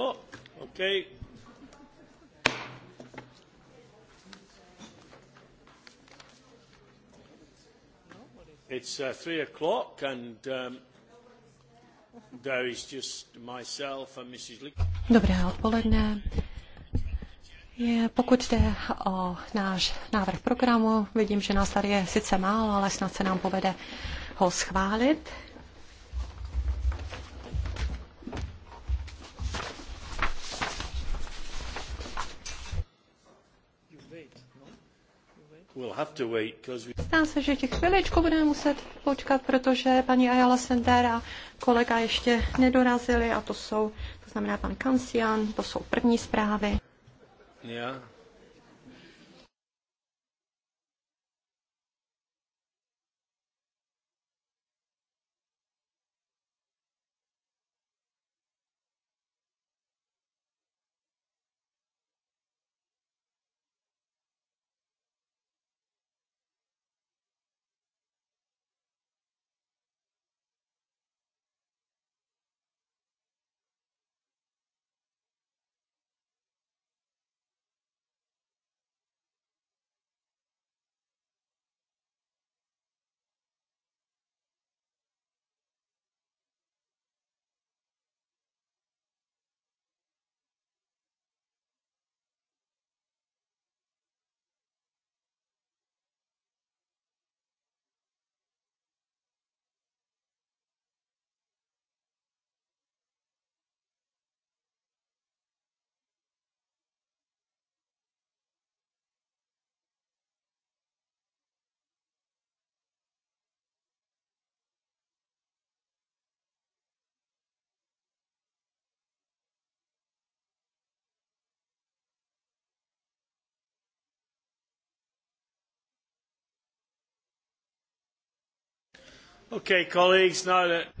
Oh, okay. It's uh, three o'clock and um, there is just myself and Mrs. Lee. Dobré odpoledne. Je, pokud jde o náš návrh programu, vidím, že nás tady je sice málo, ale snad se nám povede ho schválit. Zdá se, že těch chviličku budeme muset počkat, protože paní Ayala Sender a kolega ještě nedorazili a to jsou, to znamená pan Kancian, to jsou první zprávy. Yeah.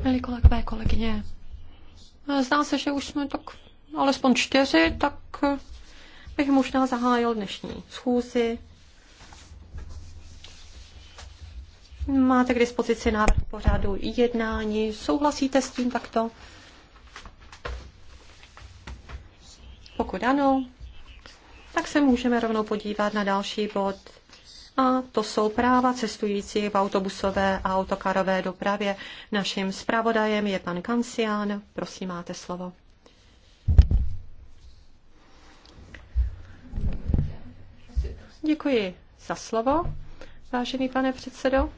Milí kolegové, kolegyně, zdá se, že už jsme tak alespoň čtyři, tak bych možná zahájil dnešní schůzi. Máte k dispozici návrh pořadu jednání. Souhlasíte s tím takto? Pokud ano, tak se můžeme rovnou podívat na další bod a to jsou práva cestujících v autobusové a autokarové dopravě. Naším zpravodajem je pan Kancián. Prosím, máte slovo. Děkuji za slovo, vážený pane předsedo.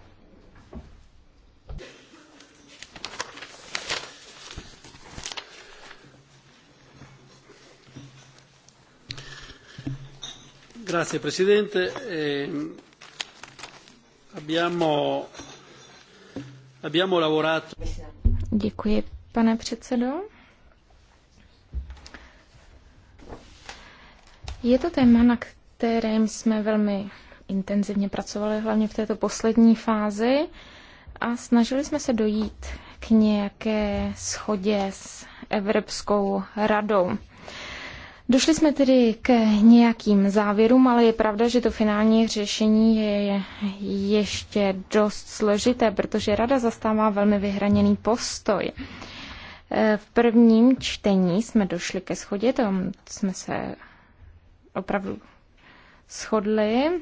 Grazie Presidente. E Děkuji, pane předsedo. Je to téma, na kterém jsme velmi intenzivně pracovali, hlavně v této poslední fázi a snažili jsme se dojít k nějaké schodě s Evropskou radou. Došli jsme tedy k nějakým závěrům, ale je pravda, že to finální řešení je ještě dost složité, protože Rada zastává velmi vyhraněný postoj. E, v prvním čtení jsme došli ke schodě, tam jsme se opravdu shodli.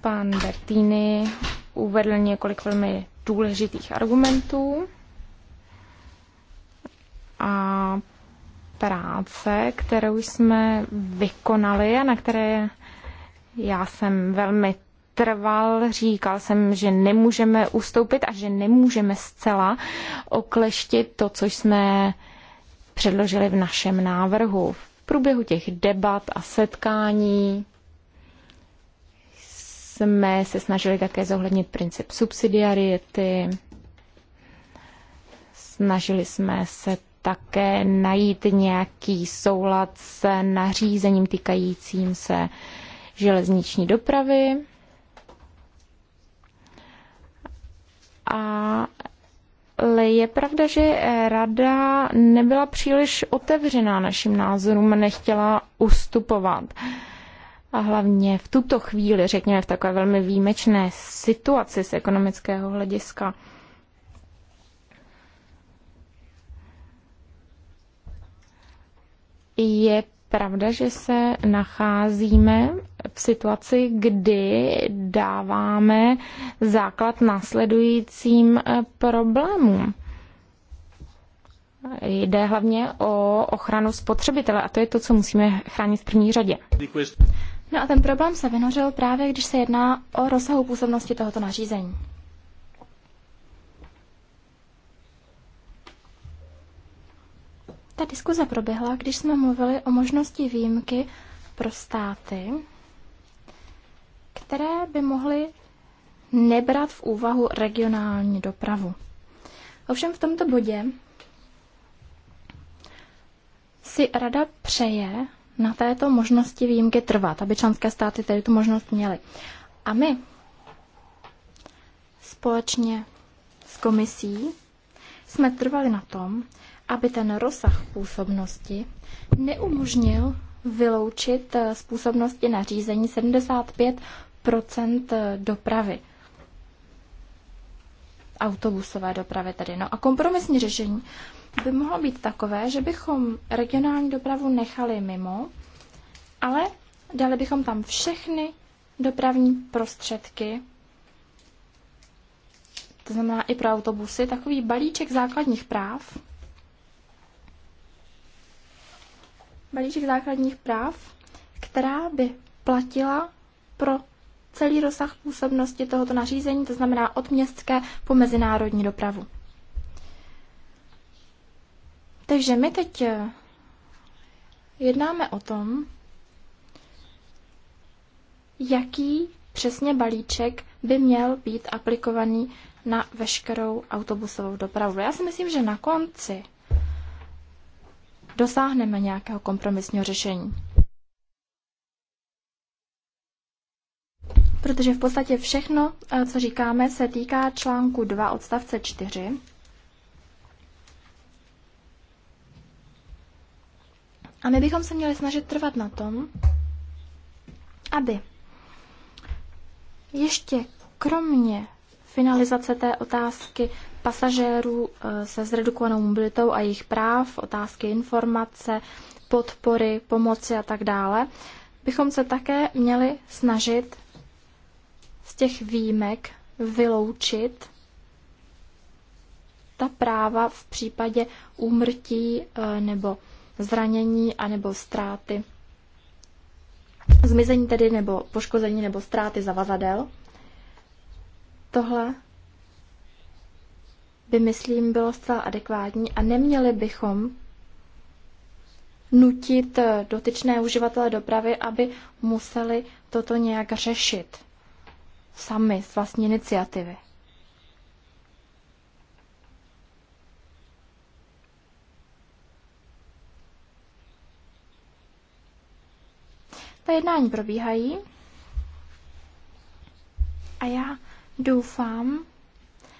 Pan Bertini uvedl několik velmi důležitých argumentů a práce, kterou jsme vykonali a na které já jsem velmi trval, říkal jsem, že nemůžeme ustoupit a že nemůžeme zcela okleštit to, co jsme předložili v našem návrhu. V průběhu těch debat a setkání jsme se snažili také zohlednit princip subsidiarity, snažili jsme se také najít nějaký soulad s nařízením týkajícím se železniční dopravy. A ale je pravda, že rada nebyla příliš otevřená našim názorům, nechtěla ustupovat. A hlavně v tuto chvíli, řekněme, v takové velmi výjimečné situaci z ekonomického hlediska. je pravda, že se nacházíme v situaci, kdy dáváme základ následujícím eh, problémům. Jde hlavně o ochranu spotřebitele a to je to, co musíme chránit v první řadě. No a ten problém se vynořil právě, když se jedná o rozsahu působnosti tohoto nařízení. Ta diskuze proběhla, když jsme mluvili o možnosti výjimky pro státy, které by mohly nebrat v úvahu regionální dopravu. Ovšem v tomto bodě si rada přeje na této možnosti výjimky trvat, aby členské státy tedy tu možnost měly. A my společně s komisí jsme trvali na tom, aby ten rozsah působnosti neumožnil vyloučit eh, z působnosti nařízení 75 eh, dopravy. Autobusové dopravy tedy. No a kompromisní řešení by mohlo být takové, že bychom regionální dopravu nechali mimo, ale dali bychom tam všechny dopravní prostředky, to znamená i pro autobusy, takový balíček základních práv, balíček základních práv, která by platila pro celý rozsah působnosti tohoto nařízení, to znamená od městské po mezinárodní dopravu. Takže my teď eh, jednáme o tom, jaký přesně balíček by měl být aplikovaný na veškerou autobusovou dopravu. Já si myslím, že na konci dosáhneme nějakého kompromisního řešení. Protože v podstatě všechno, eh, co říkáme, se týká článku 2 odstavce 4. A my bychom se měli snažit trvat na tom, aby ještě kromě finalizace té otázky pasažérů eh, se zredukovanou mobilitou a jejich práv, otázky informace, podpory, pomoci a tak dále, bychom se také měli snažit z těch výjimek vyloučit ta práva v případě úmrtí eh, nebo zranění a nebo ztráty. Zmizení tedy nebo poškození nebo ztráty zavazadel. Tohle by, myslím, bylo zcela adekvátní a neměli bychom nutit eh, dotyčné uživatele dopravy, aby museli toto nějak řešit sami z vlastní iniciativy. Ta jednání probíhají a já Doufám,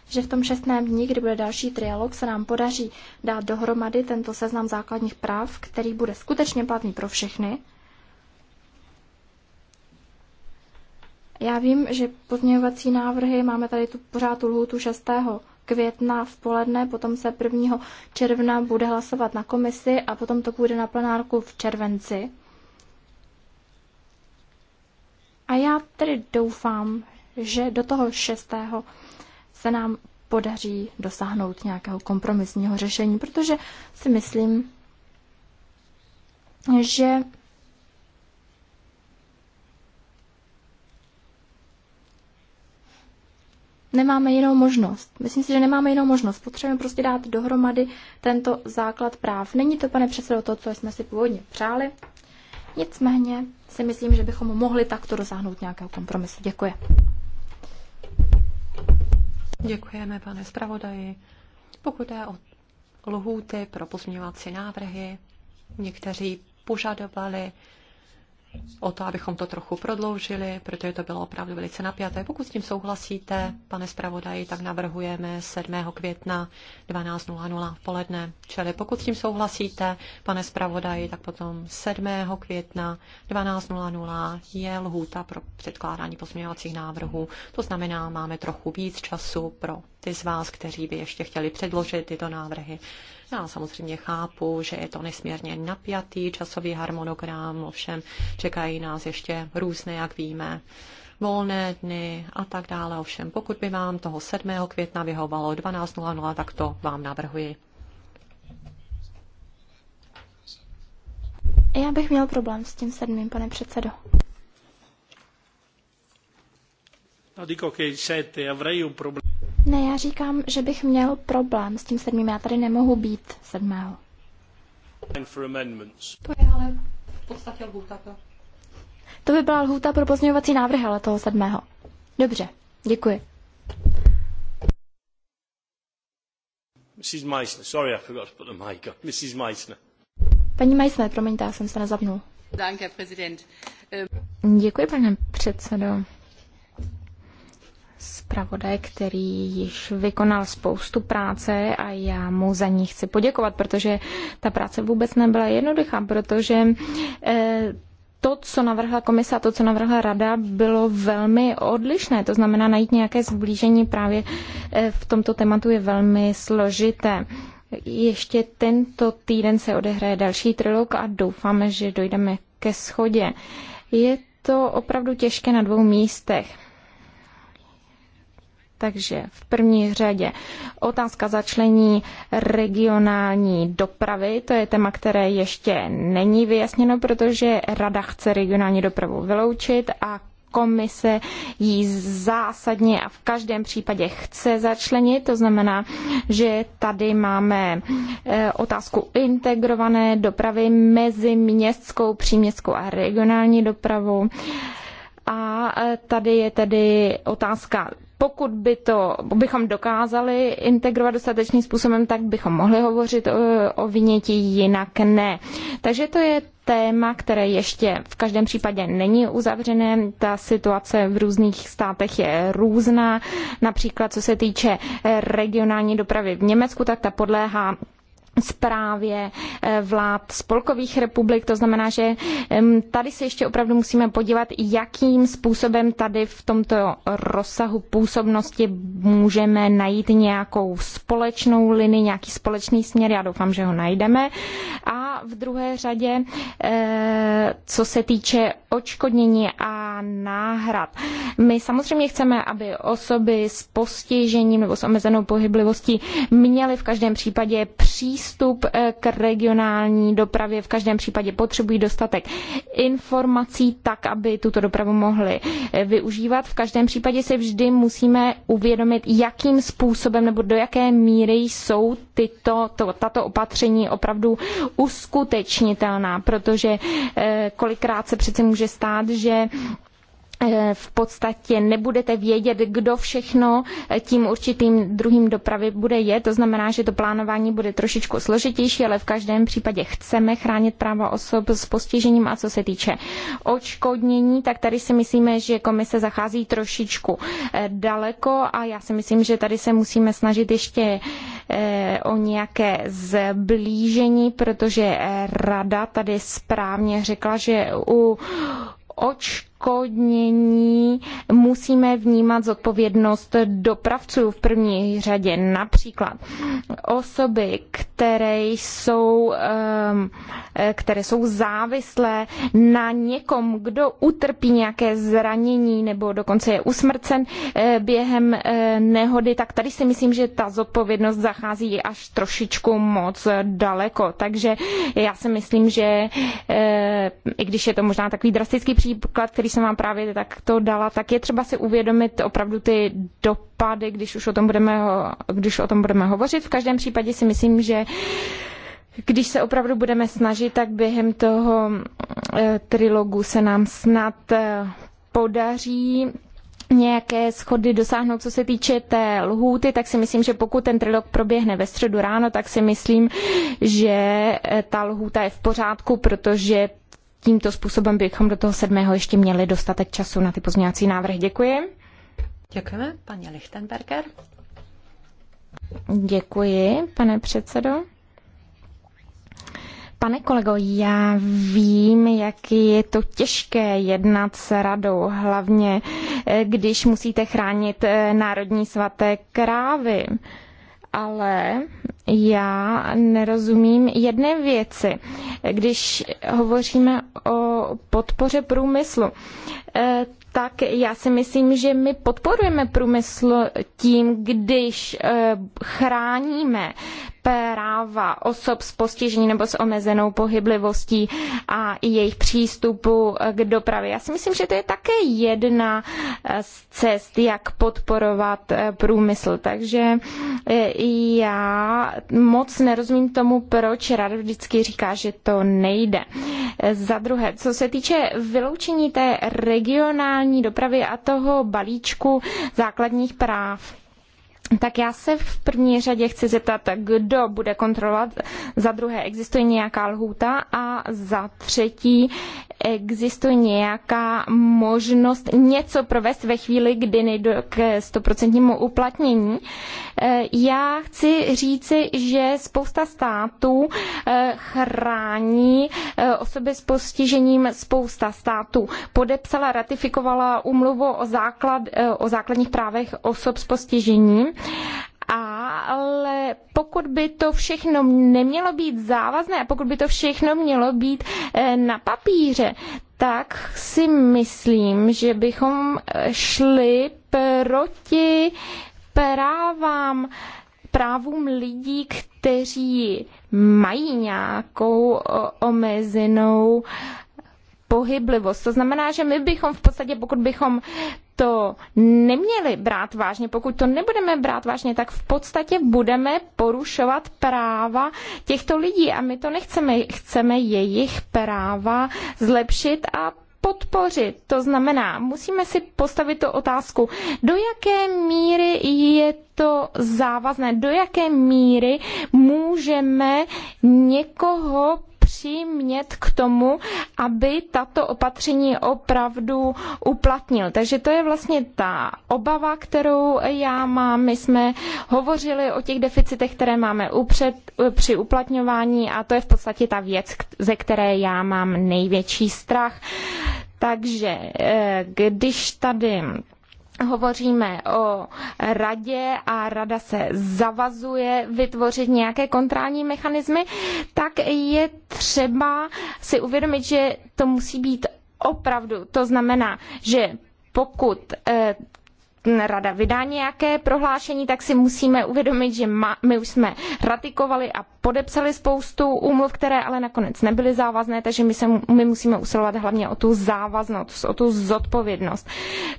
že v tom šestém dní, kdy bude další trialog, se nám podaří dát dohromady tento seznam základních práv, který bude skutečně platný pro všechny. Já vím, že pozměňovací návrhy, máme tady tu pořád tu lhůtu 6. května v poledne, potom se 1. června bude hlasovat na komisi a potom to půjde na plenárku v červenci. A já tedy doufám, že do toho šestého se nám podaří dosáhnout nějakého kompromisního řešení, protože si myslím, že nemáme jinou možnost. Myslím si, že nemáme jinou možnost. Potřebujeme prostě dát dohromady tento základ práv. Není to, pane předsedo, to, co jsme si původně přáli. Nicméně si myslím, že bychom mohli takto dosáhnout nějakého kompromisu. Děkuji. Děkujeme, pane zpravodaji. Pokud je o lhůty pro pozměňovací návrhy, někteří požadovali o to, abychom to trochu prodloužili, protože to bylo opravdu velice napjaté. Pokud s tím souhlasíte, pane zpravodaji, tak navrhujeme 7. května 12.00 v poledne. Čili pokud s tím souhlasíte, pane zpravodaji, tak potom 7. května 12.00 je lhůta pro předkládání pozměňovacích návrhů. To znamená, máme trochu víc času pro ty z vás, kteří by ještě chtěli předložit tyto návrhy. Já samozřejmě chápu, že je to nesmírně napjatý časový harmonogram, ovšem čekají nás ještě různé, jak víme, volné dny a tak dále. Ovšem, pokud by vám toho 7. května vyhovalo 12.00, tak to vám navrhuji. Já bych měl problém s tím sedmým, pane předsedo. No dico che il 7 avrei un problema. Ne, já říkám, že bych měl problém s tím sedmým. Já tady nemohu být sedmého. To je ale v podstatě lhůta to. To by byla lhůta pro pozměňovací návrhy, ale toho sedmého. Dobře, děkuji. Mrs. Meissner, sorry, I forgot to put the mic on. Mrs. Meissner. Paní Meissner, promiňte, já jsem se nezapnul. Danke, prezident. Děkuji, pane předsedo zpravodaj, který již vykonal spoustu práce a já mu za ní chci poděkovat, protože ta práce vůbec nebyla jednoduchá, protože eh, to, co navrhla komise a to, co navrhla rada, bylo velmi odlišné. To znamená, najít nějaké zblížení právě eh, v tomto tématu je velmi složité. Ještě tento týden se odehraje další trilog a doufáme, že dojdeme ke schodě. Je to opravdu těžké na dvou místech. Takže v první řadě otázka začlení regionální dopravy. To je téma, které ještě není vyjasněno, protože Rada chce regionální dopravu vyloučit a komise ji zásadně a v každém případě chce začlenit. To znamená, že tady máme eh, otázku integrované dopravy mezi městskou, příměstskou a regionální dopravou. A eh, tady je tedy otázka pokud by to, bychom dokázali integrovat dostatečným způsobem, tak bychom mohli hovořit o, eh, o vynětí, jinak ne. Takže to je téma, které ještě v každém případě není uzavřené. Ta situace v různých státech je různá. Například co se týče regionální dopravy v Německu, tak ta podléhá zprávě eh, vlád spolkových republik. To znamená, že tady se ještě opravdu musíme podívat, jakým způsobem tady v tomto rozsahu působnosti můžeme najít nějakou společnou linii, nějaký společný směr. Já doufám, že ho najdeme. A v druhé řadě, eh, co se týče očkodnění a náhrad. My samozřejmě chceme, aby osoby s postižením nebo s omezenou pohyblivostí měly v každém případě přístup přístup eh, k regionální dopravě. V každém případě potřebují dostatek informací tak, aby tuto dopravu mohli eh, využívat. V každém případě si vždy musíme uvědomit, jakým způsobem nebo do jaké míry jsou tyto, to, tato opatření opravdu uskutečnitelná, protože eh, kolikrát se přece může stát, že Eh, v podstatě nebudete vědět, kdo všechno eh, tím určitým druhým dopravy bude je. To znamená, že to plánování bude trošičku složitější, ale v každém případě chceme chránit práva osob s postižením. A co se týče očkodnění, tak tady si myslíme, že komise zachází trošičku eh, daleko a já si myslím, že tady se musíme snažit ještě o nějaké zblížení, protože rada tady správně řekla, že u očkodnění odškodnění musíme vnímat zodpovědnost dopravců v první řadě. Například osoby, které jsou, ehm, které jsou závislé na někom, kdo utrpí nějaké zranění nebo dokonce je usmrcen eh, během eh, nehody, tak tady si myslím, že ta zodpovědnost zachází až trošičku moc daleko. Takže já si myslím, že eh, i když je to možná takový drastický příklad, který jsem vám právě takto dala, tak je třeba si uvědomit opravdu ty dopady, když už o tom budeme, když o tom budeme hovořit. V každém případě si myslím, že když se opravdu budeme snažit, tak během toho eh, trilogu se nám snad eh, podaří nějaké schody dosáhnout, co se týče té lhůty, tak si myslím, že pokud ten trilog proběhne ve středu ráno, tak si myslím, že eh, ta lhůta je v pořádku, protože tímto způsobem bychom do toho sedmého ještě měli dostatek času na ty pozměňovací návrhy. Děkuji. Děkujeme, paní Lichtenberger. Děkuji, pane předsedo. Pane kolego, já vím, jak je to těžké jednat s radou, hlavně eh, když musíte chránit eh, národní svaté krávy. Ale já nerozumím jedné věci, když hovoříme o podpoře průmyslu. E, tak já si myslím, že my podporujeme průmysl tím, když e, chráníme práva osob s postižením nebo s omezenou pohyblivostí a jejich přístupu k dopravě. Já si myslím, že to je také jedna z cest, jak podporovat e, průmysl. Takže já moc nerozumím tomu, proč rada vždycky říká, že to nejde. Za druhé, co se týče vyloučení té regionální dopravy a toho balíčku základních práv, tak já se v první řadě chci zeptat, kdo bude kontrolovat, za druhé existuje nějaká lhůta a za třetí existuje nějaká možnost něco provést ve chvíli, kdy nejde k stoprocentnímu uplatnění. E, já chci říci, že spousta států e, chrání e, osoby s postižením, spousta států podepsala, ratifikovala umluvu o, základ, o základních právech osob s postižením ale pokud by to všechno nemělo být závazné a pokud by to všechno mělo být eh, na papíře, tak si myslím, že bychom eh, šli proti právám, právům lidí, kteří mají nějakou omezenou eh, pohyblivost. To znamená, že my bychom v podstatě, pokud bychom to neměli brát vážně, pokud to nebudeme brát vážně, tak v podstatě budeme porušovat práva těchto lidí a my to nechceme. Chceme jejich práva zlepšit a podpořit. To znamená, musíme si postavit tu otázku, do jaké míry je to závazné, do jaké míry můžeme někoho přimět k tomu, aby tato opatření opravdu uplatnil. Takže to je vlastně ta obava, kterou já mám. My jsme hovořili o těch deficitech, které máme upřed, při uplatňování a to je v podstatě ta věc, ze které já mám největší strach. Takže eh, když tady hovoříme o radě a rada se zavazuje vytvořit nějaké kontrolní mechanismy, tak je třeba si uvědomit, že to musí být opravdu. To znamená, že pokud eh, rada vydá nějaké prohlášení, tak si musíme uvědomit, že my už jsme ratikovali a podepsali spoustu úmluv, které ale nakonec nebyly závazné, takže my, se, my musíme usilovat hlavně o tu závaznost, o tu zodpovědnost.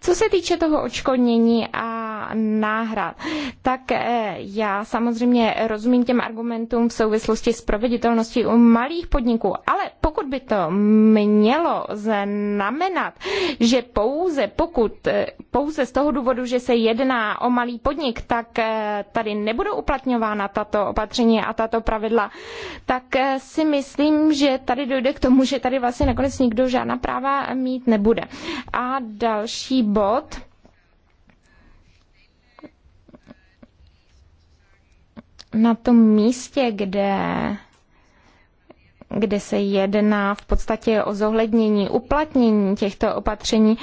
Co se týče toho odškodnění a náhrad. Tak eh, já samozřejmě rozumím těm argumentům v souvislosti s proveditelností u malých podniků, ale pokud by to mělo znamenat, že pouze pokud, eh, pouze z toho důvodu, že se jedná o malý podnik, tak eh, tady nebudou uplatňována tato opatření a tato pravidla, tak si myslím, že tady dojde k tomu, že tady vlastně nakonec nikdo žádná práva mít nebude. A další bod na tom místě, kde kde se jedná v podstatě o zohlednění, uplatnění těchto opatření,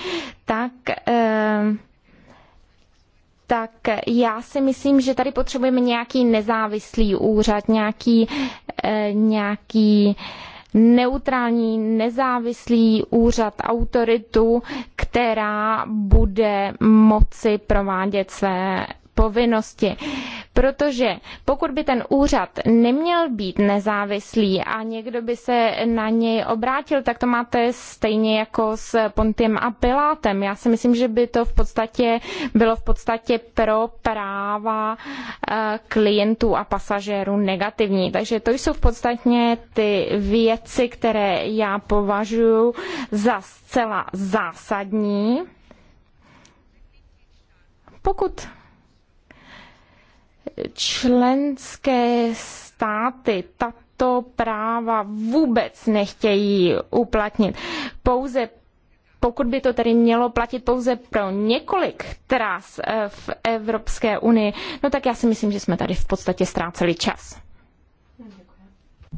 tak, eh, tak já si myslím, že tady potřebujeme nějaký nezávislý úřad, nějaký, eh, nějaký neutrální, nezávislý úřad, autoritu, která bude moci provádět své povinnosti. Protože pokud by ten úřad neměl být nezávislý a někdo by se na něj obrátil, tak to máte stejně jako s Pontiem a Pilátem. Já si myslím, že by to v podstatě bylo v podstatě pro práva eh, klientů a pasažérů negativní. Takže to jsou v podstatě ty věci, které já považuji za zcela zásadní. Pokud členské státy tato práva vůbec nechtějí uplatnit. Pouze pokud by to tedy mělo platit pouze pro několik tras eh, v Evropské unii, no tak já si myslím, že jsme tady v podstatě ztráceli čas.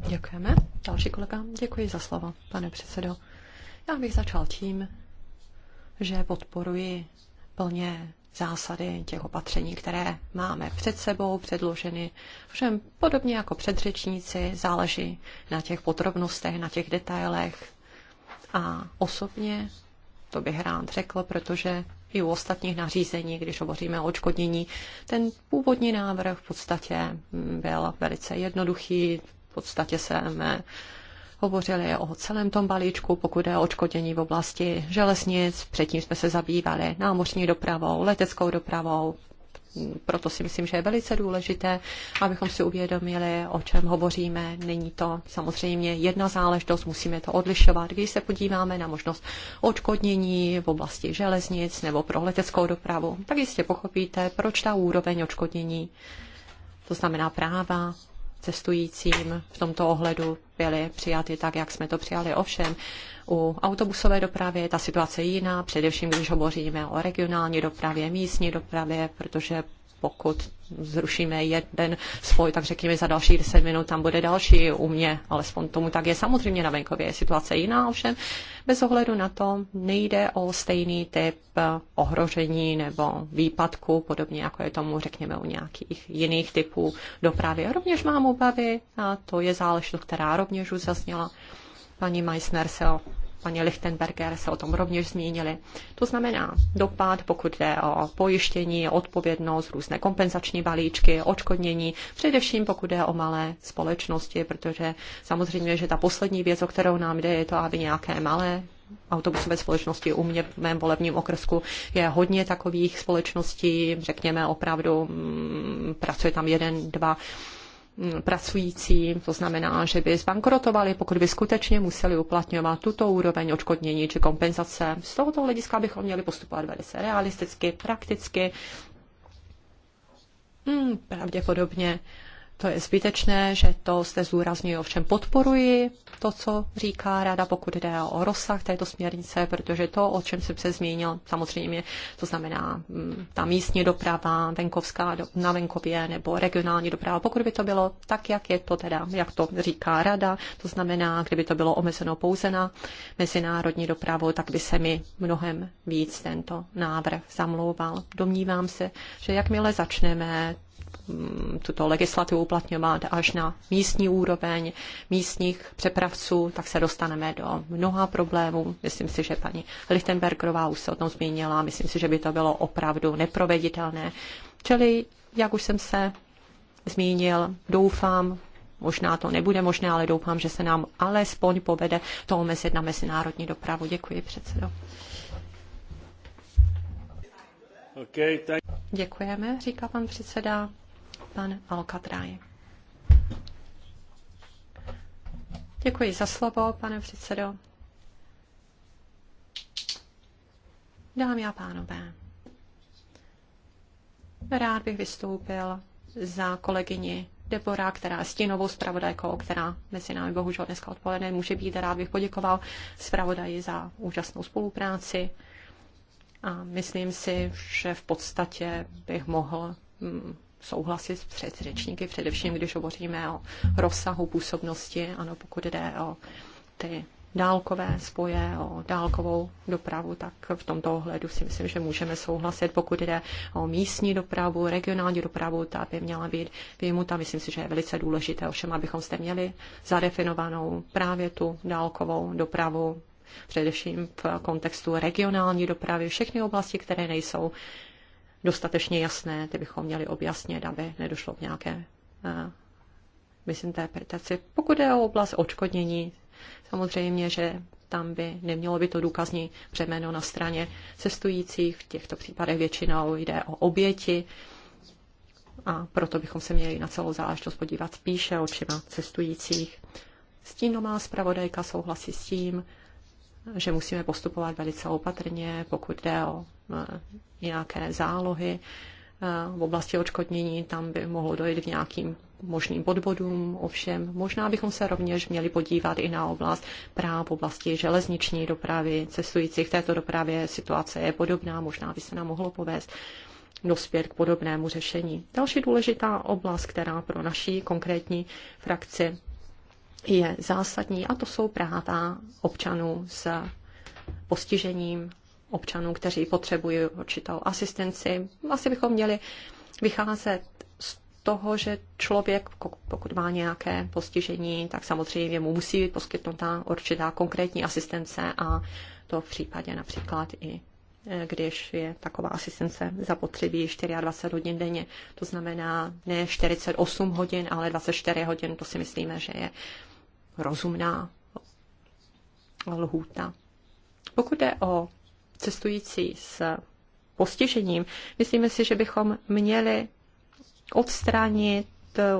Děkujeme. Další kolega, děkuji za slovo, pane předsedo. Já bych začal tím, že podporuji plně zásady těch opatření, které máme před sebou, předloženy. Všem podobně jako předřečníci záleží na těch podrobnostech, na těch detailech. A osobně to bych rád řekl, protože i u ostatních nařízení, když hovoříme o očkodnění, ten původní návrh v podstatě byl velice jednoduchý, v podstatě jsme hovořili o celém tom balíčku, pokud je o očkodění v oblasti železnic, předtím jsme se zabývali námořní dopravou, leteckou dopravou, proto si myslím, že je velice důležité, abychom si uvědomili, o čem hovoříme. Není to samozřejmě jedna záležitost, musíme to odlišovat. Když se podíváme na možnost očkodnění v oblasti železnic nebo pro leteckou dopravu, tak jistě pochopíte, proč ta úroveň očkodnění, to znamená práva cestujícím v tomto ohledu byly přijaty tak, jak jsme to přijali. Ovšem, u autobusové dopravy je ta situace jiná, především když hovoříme o regionální dopravě, místní dopravě, protože pokud zrušíme jeden spoj, tak řekněme za další 10 minut tam bude další u mě, alespoň tomu tak je. Samozřejmě na venkově je situace jiná, ovšem bez ohledu na to nejde o stejný typ eh, ohrožení nebo výpadku, podobně jako je tomu, řekněme, u nějakých jiných typů dopravy. A rovněž mám obavy, a to je záležitost, která rovněž už zazněla, paní Meissner se paní Lichtenberger se o tom rovněž zmínili. To znamená dopad, pokud jde o pojištění, odpovědnost, různé kompenzační balíčky, odškodnění, především pokud jde o malé společnosti, protože samozřejmě, že ta poslední věc, o kterou nám jde, je to, aby nějaké malé autobusové společnosti u mě v mém volebním okresku je hodně takových společností, řekněme opravdu, mm, pracuje tam jeden, dva pracující, to znamená, že by zbankrotovali, pokud by skutečně museli uplatňovat tuto úroveň odškodnění či kompenzace. Z tohoto hlediska bychom měli postupovat velice realisticky, prakticky. Hmm, pravděpodobně to je zbytečné, že to zde zúraznuju. Ovšem podporuji to, co říká rada, pokud jde o rozsah této směrnice, protože to, o čem jsem se zmínil, samozřejmě, to znamená mm, ta místní doprava, venkovská na venkově nebo regionální doprava, pokud by to bylo tak, jak je to teda, jak to říká rada, to znamená, kdyby to bylo omezeno pouze na mezinárodní dopravu, tak by se mi mnohem víc tento návrh zamlouval. Domnívám se, že jakmile začneme Mm, tuto legislativu uplatňovat až na místní úroveň místních přepravců, tak se dostaneme do mnoha problémů. Myslím si, že paní Lichtenbergerová už se o tom zmínila. Myslím si, že by to bylo opravdu neproveditelné. Čili, jak už jsem se zmínil, doufám, Možná to nebude možné, ale doufám, že se nám alespoň povede to omezit na mezinárodní dopravu. Děkuji, předsedo. Okay, Děkujeme, říká pan předseda pan Alcatraj. Děkuji za slovo, pane předsedo. Dámy a pánové, rád bych vystoupil za kolegyni Debora, která je stínovou zpravodajkou, která mezi námi bohužel dneska odpoledne může být. Rád bych poděkoval zpravodaji za úžasnou spolupráci. A myslím si, že v podstatě bych mohl mm, souhlasit s předřečníky, především když hovoříme o rozsahu působnosti, ano, pokud jde o ty dálkové spoje, o dálkovou dopravu, tak v tomto ohledu si myslím, že můžeme souhlasit. Pokud jde o místní dopravu, regionální dopravu, ta by měla být vyjmuta. Myslím si, že je velice důležité, ovšem, abychom zde měli zadefinovanou právě tu dálkovou dopravu, především v kontextu regionální dopravy, všechny oblasti, které nejsou dostatečně jasné, ty bychom měli objasnit, aby nedošlo k nějaké eh, misinterpretaci. Pokud je o oblast očkodnění, samozřejmě, že tam by nemělo by to důkazní břemeno na straně cestujících. V těchto případech většinou jde o oběti a proto bychom se měli na celou záležitost podívat spíše očima cestujících. Stínová zpravodajka souhlasí s tím, že musíme postupovat velice opatrně, pokud jde o eh, nějaké zálohy eh, v oblasti očkodnění, tam by mohlo dojít k nějakým možným podvodům. Ovšem, možná bychom se rovněž měli podívat i na oblast práv v oblasti železniční dopravy, cestujících v této dopravě. Situace je podobná, možná by se nám mohlo povést dospět k podobnému řešení. Další důležitá oblast, která pro naší konkrétní frakci je zásadní a to jsou práva občanů s postižením, občanů, kteří potřebují určitou asistenci. Asi bychom měli vycházet z toho, že člověk, pokud má nějaké postižení, tak samozřejmě mu musí být poskytnuta určitá konkrétní asistence a to v případě například i e, když je taková asistence zapotřebí 24 hodin denně. To znamená ne 48 hodin, ale 24 hodin, to si myslíme, že je rozumná lhůta. Pokud jde o cestující s postižením, myslíme si, že bychom měli odstranit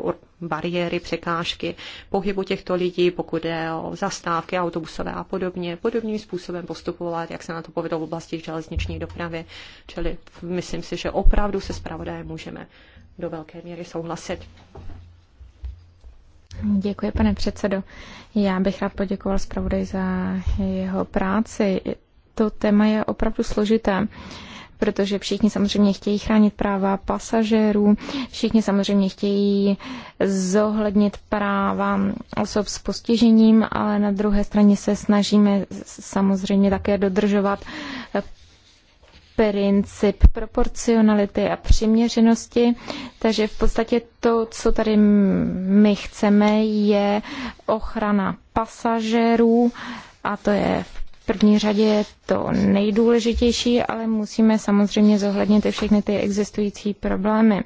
uh, bariéry, překážky pohybu těchto lidí, pokud je o zastávky autobusové a podobně. Podobným způsobem postupovat, jak se na to povedlo v oblasti železniční dopravy. Čili myslím si, že opravdu se zpravodajem můžeme do velké míry souhlasit. Děkuji, pane předsedo. Já bych rád poděkoval zpravodaj za jeho práci. To téma je opravdu složité protože všichni samozřejmě chtějí chránit práva pasažérů, všichni samozřejmě chtějí zohlednit práva osob s postižením, ale na druhé straně se snažíme samozřejmě také dodržovat princip proporcionality a přiměřenosti, takže v podstatě to, co tady my chceme, je ochrana pasažérů a to je v první řadě to nejdůležitější, ale musíme samozřejmě zohlednit i všechny ty existující problémy.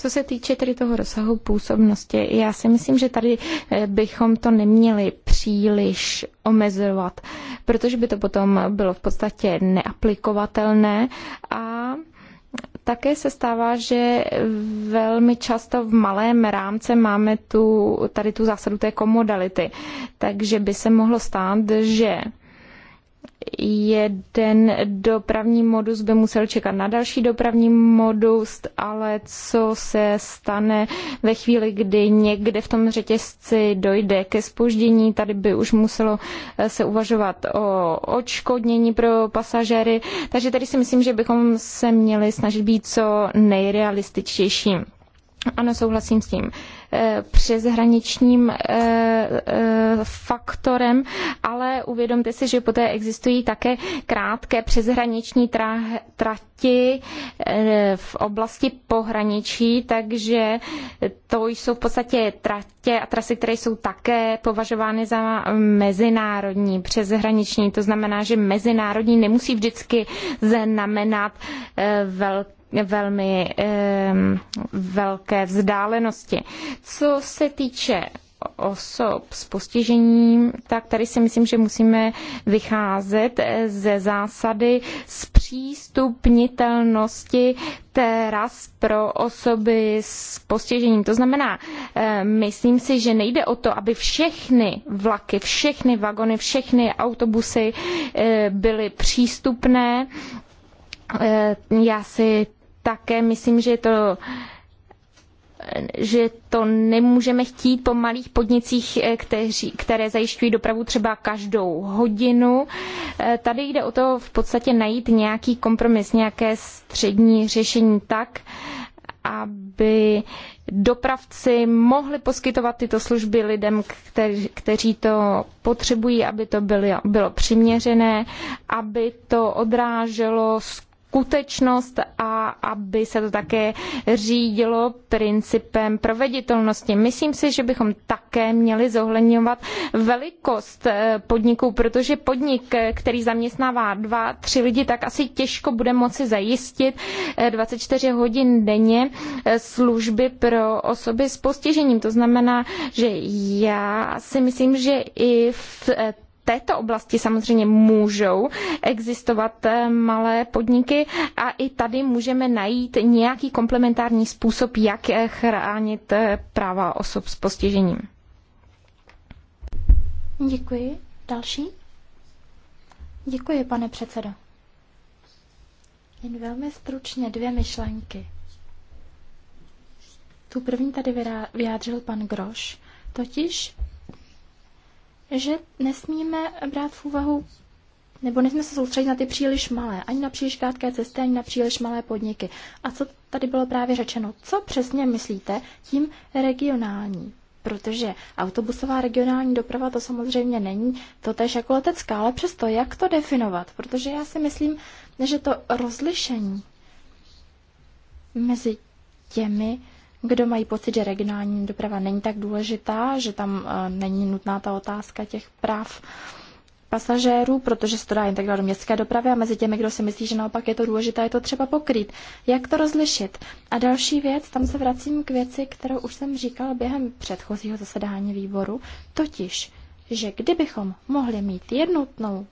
Co se týče tedy toho rozsahu působnosti, já si myslím, že tady eh, bychom to neměli příliš omezovat, protože by to potom bylo v podstatě neaplikovatelné a také se stává, že velmi často v malém rámce máme tu, tady tu zásadu té komodality. Takže by se mohlo stát, že jeden dopravní modus by musel čekat na další dopravní modus, ale co se stane ve chvíli, kdy někde v tom řetězci dojde ke spoždění, tady by už muselo eh, se uvažovat o odškodnění pro pasažéry, takže tady si myslím, že bychom se měli snažit být co nejrealističtějším. Ano, souhlasím s tím. Eh, přeshraničním eh, eh, faktorem, ale uvědomte si, že poté existují také krátké přeshraniční trati v oblasti pohraničí, takže to jsou v podstatě tratě a trasy, které jsou také považovány za mezinárodní, přeshraniční. To znamená, že mezinárodní nemusí vždycky znamenat velké velmi velké vzdálenosti. Co se týče osob s postižením, tak tady si myslím, že musíme vycházet eh, ze zásady zpřístupnitelnosti teraz pro osoby s postižením. To znamená, eh, myslím si, že nejde o to, aby všechny vlaky, všechny vagony, všechny autobusy eh, byly přístupné. Já si také myslím, že to že to nemůžeme chtít po malých podnicích, eh, kteří, které zajišťují dopravu třeba každou hodinu. Eh, tady jde o to v podstatě najít nějaký kompromis, nějaké střední řešení tak, aby dopravci mohli poskytovat tyto služby lidem, kteři, kteří to potřebují, aby to bylo, bylo přiměřené, aby to odráželo skutečnost skutečnost a aby se to také řídilo principem proveditelnosti. Myslím si, že bychom také měli zohledňovat velikost eh, podniků, protože podnik, eh, který zaměstnává dva, tři lidi, tak asi těžko bude moci zajistit 24 eh, hodin denně služby pro osoby s postižením. To znamená, že já si myslím, že i v této oblasti samozřejmě můžou existovat eh, malé podniky a i tady můžeme najít nějaký komplementární způsob, jak eh, chránit eh, práva osob s postižením. Děkuji. Další? Děkuji, pane předsedo. Jen velmi stručně dvě myšlenky. Tu první tady vyjádřil pan Groš, totiž že nesmíme brát v úvahu nebo nesmíme se soustředit na ty příliš malé, ani na příliš krátké cesty, ani na příliš malé podniky. A co tady bylo právě řečeno? Co přesně myslíte tím regionální? Protože autobusová regionální doprava to samozřejmě není to tež jako letecká, ale přesto jak to definovat? Protože já si myslím, že to rozlišení mezi těmi kdo mají pocit, že regionální doprava není tak důležitá, že tam eh, není nutná ta otázka těch práv pasažérů, protože se to dá integrovat do městské dopravy a mezi těmi, kdo si myslí, že naopak je to důležité, je to třeba pokrýt. Jak to rozlišit? A další věc, tam se vracím k věci, kterou už jsem říkal během předchozího zasedání výboru, totiž, že kdybychom mohli mít jednotnou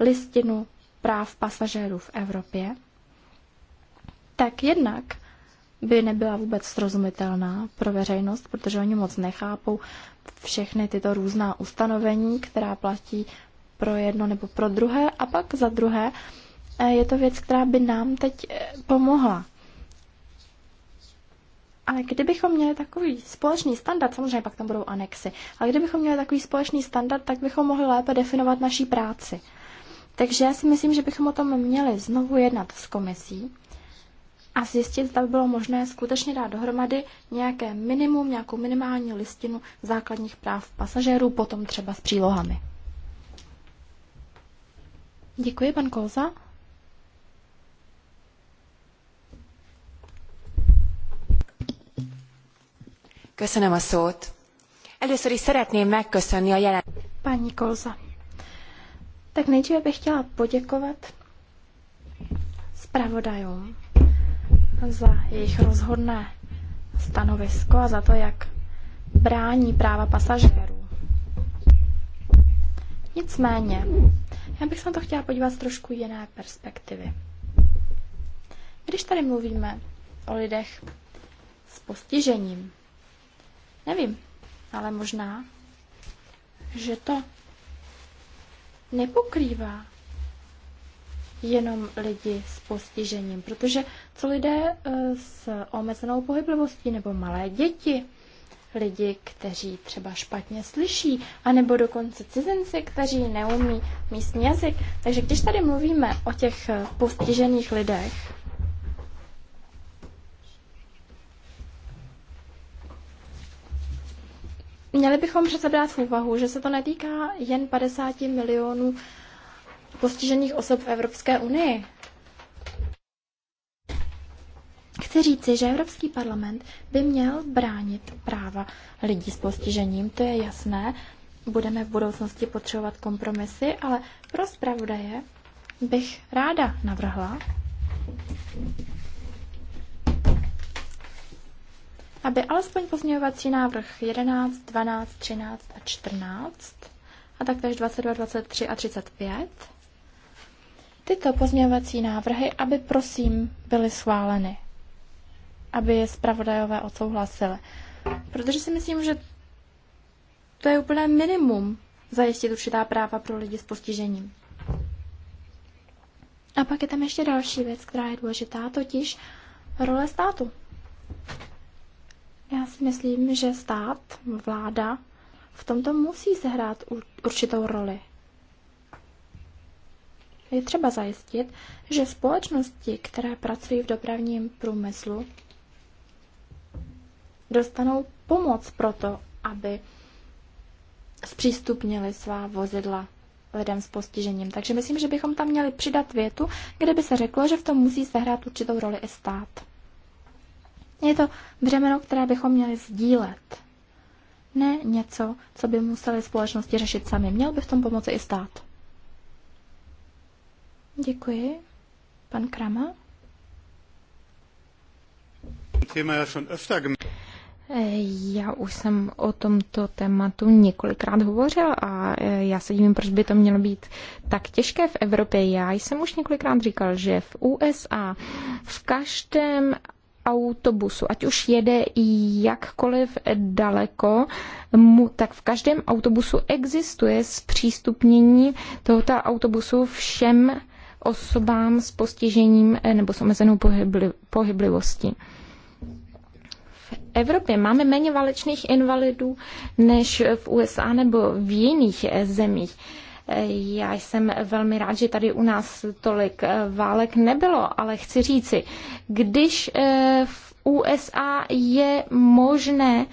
listinu práv pasažérů v Evropě, tak jednak by nebyla vůbec srozumitelná pro veřejnost, protože oni moc nechápou všechny tyto různá ustanovení, která platí pro jedno nebo pro druhé. A pak za druhé eh, je to věc, která by nám teď eh, pomohla. Ale kdybychom měli takový společný standard, samozřejmě pak tam budou anexy, ale kdybychom měli takový společný standard, tak bychom mohli lépe definovat naší práci. Takže já si myslím, že bychom o tom měli znovu jednat s komisí, a zjistit, zda by bylo možné skutečně dát dohromady nějaké minimum, nějakou minimální listinu základních práv pasažérů, potom třeba s přílohami. Děkuji, pan Kolza. Köszönöm a szót. Először is szeretném megköszönni a jelen... Pani Kolza, tak nejdříve bych chtěla poděkovat zpravodajům za jejich rozhodné stanovisko a za to, jak brání práva pasažérů. Nicméně, já bych se na to chtěla podívat z trošku jiné perspektivy. Když tady mluvíme o lidech s postižením, nevím, ale možná, že to nepokrývá jenom lidi s postižením, protože lidé eh, s omezenou pohyblivostí nebo malé děti, lidi, kteří třeba špatně slyší, anebo dokonce cizinci, kteří neumí místní jazyk. Takže když tady mluvíme o těch eh, postižených lidech, Měli bychom přece brát v úvahu, že se to netýká jen 50 milionů postižených osob v Evropské unii. Chci říci, že Evropský parlament by měl bránit práva lidí s postižením, to je jasné. Budeme v budoucnosti potřebovat kompromisy, ale pro zpravodaje bych ráda navrhla, aby alespoň pozměňovací návrh 11, 12, 13 a 14 a taktéž 22, 23 a 35 tyto pozměňovací návrhy, aby prosím byly schváleny aby je zpravodajové odsouhlasili. Protože si myslím, že to je úplné minimum zajistit určitá práva pro lidi s postižením. A pak je tam ještě další věc, která je důležitá, totiž role státu. Já si myslím, že stát, vláda, v tomto musí sehrát určitou roli. Je třeba zajistit, že společnosti, které pracují v dopravním průmyslu, dostanou pomoc pro to, aby zpřístupnili svá vozidla lidem s postižením. Takže myslím, že bychom tam měli přidat větu, kde by se řeklo, že v tom musí sehrát určitou roli i stát. Je to břemeno, které bychom měli sdílet. Ne něco, co by museli společnosti řešit sami. Měl by v tom pomoci i stát. Děkuji. Pan Krama? Já už jsem o tomto tématu několikrát hovořil a e, já se divím, proč by to mělo být tak těžké v Evropě. Já jsem už několikrát říkal, že v USA v každém autobusu, ať už jede jakkoliv daleko, mu, tak v každém autobusu existuje zpřístupnění tohoto autobusu všem osobám s postižením e, nebo s omezenou pohybli, pohyblivostí. Evropě máme méně válečných invalidů než v USA nebo v jiných eh, zemích. Eh, já jsem velmi rád, že tady u nás tolik eh, válek nebylo, ale chci říci, když v USA je možné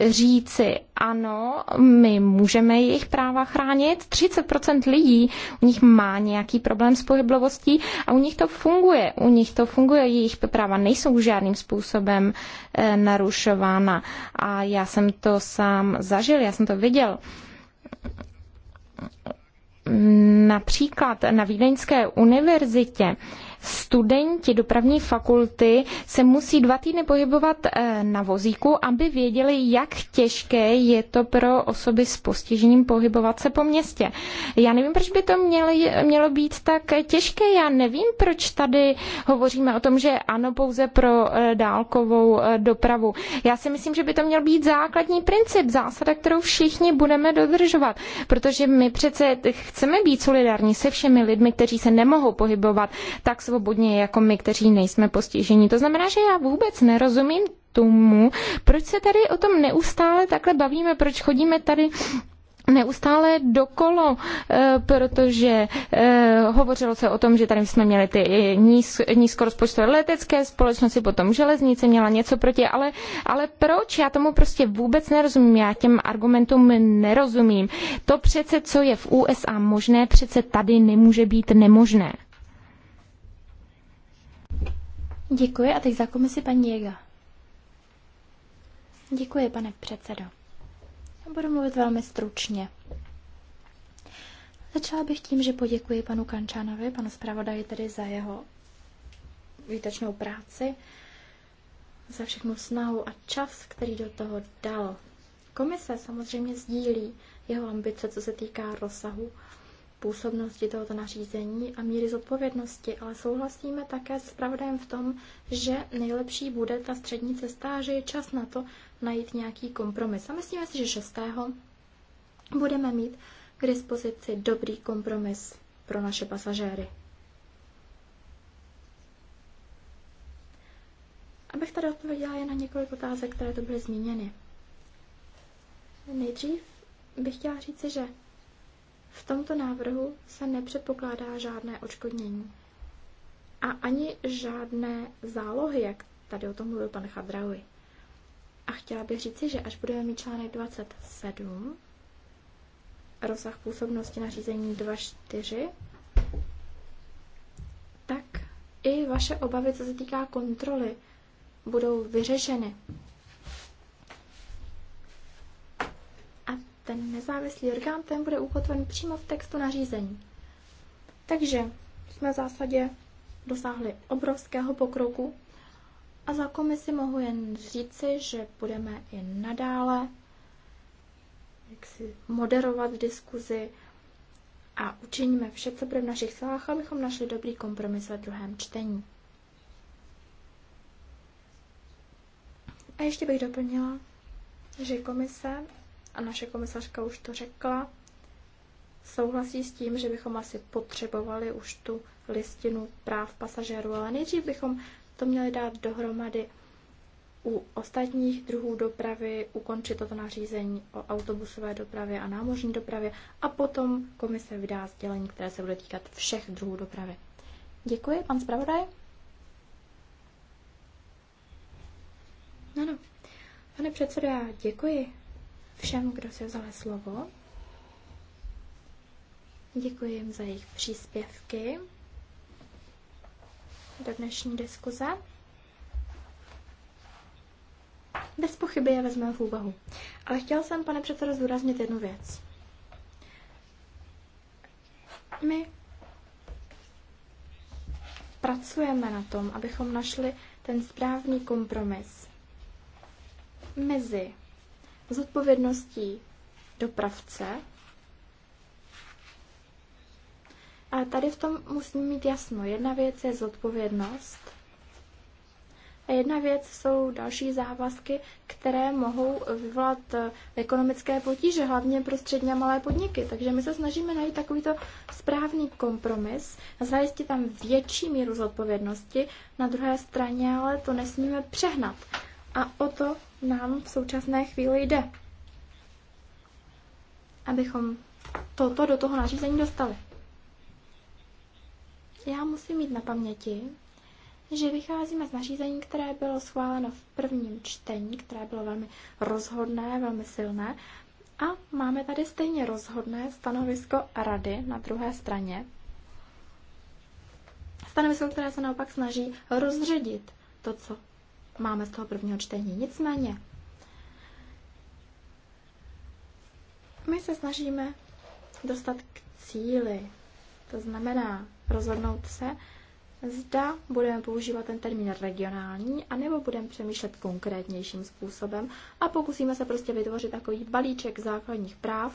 říci, ano, my můžeme jejich práva chránit. 30% lidí u nich má nějaký problém s pohyblivostí a u nich to funguje. U nich to funguje, jejich práva nejsou žádným způsobem eh, narušována. A já jsem to sám zažil, já jsem to viděl. Například na Vídeňské univerzitě studenti dopravní fakulty se musí dva týdny pohybovat eh, na vozíku, aby věděli, jak těžké je to pro osoby s postižením pohybovat se po městě. Já nevím, proč by to mělo, mělo být tak těžké. Já nevím, proč tady hovoříme o tom, že ano, pouze pro eh, dálkovou eh, dopravu. Já si myslím, že by to měl být základní princip, zásada, kterou všichni budeme dodržovat, protože my přece chceme být solidární se všemi lidmi, kteří se nemohou pohybovat tak svou svobodně jako my, kteří nejsme postiženi. To znamená, že já vůbec nerozumím tomu, proč se tady o tom neustále takhle bavíme, proč chodíme tady neustále dokolo, eh, protože eh, hovořilo se o tom, že tady jsme měli ty níz, nízkorozpočtové letecké společnosti, potom železnice měla něco proti, ale, ale proč? Já tomu prostě vůbec nerozumím, já těm argumentům nerozumím. To přece, co je v USA možné, přece tady nemůže být nemožné. Děkuji a teď za komisi paní Jega. Děkuji, pane předsedo. Já budu mluvit velmi stručně. Začala bych tím, že poděkuji panu Kančánovi, panu zpravodaji tedy za jeho výtečnou práci, za všechnu snahu a čas, který do toho dal. Komise samozřejmě sdílí jeho ambice, co se týká rozsahu působnosti tohoto nařízení a míry zodpovědnosti, ale souhlasíme také s pravdem v tom, že nejlepší bude ta střední cesta a že je čas na to najít nějaký kompromis. A myslíme si, že 6. budeme mít k dispozici dobrý kompromis pro naše pasažéry. Abych tady odpověděla jen na několik otázek, které tu byly zmíněny. Nejdřív bych chtěla říci, že v tomto návrhu se nepředpokládá žádné odškodnění a ani žádné zálohy, jak tady o tom mluvil pan Chadraui. A chtěla bych říci, že až budeme mít článek 27, rozsah působnosti nařízení 2.4, tak i vaše obavy, co se týká kontroly, budou vyřešeny. ten nezávislý orgán, ten bude ukotven přímo v textu nařízení. Takže jsme v zásadě dosáhli obrovského pokroku a za komisi mohu jen říci, že budeme i nadále jak si moderovat diskuzi a učiníme vše, co bude v našich silách, abychom našli dobrý kompromis ve druhém čtení. A ještě bych doplnila, že komise a naše komisařka už to řekla, souhlasí s tím, že bychom asi potřebovali už tu listinu práv pasažérů, ale nejdřív bychom to měli dát dohromady u ostatních druhů dopravy, ukončit toto nařízení o autobusové dopravě a námořní dopravě a potom komise vydá sdělení, které se bude týkat všech druhů dopravy. Děkuji, pan zpravodaj. Ano, pane předsedo, já děkuji všem, kdo se vzali slovo. Děkuji jim za jejich příspěvky do dnešní diskuze. Bez pochyby je vezmeme v úvahu. Ale chtěl jsem, pane předsedo, zdůraznit jednu věc. My pracujeme na tom, abychom našli ten správný kompromis mezi zodpovědností dopravce. A tady v tom musíme mít jasno. Jedna věc je zodpovědnost a jedna věc jsou další závazky, které mohou vyvolat eh, ekonomické potíže, hlavně pro střední a malé podniky. Takže my se snažíme najít takovýto správný kompromis a zajistit tam větší míru zodpovědnosti. Na druhé straně ale to nesmíme přehnat, a o to nám v současné chvíli jde. Abychom toto do toho nařízení dostali. Já musím mít na paměti, že vycházíme z nařízení, které bylo schváleno v prvním čtení, které bylo velmi rozhodné, velmi silné. A máme tady stejně rozhodné stanovisko rady na druhé straně. Stanovisko, které se naopak snaží rozředit to, co máme z toho prvního čtení. Nicméně, my se snažíme dostat k cíli. To znamená rozhodnout se, zda budeme používat ten termín regionální, anebo budeme přemýšlet konkrétnějším způsobem a pokusíme se prostě vytvořit takový balíček základních práv.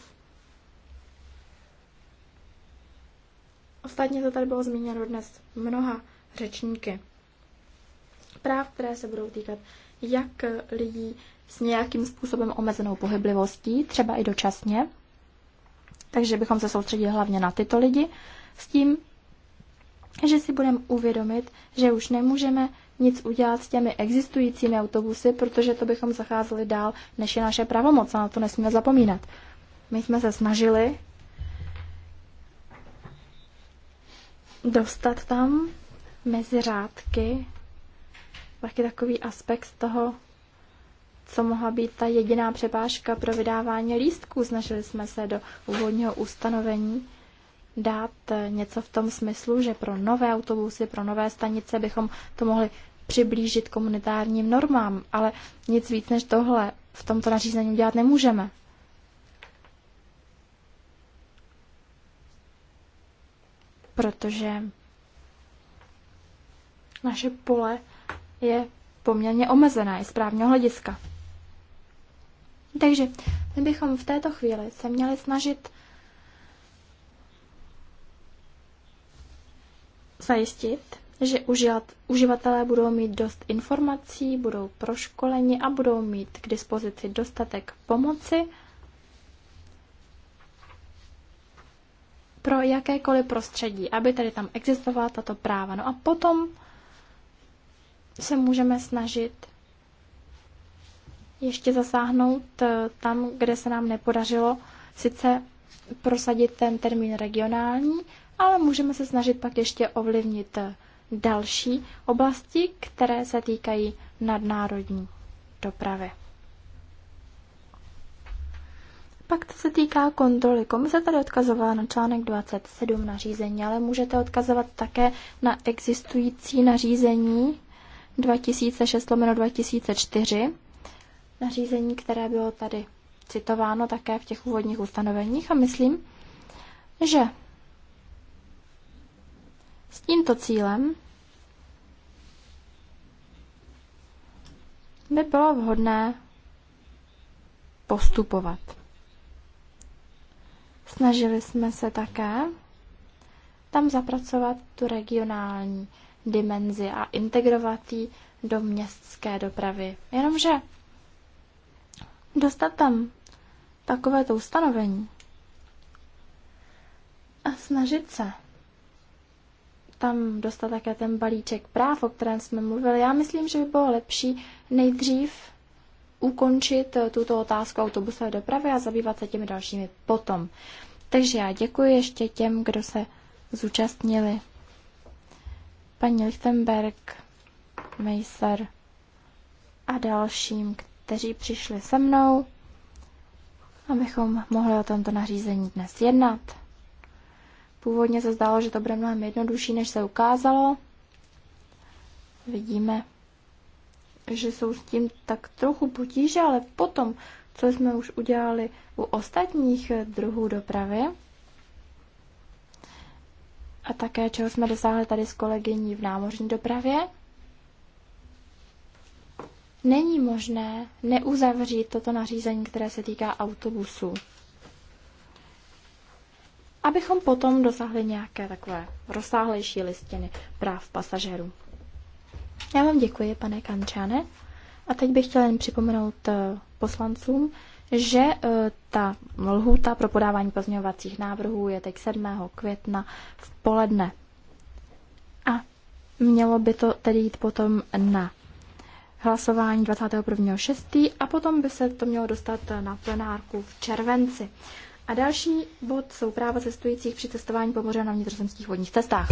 Ostatně to tady bylo zmíněno dnes mnoha řečníky práv, které se budou týkat jak lidí s nějakým způsobem omezenou pohyblivostí, třeba i dočasně. Takže bychom se soustředili hlavně na tyto lidi s tím, že si budeme uvědomit, že už nemůžeme nic udělat s těmi existujícími autobusy, protože to bychom zacházeli dál, než je naše pravomoc a na to nesmíme zapomínat. My jsme se snažili dostat tam mezi řádky taky takový aspekt toho, co mohla být ta jediná přepážka pro vydávání lístků. Snažili jsme se do úvodního ustanovení dát eh, něco v tom smyslu, že pro nové autobusy, pro nové stanice bychom to mohli přiblížit komunitárním normám, ale nic víc než tohle v tomto nařízení dělat nemůžeme. Protože naše pole je poměrně omezená i z právního hlediska. Takže my bychom v této chvíli se měli snažit zajistit, že uživatelé budou mít dost informací, budou proškoleni a budou mít k dispozici dostatek pomoci pro jakékoliv prostředí, aby tady tam existovala tato práva. No a potom se můžeme snažit ještě zasáhnout eh, tam, kde se nám nepodařilo sice prosadit ten termín regionální, ale můžeme se snažit pak ještě ovlivnit eh, další oblasti, které se týkají nadnárodní dopravy. Pak to se týká kontroly. Komise tady odkazovala na článek 27 nařízení, ale můžete odkazovat také na existující nařízení 2006 2004, nařízení, které bylo tady citováno také v těch úvodních ustanoveních a myslím, že s tímto cílem by bylo vhodné postupovat. Snažili jsme se také tam zapracovat tu regionální dimenzi a integrovat ji do městské dopravy. Jenomže dostat tam takovéto ustanovení a snažit se tam dostat také ten balíček práv, o kterém jsme mluvili, já myslím, že by bylo lepší nejdřív ukončit eh, tuto otázku autobusové dopravy a zabývat se těmi dalšími potom. Takže já děkuji ještě těm, kdo se zúčastnili paní Lichtenberg, Meiser a dalším, kteří přišli se mnou, abychom mohli o tomto nařízení dnes jednat. Původně se zdálo, že to bude mnohem jednodušší, než se ukázalo. Vidíme, že jsou s tím tak trochu potíže, ale potom, co jsme už udělali u ostatních druhů dopravy, a také, čeho jsme dosáhli tady s kolegyní v námořní dopravě, není možné neuzavřít toto nařízení, které se týká autobusu. Abychom potom dosáhli nějaké takové rozsáhlejší listiny práv pasažerů. Já vám děkuji, pane Kančane. A teď bych chtěla jen připomenout eh, poslancům, že e, ta lhůta pro podávání pozměňovacích návrhů je teď 7. května v poledne. A mělo by to tedy jít potom na hlasování 21.6. a potom by se to mělo dostat na plenárku v červenci. A další bod jsou práva cestujících při cestování po moře na vnitrozemských vodních cestách.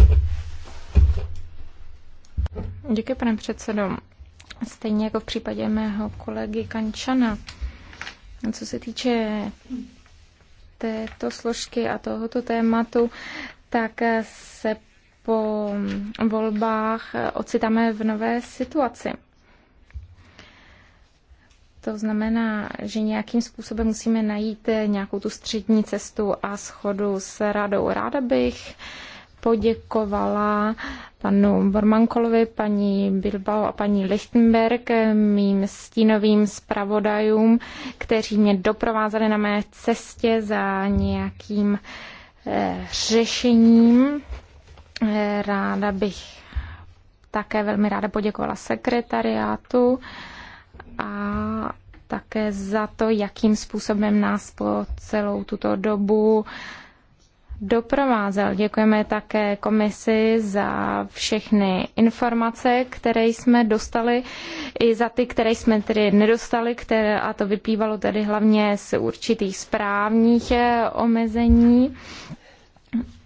Děkuji, pane předsedo. Stejně jako v případě mého kolegy Kančana, co se týče této složky a tohoto tématu, tak se po volbách ocitáme v nové situaci. To znamená, že nějakým způsobem musíme najít nějakou tu střední cestu a schodu s radou. Ráda bych poděkovala panu Bormankolovi, paní Bilbao a paní Lichtenberg, mým stínovým zpravodajům, kteří mě doprovázeli na mé cestě za nějakým eh, řešením. Eh, ráda bych také velmi ráda poděkovala sekretariátu a také za to, jakým způsobem nás po celou tuto dobu eh, doprovázel. Děkujeme také komisi za všechny informace, které jsme dostali, i za ty, které jsme tedy nedostali, které, a to vyplývalo tedy hlavně z určitých správních eh, omezení.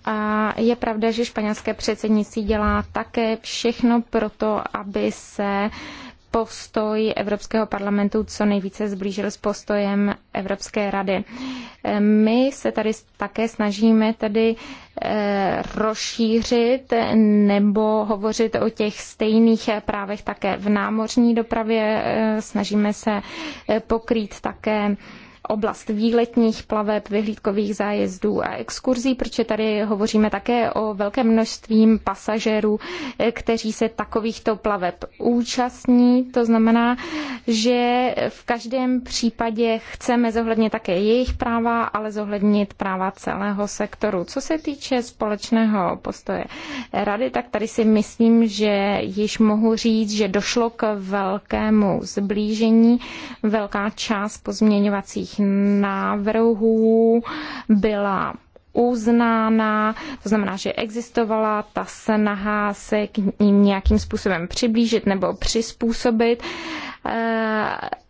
A je pravda, že španělské předsednictví dělá také všechno pro to, aby se uh, postoj Evropského parlamentu co nejvíce zblížil s postojem Evropské rady. My se tady také snažíme tedy eh, rozšířit nebo hovořit o těch stejných právech také v námořní dopravě. Eh, snažíme se eh, pokrýt také oblast výletních plaveb, vyhlídkových zájezdů a exkurzí, protože tady hovoříme také o velkém množství pasažérů, eh, kteří se takovýchto plaveb účastní. To znamená, že v každém případě chceme zohlednit také jejich práva, ale zohlednit práva celého sektoru. Co se týče společného postoje rady, tak tady si myslím, že již mohu říct, že došlo k velkému zblížení. Velká část pozměňovacích pozměňovacích návrhů byla uznána, to znamená, že existovala ta snaha se k ním nějakým způsobem přiblížit nebo přizpůsobit, eh,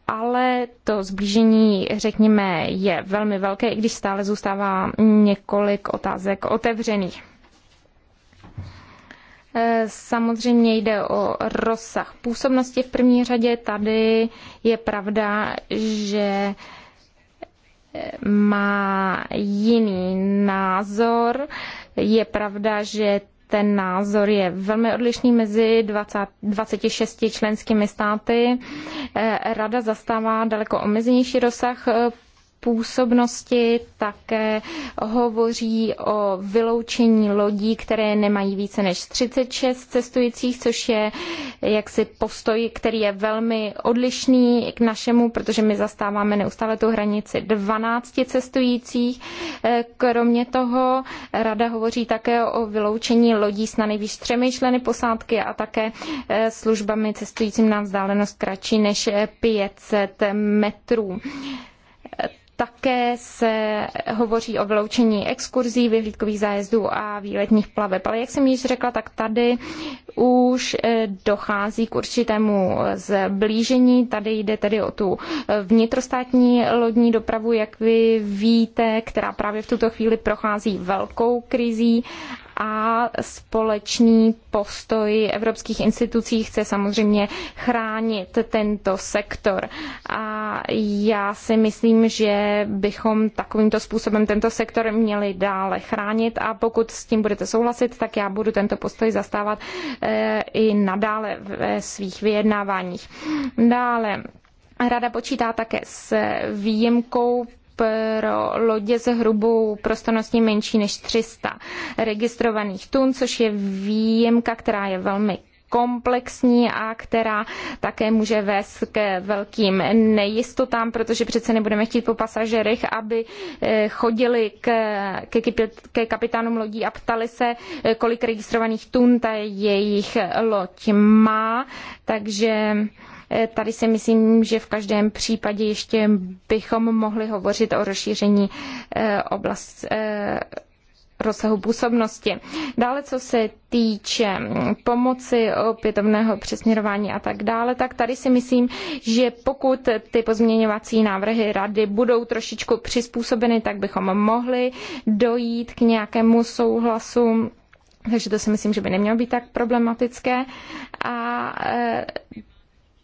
ale to zblížení, řekněme, je velmi velké, i když stále zůstává několik otázek otevřených. Eh, samozřejmě jde o rozsah působnosti v první řadě. Tady je pravda, že má jiný názor. Je pravda, že ten názor je velmi odlišný mezi 20, 26 členskými státy. Eh, Rada zastává daleko omezenější rozsah eh, působnosti také hovoří o vyloučení lodí, které nemají více než 36 cestujících, což je jaksi postoj, který je velmi odlišný k našemu, protože my zastáváme neustále tu hranici 12 cestujících. Kromě toho rada hovoří také o vyloučení lodí s na nejvýš třemi členy posádky a také službami cestujícím na vzdálenost kratší než 500 metrů také se hovoří o vyloučení exkurzí, vyhlídkových zájezdů a výletních plaveb. Ale jak jsem již řekla, tak tady už eh, dochází k určitému zblížení. Tady jde tedy o tu eh, vnitrostátní lodní dopravu, jak vy víte, která právě v tuto chvíli prochází velkou krizí a společný postoj evropských institucí chce samozřejmě chránit tento sektor. A já si myslím, že bychom takovýmto způsobem tento sektor měli dále chránit a pokud s tím budete souhlasit, tak já budu tento postoj zastávat eh, i nadále ve svých vyjednáváních. Dále Rada počítá také s výjimkou pro lodě s hrubou prostorností menší než 300 registrovaných tun, což je výjimka, která je velmi komplexní a která také může vést k velkým nejistotám, protože přece nebudeme chtít po pasažerech, aby eh, chodili k, ke, ke kapitánům lodí a ptali se, eh, kolik registrovaných tun ta jejich loď má. Takže Eh, tady si myslím, že v každém případě ještě bychom mohli hovořit o rozšíření eh, oblast eh, rozsahu působnosti. Dále, co se týče mm, pomoci, opětovného přesměrování a tak dále, tak tady si myslím, že pokud ty pozměňovací návrhy rady budou trošičku přizpůsobeny, tak bychom mohli dojít k nějakému souhlasu takže to si myslím, že by nemělo být tak problematické. A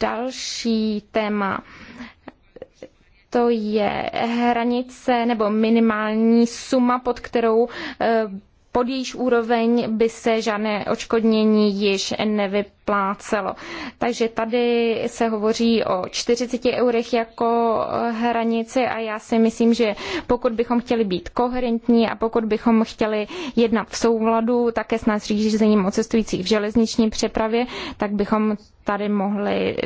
další téma to je hranice nebo minimální suma, pod kterou eh, pod jejíž úroveň by se žádné očkodnění již nevyplácelo. Takže tady se hovoří o 40 eurech jako hranici a já si myslím, že pokud bychom chtěli být koherentní a pokud bychom chtěli jednat v souvladu také s nás řízením o cestujících v železniční přepravě, tak bychom tady mohli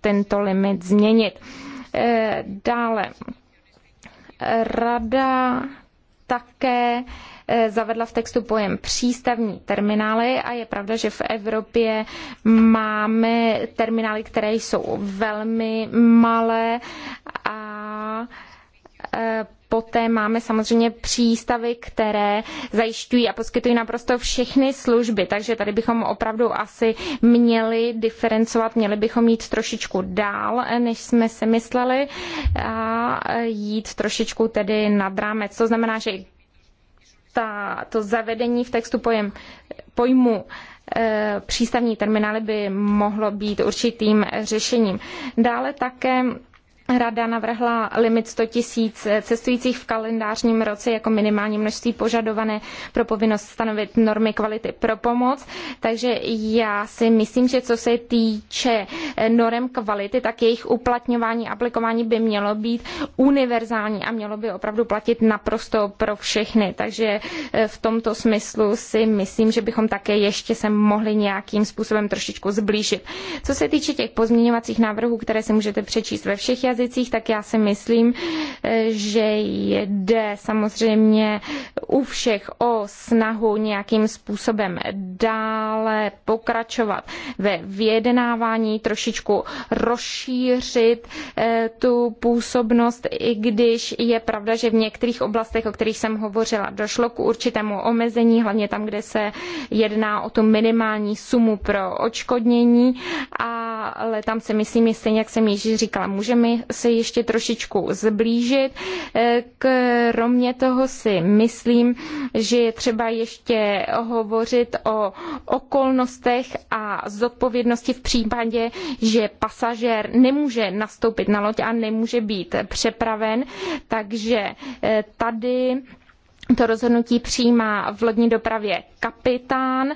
tento limit změnit. Eh, dále, rada také Eh, zavedla v textu pojem přístavní terminály a je pravda, že v Evropě máme terminály, které jsou velmi malé a eh, Poté máme samozřejmě přístavy, které zajišťují a poskytují naprosto všechny služby, takže tady bychom opravdu asi měli diferencovat, měli bychom jít trošičku dál, eh, než jsme si mysleli a jít trošičku tedy nad rámec. To znamená, že ta, to zavedení v textu pojem, pojmu e, přístavní terminály by mohlo být určitým řešením. Dále také Rada navrhla limit 100 tisíc cestujících v kalendářním roce jako minimální množství požadované pro povinnost stanovit normy kvality pro pomoc. Takže já si myslím, že co se týče eh, norem kvality, tak jejich uplatňování, aplikování by mělo být univerzální a mělo by opravdu platit naprosto pro všechny. Takže eh, v tomto smyslu si myslím, že bychom také ještě se mohli nějakým způsobem trošičku zblížit. Co se týče těch pozměňovacích návrhů, které si můžete přečíst ve všech jazycích, jazycích, tak já si myslím, že jde samozřejmě u všech o snahu nějakým způsobem dále pokračovat ve vyjednávání, trošičku rozšířit eh, tu působnost, i když je pravda, že v některých oblastech, o kterých jsem hovořila, došlo k určitému omezení, hlavně tam, kde se jedná o tu minimální sumu pro očkodnění, ale tam si myslím, že stejně jak jsem již říkala, můžeme se ještě trošičku zblížit. E, kromě toho si myslím, že je třeba ještě hovořit o okolnostech a zodpovědnosti v případě, že pasažér nemůže nastoupit na loď a nemůže být přepraven. Takže e, tady to rozhodnutí přijímá v lodní dopravě kapitán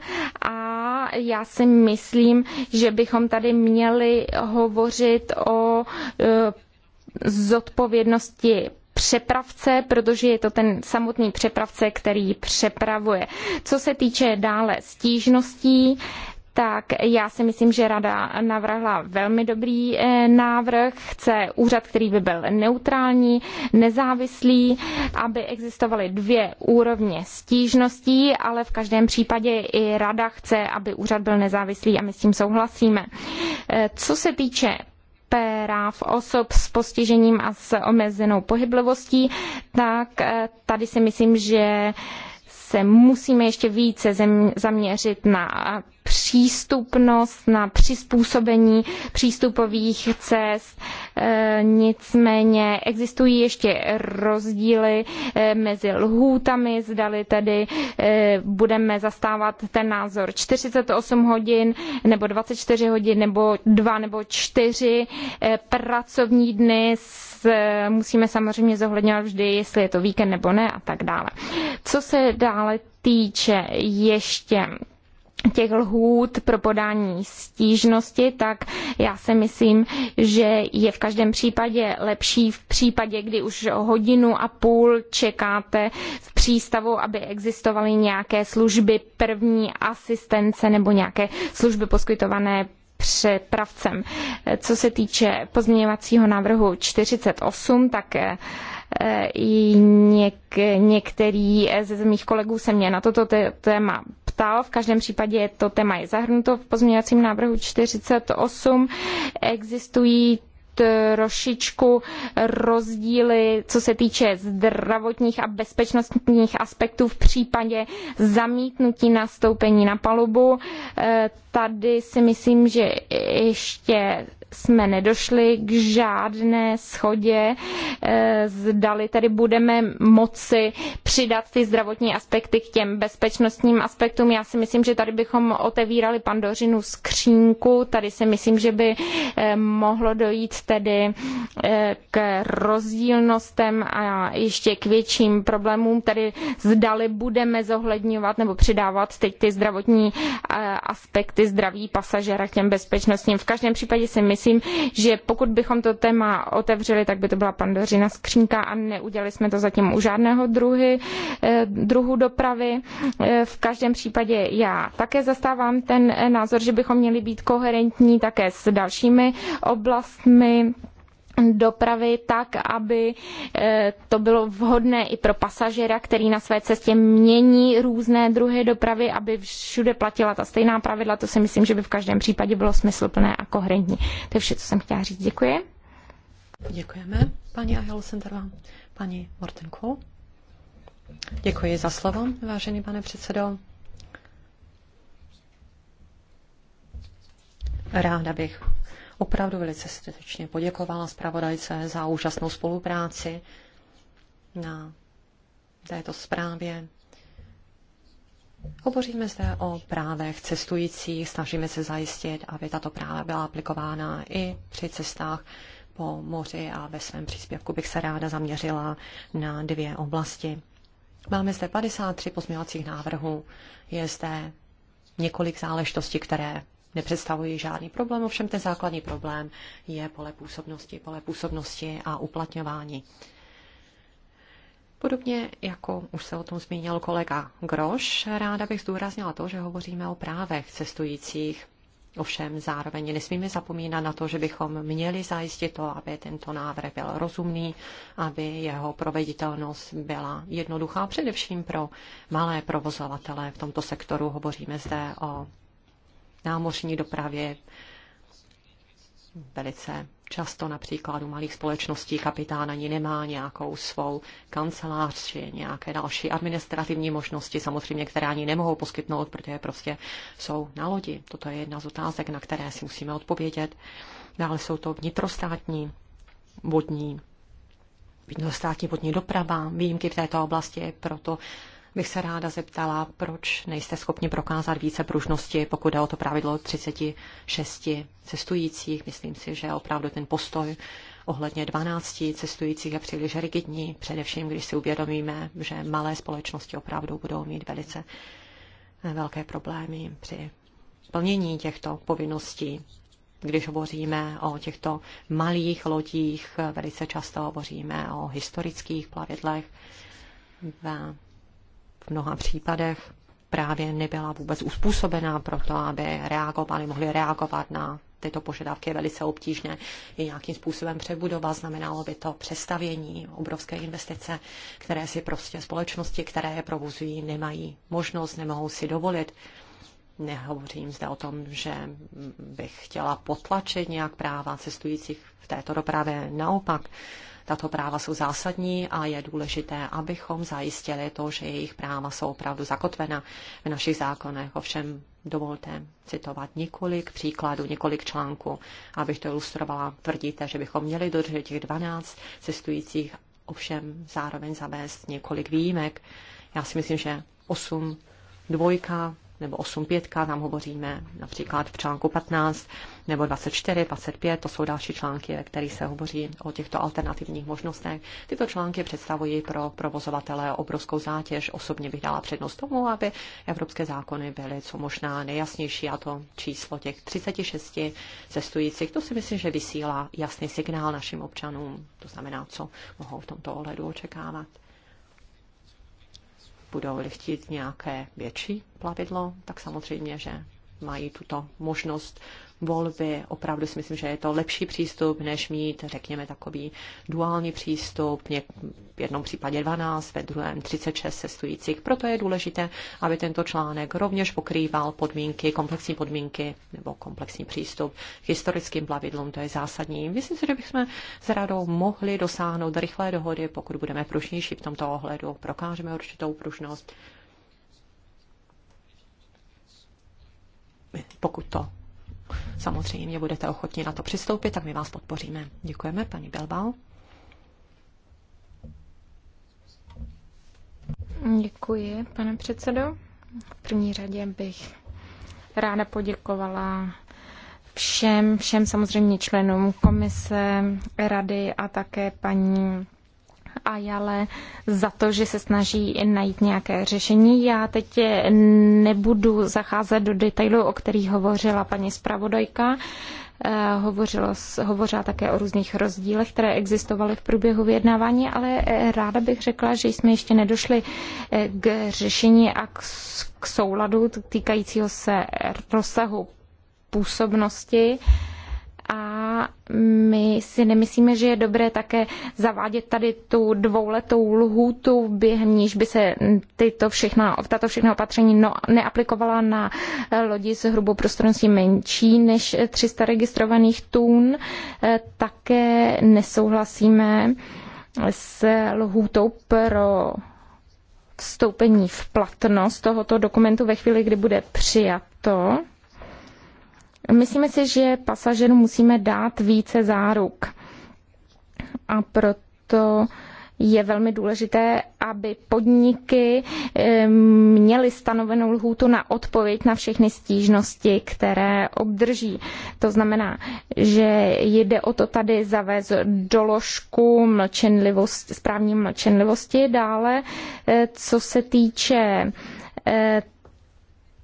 a já si myslím, že bychom tady měli hovořit o e, zodpovědnosti přepravce, protože je to ten samotný přepravce, který přepravuje. Co se týče dále stížností, tak já si myslím, že rada navrhla velmi dobrý eh, návrh. Chce úřad, který by byl neutrální, nezávislý, aby existovaly dvě úrovně stížností, ale v každém případě i rada chce, aby úřad byl nezávislý a my s tím souhlasíme. Eh, co se týče práv osob s postižením a s omezenou pohyblivostí, tak eh, tady si myslím, že se musíme ještě více zaměřit na přístupnost, na přizpůsobení přístupových cest. E, nicméně existují ještě rozdíly e, mezi lhůtami, zdali tedy e, budeme zastávat ten názor 48 hodin nebo 24 hodin nebo 2 nebo 4 pracovní dny s musíme samozřejmě zohledňovat vždy, jestli je to víkend nebo ne a tak dále. Co se dále týče ještě těch lhůt pro podání stížnosti, tak já si myslím, že je v každém případě lepší v případě, kdy už hodinu a půl čekáte v přístavu, aby existovaly nějaké služby první asistence nebo nějaké služby poskytované přepravcem. Co se týče pozměňovacího návrhu 48, tak eh, něk, některý eh, ze mých kolegů se mě na toto téma ptal. V každém případě to téma je zahrnuto v pozměňovacím návrhu 48. Existují trošičku rozdíly, co se týče zdravotních a bezpečnostních aspektů v případě zamítnutí nastoupení na palubu. Eh, tady si myslím, že ještě jsme nedošli k žádné schodě, eh, zdali tedy budeme moci přidat ty zdravotní aspekty k těm bezpečnostním aspektům. Já si myslím, že tady bychom otevírali pandořinu skřínku, tady si myslím, že by eh, mohlo dojít tedy eh, k rozdílnostem a ještě k větším problémům, tedy zdali budeme zohledňovat nebo přidávat teď ty zdravotní aspekty zdraví pasažera k těm bezpečnostním. V každém případě si myslím, myslím, že pokud bychom to téma otevřeli, tak by to byla pandořina skřínka a neudělali jsme to zatím u žádného druhy, eh, druhu dopravy. Eh, v každém případě já také zastávám ten eh, názor, že bychom měli být koherentní také s dalšími oblastmi dopravy tak, aby eh, to bylo vhodné i pro pasažera, který na své cestě mění různé druhy dopravy, aby všude platila ta stejná pravidla. To si myslím, že by v každém případě bylo smysluplné a koherentní. To je vše, co jsem chtěla říct. Děkuji. Děkujeme, paní Ahel Senterová. Paní Mortenko. Děkuji za slovo, vážený pane předsedo. Ráda bych opravdu velice srdečně poděkovala zpravodajce za úžasnou spolupráci na této zprávě. Hovoříme zde o právech cestujících, snažíme se zajistit, aby tato práva byla aplikována i při cestách po moři a ve svém příspěvku bych se ráda zaměřila na dvě oblasti. Máme zde 53 pozměňovacích návrhů, je zde několik záležitostí, které nepředstavují žádný problém, ovšem ten základní problém je pole působnosti, pole působnosti a uplatňování. Podobně jako už se o tom zmínil kolega Groš, ráda bych zdůraznila to, že hovoříme o právech cestujících. Ovšem zároveň nesmíme zapomínat na to, že bychom měli zajistit to, aby tento návrh byl rozumný, aby jeho proveditelnost byla jednoduchá, především pro malé provozovatele v tomto sektoru. Hovoříme zde o námořní dopravě, velice často například u malých společností kapitán ani nemá nějakou svou kancelář či nějaké další administrativní možnosti, samozřejmě, které ani nemohou poskytnout, protože prostě jsou na lodi. Toto je jedna z otázek, na které si musíme odpovědět. Dále jsou to vnitrostátní vodní vnitrostátní vodní doprava, výjimky v této oblasti, proto bych se ráda zeptala, proč nejste schopni prokázat více pružnosti, pokud jde o to pravidlo 36 cestujících. Myslím si, že opravdu ten postoj ohledně 12 cestujících je příliš rigidní, především když si uvědomíme, že malé společnosti opravdu budou mít velice velké problémy při plnění těchto povinností. Když hovoříme o těchto malých lodích, velice často hovoříme o historických plavidlech v v mnoha případech právě nebyla vůbec uspůsobená pro to, aby reagovali, mohli reagovat na tyto požadavky je velice obtížné je nějakým způsobem přebudovat. Znamenalo by to přestavění obrovské investice, které si prostě společnosti, které je provozují, nemají možnost, nemohou si dovolit. Nehovořím zde o tom, že bych chtěla potlačit nějak práva cestujících v této dopravě. Naopak, tato práva jsou zásadní a je důležité, abychom zajistili to, že jejich práva jsou opravdu zakotvena v našich zákonech. Ovšem dovolte citovat několik příkladů, několik článků, abych to ilustrovala. Tvrdíte, že bychom měli dodržet těch 12 cestujících, ovšem zároveň zavést několik výjimek. Já si myslím, že 8 dvojka nebo 8.5, tam hovoříme například v článku 15, nebo 24, 25, to jsou další články, ve kterých se hovoří o těchto alternativních možnostech. Tyto články představují pro provozovatele obrovskou zátěž. Osobně bych dala přednost tomu, aby evropské zákony byly co možná nejasnější a to číslo těch 36 cestujících, to si myslím, že vysílá jasný signál našim občanům, to znamená, co mohou v tomto ohledu očekávat budou chtít nějaké větší plavidlo, tak samozřejmě, že mají tuto možnost volby. Opravdu si myslím, že je to lepší přístup, než mít, řekněme, takový duální přístup, v jednom případě 12, ve druhém 36 cestujících. Proto je důležité, aby tento článek rovněž pokrýval podmínky, komplexní podmínky nebo komplexní přístup k historickým plavidlům. To je zásadní. Myslím si, že bychom s radou mohli dosáhnout rychlé dohody, pokud budeme pružnější v tomto ohledu. Prokážeme určitou pružnost. pokud to samozřejmě budete ochotni na to přistoupit, tak my vás podpoříme. Děkujeme, paní Belbao. Děkuji, pane předsedo. V první řadě bych ráda poděkovala všem, všem samozřejmě členům komise, rady a také paní a ale za to, že se snaží najít nějaké řešení. Já teď nebudu zacházet do detailů, o kterých hovořila paní zpravodajka. Eh, hovořilo, hovořila také o různých rozdílech, které existovaly v průběhu vyjednávání, ale eh, ráda bych řekla, že jsme ještě nedošli eh, k řešení a k souladu týkajícího se rozsahu působnosti. Uh, a my si nemyslíme, že je dobré také zavádět tady tu dvouletou lhůtu, během níž by se tyto všechna, tato všechna opatření no, neaplikovala na eh, lodi s hrubou prostorností menší než 300 registrovaných tun. Eh, také nesouhlasíme s lhůtou pro vstoupení v platnost tohoto dokumentu ve chvíli, kdy bude přijato. Myslíme si, že pasažerům musíme dát více záruk. A proto je velmi důležité, aby podniky měly stanovenou lhůtu na odpověď na všechny stížnosti, které obdrží. To znamená, že jde o to tady zavést doložku mlčenlivost, správní mlčenlivosti. Dále, eh, co se týče eh,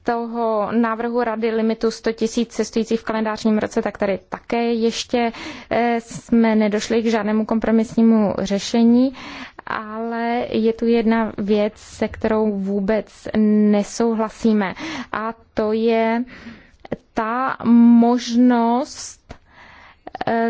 toho návrhu rady limitu 100 tisíc cestujících v kalendářním roce, tak tady také ještě eh, jsme nedošli k žádnému kompromisnímu řešení, ale je tu jedna věc, se kterou vůbec nesouhlasíme a to je ta možnost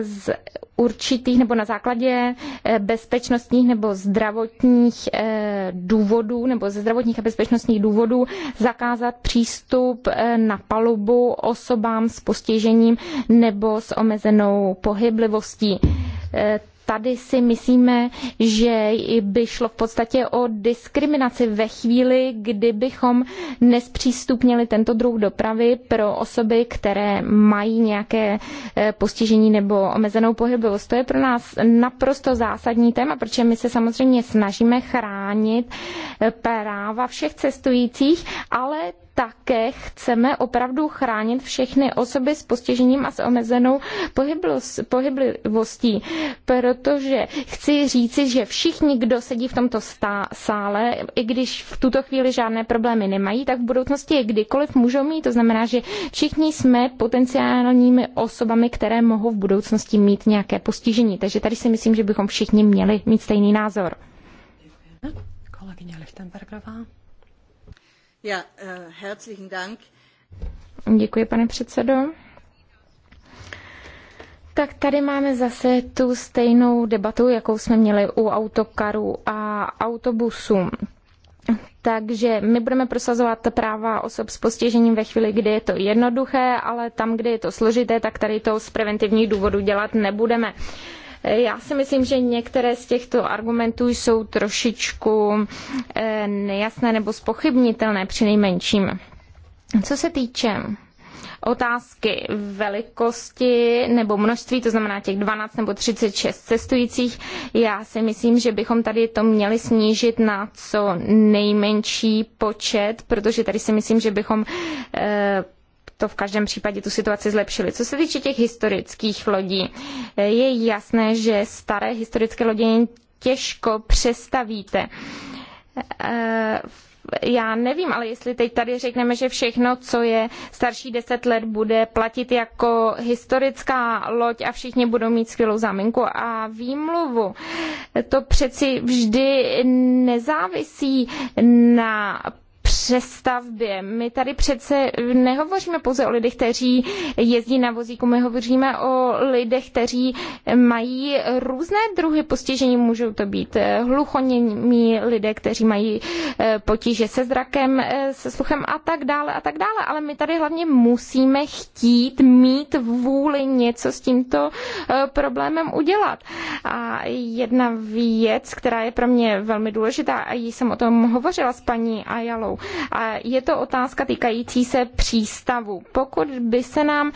z určitých nebo na základě eh, bezpečnostních nebo zdravotních eh, důvodů nebo ze zdravotních a bezpečnostních důvodů zakázat přístup eh, na palubu osobám s postižením nebo s omezenou pohyblivostí tady si myslíme, že by šlo v podstatě o diskriminaci ve chvíli, kdybychom nespřístupnili tento druh dopravy pro osoby, které mají nějaké eh, postižení nebo omezenou pohyblivost. To je pro nás naprosto zásadní téma, protože my se samozřejmě snažíme chránit eh, práva všech cestujících, ale také chceme opravdu chránit všechny osoby s postižením a s omezenou pohyblivostí, protože chci říci, že všichni, kdo sedí v tomto stá- sále, i když v tuto chvíli žádné problémy nemají, tak v budoucnosti je kdykoliv můžou mít. To znamená, že všichni jsme potenciálními osobami, které mohou v budoucnosti mít nějaké postižení. Takže tady si myslím, že bychom všichni měli mít stejný názor. Kolegyně Lichtenbergová. Ja, eh, herzlichen Dank. Děkuji, pane předsedo. Tak tady máme zase tu stejnou debatu, jakou jsme měli u autokarů a autobusů. Takže my budeme prosazovat práva osob s postižením ve chvíli, kdy je to jednoduché, ale tam, kde je to složité, tak tady to z preventivních důvodů dělat nebudeme. Uh, já si myslím, že některé z těchto argumentů jsou trošičku eh, nejasné nebo spochybnitelné při nejmenším. Co se týče otázky velikosti nebo množství, to znamená těch 12 nebo 36 cestujících. Já si myslím, že bychom tady to měli snížit na co nejmenší počet, protože tady si myslím, že bychom eh, to v každém případě tu situaci zlepšili. Co se týče těch historických lodí, je jasné, že staré historické lodě těžko přestavíte. Eh, já nevím, ale jestli teď tady řekneme, že všechno, co je starší 10 let, bude platit jako historická loď a všichni budou mít skvělou záminku a výmluvu, to přeci vždy nezávisí na přestavbě. My tady přece nehovoříme pouze o lidech, kteří jezdí na vozíku, my hovoříme o lidech, kteří mají různé druhy postižení. Můžou to být eh, hluchoněmí lidé, kteří mají eh, potíže se zrakem, eh, se sluchem a tak dále a tak dále. Ale my tady hlavně musíme chtít mít vůli něco s tímto problémem udělat. A jedna věc, která je pro mě velmi důležitá a jí jsem o tom hovořila s paní Ajalou, a je to otázka týkající se přístavu. Pokud by se nám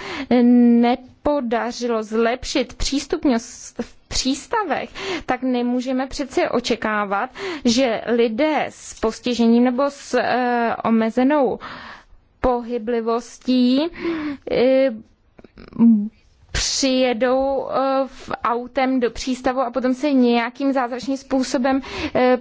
nepodařilo zlepšit přístupnost v přístavech, tak nemůžeme přece očekávat, že lidé s postižením nebo s e, omezenou pohyblivostí e, přijedou e, v autem do přístavu a potom se nějakým zázračným způsobem e,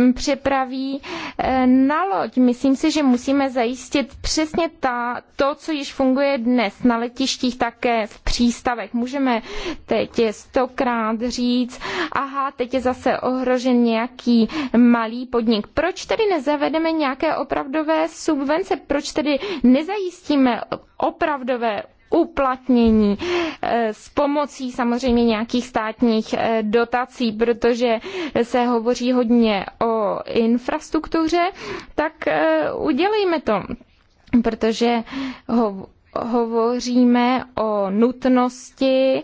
Mm, přepraví eh, na loď. Myslím si, že musíme zajistit přesně ta, to, co již funguje dnes na letištích, také v přístavech. Můžeme teď stokrát říct, aha, teď je zase ohrožen nějaký malý podnik. Proč tedy nezavedeme nějaké opravdové subvence? Proč tedy nezajistíme opravdové uplatnění eh, s pomocí samozřejmě nějakých státních eh, dotací, protože se hovoří hodně o infrastruktuře, tak eh, udělejme to, protože ho, hovoříme o nutnosti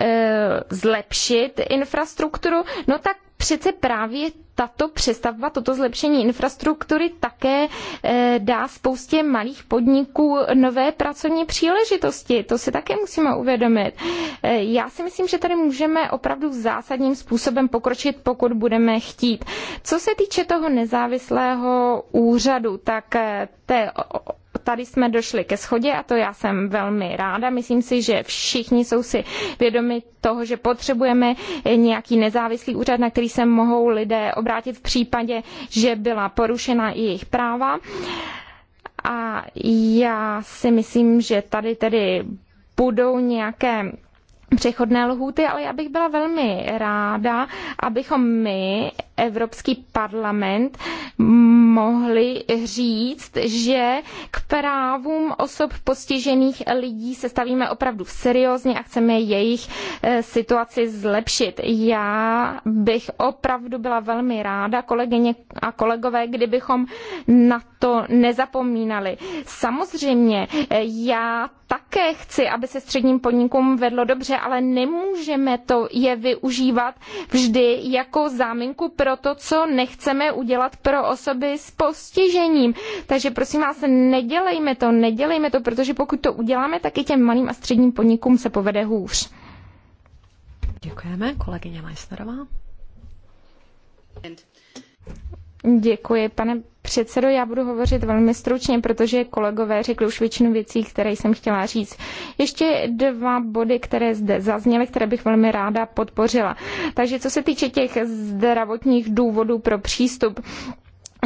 e, zlepšit infrastrukturu, no tak přece právě tato přestavba, toto zlepšení infrastruktury také eh, dá spoustě malých podniků nové pracovní příležitosti. To si také musíme uvědomit. Eh, já si myslím, že tady můžeme opravdu zásadním způsobem pokročit, pokud budeme chtít. Co se týče toho nezávislého úřadu, tak eh, té tady jsme došli ke schodě a to já jsem velmi ráda. Myslím si, že všichni jsou si vědomi toho, že potřebujeme nějaký nezávislý úřad, na který se mohou lidé obrátit v případě, že byla porušena jejich práva. A já si myslím, že tady tedy budou nějaké přechodné lhůty, ale já bych byla velmi ráda, abychom my, Evropský parlament mohli říct, že k právům osob postižených lidí se stavíme opravdu seriózně a chceme jejich eh, situaci zlepšit. Já bych opravdu byla velmi ráda, kolegyně a kolegové, kdybychom na to nezapomínali. Samozřejmě, eh, já také chci, aby se středním podnikům vedlo dobře, ale nemůžeme to je využívat vždy jako záminku pro pro to, co nechceme udělat pro osoby s postižením. Takže prosím vás, nedělejme to, nedělejme to, protože pokud to uděláme, tak i těm malým a středním podnikům se povede hůř. Děkujeme, kolegyně Majsnerová. Děkuji, pane předsedo. Já budu hovořit velmi stručně, protože kolegové řekli už většinu věcí, které jsem chtěla říct. Ještě dva body, které zde zazněly, které bych velmi ráda podpořila. Takže co se týče těch zdravotních důvodů pro přístup,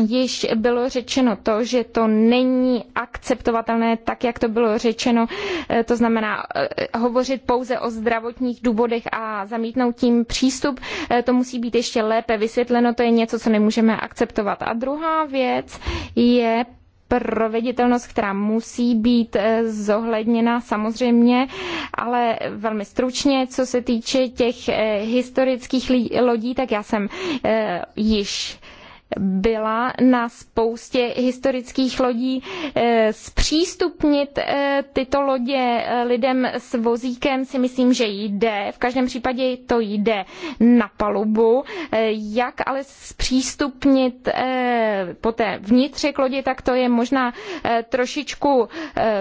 již bylo řečeno to, že to není akceptovatelné tak, jak to bylo řečeno, eh, to znamená eh, hovořit pouze o zdravotních důvodech a zamítnout tím přístup, eh, to musí být ještě lépe vysvětleno, to je něco, co nemůžeme akceptovat. A druhá věc je proveditelnost, která musí být zohledněna samozřejmě, ale velmi stručně, co se týče těch historických lodí, tak já jsem již byla na spoustě historických lodí eh, zpřístupnit eh, tyto lodě eh, lidem s vozíkem si myslím, že jde. V každém případě to jde na palubu. Jak ale zpřístupnit poté vnitřek lodi, tak to je možná trošičku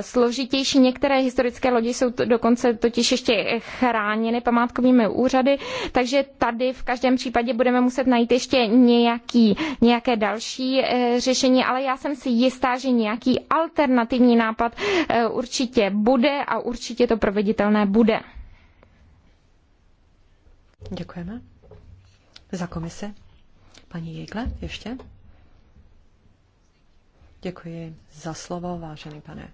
složitější. Některé historické lodi jsou dokonce totiž ještě chráněny památkovými úřady, takže tady v každém případě budeme muset najít ještě nějaký nějaké další eh, řešení, ale já jsem si jistá, že nějaký alternativní nápad eh, určitě bude a určitě to proveditelné bude. Děkujeme. Za komise. Paní Jegle, ještě. Děkuji za slovo, vážený pane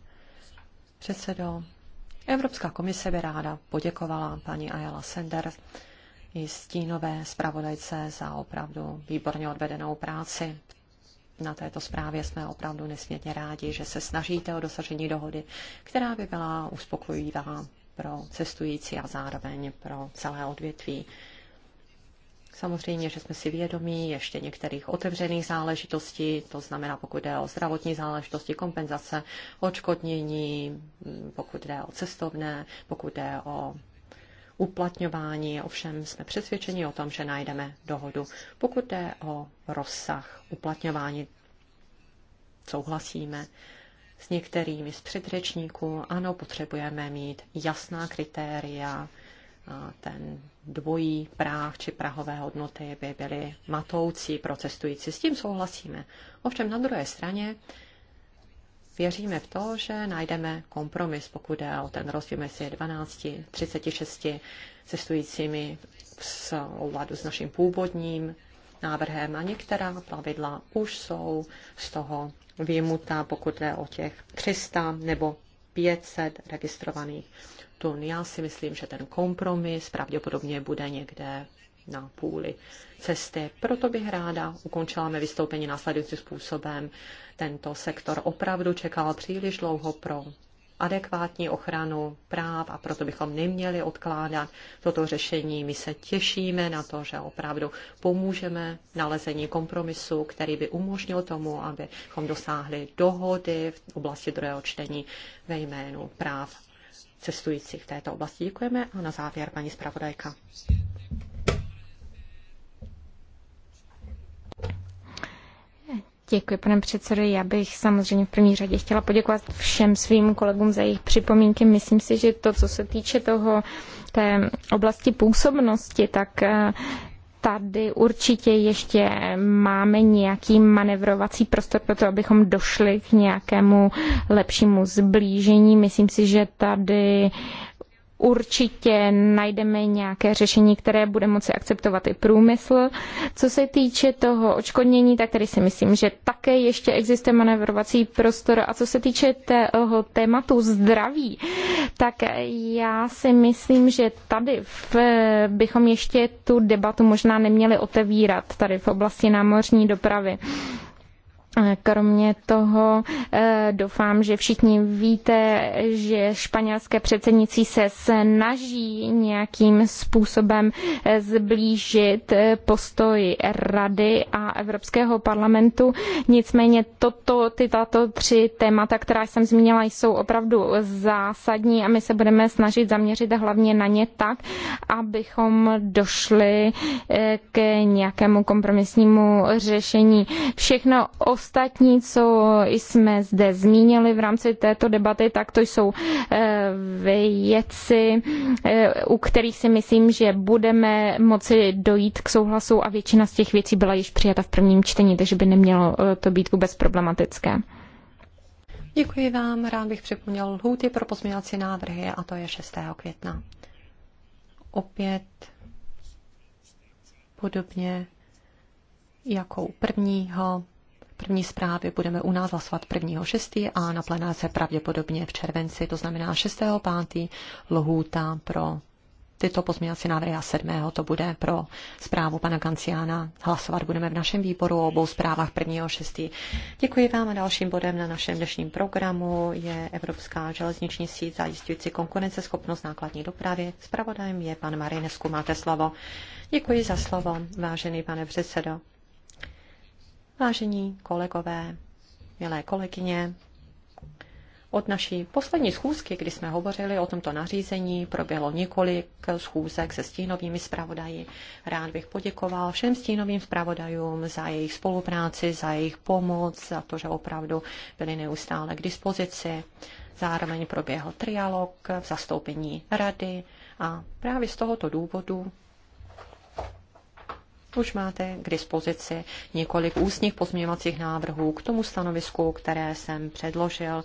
předsedo. Evropská komise by ráda poděkovala paní Ayala Sender i stínové zpravodajce za opravdu výborně odvedenou práci. Na této zprávě jsme opravdu nesmírně rádi, že se snažíte o dosažení dohody, která by byla uspokojivá pro cestující a zároveň pro celé odvětví. Samozřejmě, že jsme si vědomí ještě některých otevřených záležitostí, to znamená, pokud jde o zdravotní záležitosti, kompenzace, odškodnění, pokud jde o cestovné, pokud jde o uplatňování. Ovšem jsme přesvědčeni o tom, že najdeme dohodu. Pokud jde o rozsah uplatňování, souhlasíme s některými z předřečníků. Ano, potřebujeme mít jasná kritéria, ten dvojí práh či prahové hodnoty by byly matoucí pro cestující. S tím souhlasíme. Ovšem na druhé straně věříme v to, že najdeme kompromis, pokud jde o ten rozdíl mezi 12 36 cestujícími v souladu s naším původním návrhem a některá pravidla už jsou z toho vyjmuta, pokud jde o těch 300 nebo 500 registrovaných tun. Já si myslím, že ten kompromis pravděpodobně bude někde na půli cesty. Proto bych ráda ukončila mé vystoupení následujícím způsobem. Tento sektor opravdu čekal příliš dlouho pro adekvátní ochranu práv a proto bychom neměli odkládat toto řešení. My se těšíme na to, že opravdu pomůžeme nalezení kompromisu, který by umožnil tomu, abychom dosáhli dohody v oblasti druhého čtení ve jménu práv cestujících v této oblasti. Děkujeme a na závěr paní zpravodajka. Děkuji, pane předsedo. Já bych samozřejmě v první řadě chtěla poděkovat všem svým kolegům za jejich připomínky. Myslím si, že to, co se týče toho, té oblasti působnosti, tak eh, tady určitě ještě máme nějaký manevrovací prostor pro to, abychom došli k nějakému lepšímu zblížení. Myslím si, že tady určitě najdeme nějaké řešení, které bude moci akceptovat i průmysl. Co se týče toho očkodnění, tak tady si myslím, že také ještě existuje manevrovací prostor. A co se týče toho tématu zdraví, tak já si myslím, že tady v, bychom ještě tu debatu možná neměli otevírat tady v oblasti námořní dopravy. Kromě toho eh, doufám, že všichni víte, že španělské předsednicí se snaží nějakým způsobem eh, zblížit eh, postoj Rady a Evropského parlamentu. Nicméně toto, ty, tato tři témata, která jsem zmínila, jsou opravdu zásadní a my se budeme snažit zaměřit hlavně na ně tak, abychom došli k nějakému kompromisnímu řešení. Všechno ostatní ostatní, co jsme zde zmínili v rámci této debaty, tak to jsou eh, věci, eh, u kterých si myslím, že budeme moci dojít k souhlasu a většina z těch věcí byla již přijata v prvním čtení, takže by nemělo eh, to být vůbec problematické. Děkuji vám. Rád bych připomněl lhůty pro pozměňovací návrhy a to je 6. května. Opět podobně jako u prvního první zprávy budeme u nás hlasovat 1.6. a na plenáře pravděpodobně v červenci, to znamená 6.5. lhůta pro tyto pozměňovací návrhy a 7. to bude pro zprávu pana Kanciána. Hlasovat budeme v našem výboru o obou zprávách 1.6. Děkuji vám a dalším bodem na našem dnešním programu je Evropská železniční síť zajistující konkurenceschopnost nákladní dopravy. Spravodajem je pan Marinesku. Máte slovo. Děkuji za slovo, vážený pane předsedo. Vážení kolegové, milé kolegyně, od naší poslední schůzky, kdy jsme hovořili o tomto nařízení, proběhlo několik schůzek se stínovými zpravodaji. Rád bych poděkoval všem stínovým zpravodajům za jejich spolupráci, za jejich pomoc, za to, že opravdu byli neustále k dispozici. Zároveň proběhl trialog v zastoupení rady a právě z tohoto důvodu už máte k dispozici několik ústních pozměňovacích návrhů k tomu stanovisku, které jsem předložil.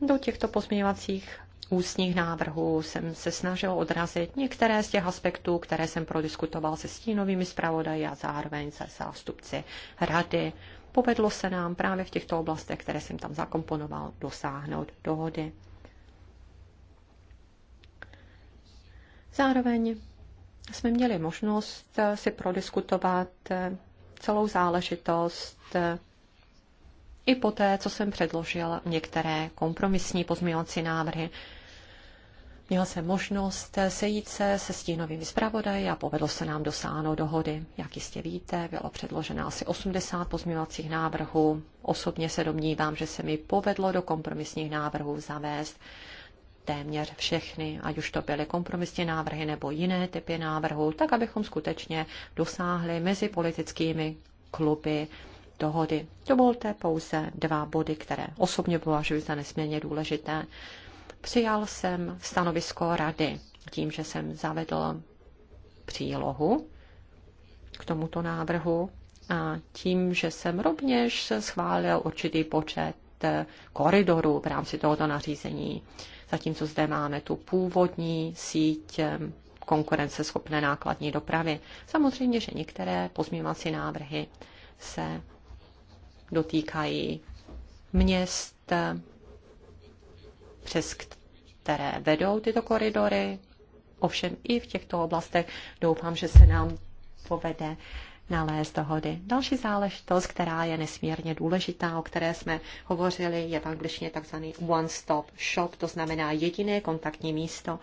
Do těchto pozměňovacích ústních návrhů jsem se snažil odrazit některé z těch aspektů, které jsem prodiskutoval se stínovými zpravodaji a zároveň se zástupci rady. Povedlo se nám právě v těchto oblastech, které jsem tam zakomponoval, dosáhnout dohody. Zároveň jsme měli možnost si prodiskutovat eh, celou záležitost eh, i poté, co jsem předložil některé kompromisní pozměňovací návrhy. Měl jsem možnost eh, sejít se se stínovými zpravodaji a povedlo se nám dosáhnout dohody. Jak jistě víte, bylo předloženo asi 80 pozměňovacích návrhů. Osobně se domnívám, že se mi povedlo do kompromisních návrhů zavést téměř všechny, ať už to byly kompromisní návrhy nebo jiné typy návrhů, tak abychom skutečně dosáhli mezi politickými kluby dohody. Dovolte pouze dva body, které osobně považuji za nesmírně důležité. Přijal jsem stanovisko rady tím, že jsem zavedl přílohu k tomuto návrhu a tím, že jsem rovněž schválil určitý počet eh, koridorů v rámci tohoto nařízení zatímco zde máme tu původní síť konkurenceschopné nákladní dopravy. Samozřejmě, že některé pozměňovací návrhy se dotýkají měst, přes které vedou tyto koridory. Ovšem i v těchto oblastech doufám, že se nám povede nalézt dohody. Další záležitost, která je nesmírně důležitá, o které jsme hovořili, je v angličtině takzvaný one-stop shop, to znamená jediné kontaktní místo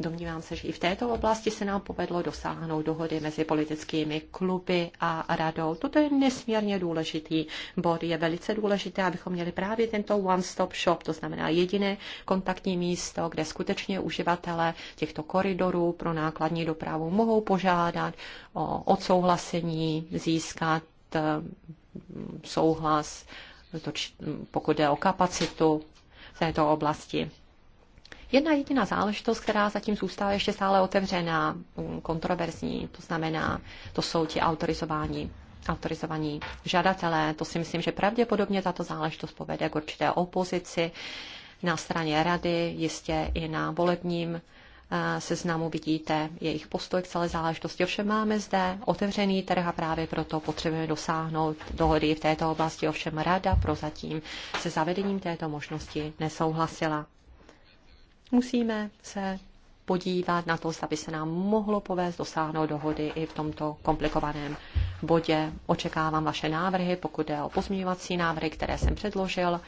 Domnívám se, že i v této oblasti se nám povedlo dosáhnout dohody mezi politickými kluby a radou. Toto je nesmírně důležitý bod. Je velice důležité, abychom měli právě tento one-stop shop, to znamená jediné kontaktní místo, kde skutečně uživatelé těchto koridorů pro nákladní dopravu mohou požádat o odsouhlasení, získat eh, souhlas, pokud jde o kapacitu této oblasti. Jedna jediná záležitost, která zatím zůstává ještě stále otevřená, mm, kontroverzní, to znamená, to jsou ti autorizování autorizovaní žadatelé. To si myslím, že pravděpodobně tato záležitost povede k určité opozici na straně rady, jistě i na volebním eh, seznamu vidíte jejich postoj k celé záležitosti. Ovšem máme zde otevřený trh a právě proto potřebujeme dosáhnout dohody v této oblasti. Ovšem rada prozatím se zavedením této možnosti nesouhlasila. Musíme se podívat na to, aby se nám mohlo povést dosáhnout dohody i v tomto komplikovaném bodě. Očekávám vaše návrhy, pokud jde o pozměňovací návrhy, které jsem předložil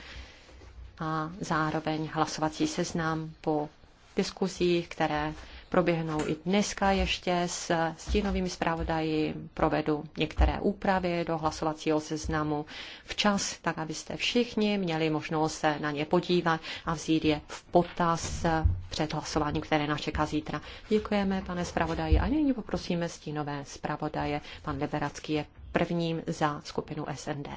a zároveň hlasovací seznam po diskuzích, které proběhnou i dneska ještě s stínovými zpravodaji. Provedu některé úpravy do hlasovacího seznamu včas, tak abyste všichni měli možnost se na ně podívat a vzít je v potaz před hlasováním, které nás čeká zítra. Děkujeme, pane zpravodaji. A nyní poprosíme stínové zpravodaje. Pan Liberacký je prvním za skupinu SND.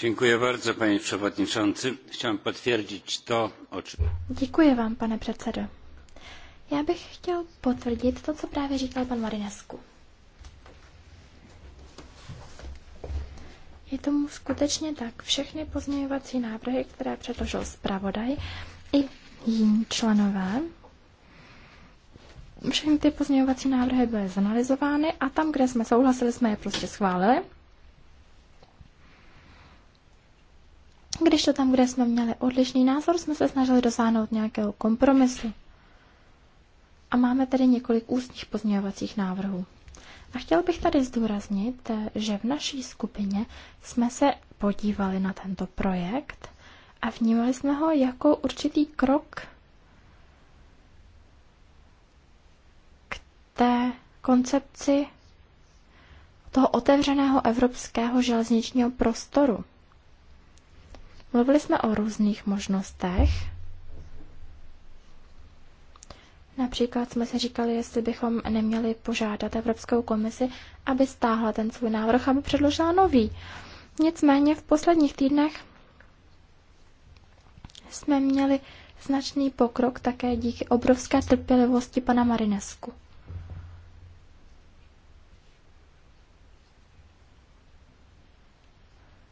Děkuji předsedající. vám, pane Já bych chtěl potvrdit to, co právě říkal pan marinescu. Je tomu skutečně tak. Všechny pozměňovací návrhy, které předložil zpravodaj i jiní členové, všechny ty pozměňovací návrhy byly zanalizovány a tam, kde jsme souhlasili, jsme je prostě schválili. Když to tam, kde jsme měli odlišný názor, jsme se snažili dosáhnout nějakého kompromisu. A máme tedy několik ústních pozměňovacích návrhů. A chtěl bych tady zdůraznit, že v naší skupině jsme se podívali na tento projekt a vnímali jsme ho jako určitý krok k té koncepci toho otevřeného evropského železničního prostoru. Mluvili jsme o různých možnostech. Například jsme se říkali, jestli bychom neměli požádat Evropskou komisi, aby stáhla ten svůj návrh, aby předložila nový. Nicméně v posledních týdnech jsme měli značný pokrok také díky obrovské trpělivosti pana Marinesku.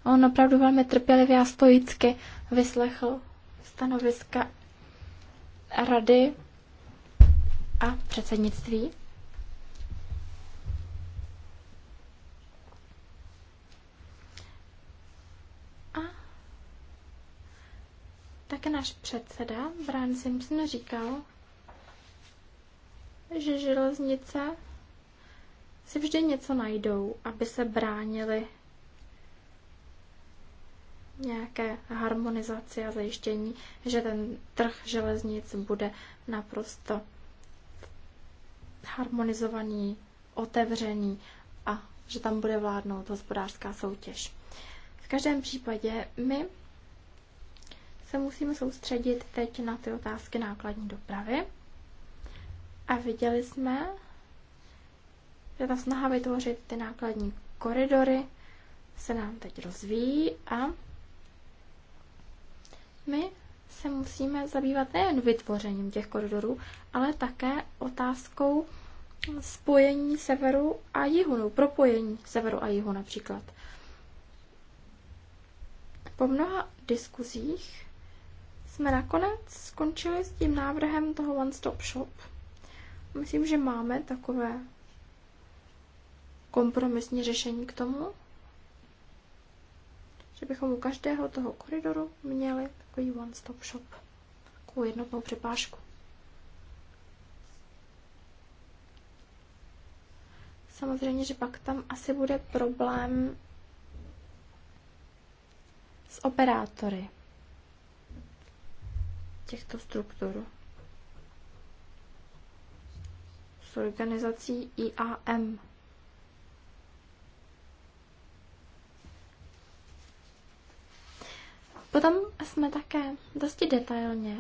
On opravdu velmi trpělivě a stoicky vyslechl stanoviska rady a předsednictví. A také náš předseda Brian Simpson říkal, že železnice si vždy něco najdou, aby se bránili nějaké harmonizaci a zajištění, že ten trh železnic bude naprosto harmonizovaný, otevřený a že tam bude vládnout hospodářská soutěž. V každém případě my se musíme soustředit teď na ty otázky nákladní dopravy. A viděli jsme, že ta snaha vytvořit ty nákladní koridory se nám teď rozvíjí a my se musíme zabývat nejen vytvořením těch koridorů, ale také otázkou spojení severu a jihu, no, propojení severu a jihu například. Po mnoha diskuzích jsme nakonec skončili s tím návrhem toho One Stop Shop. Myslím, že máme takové kompromisní řešení k tomu že bychom u každého toho koridoru měli takový one-stop shop, takovou jednotnou přepážku. Samozřejmě, že pak tam asi bude problém s operátory těchto struktur. S organizací IAM. Potom jsme také dosti detailně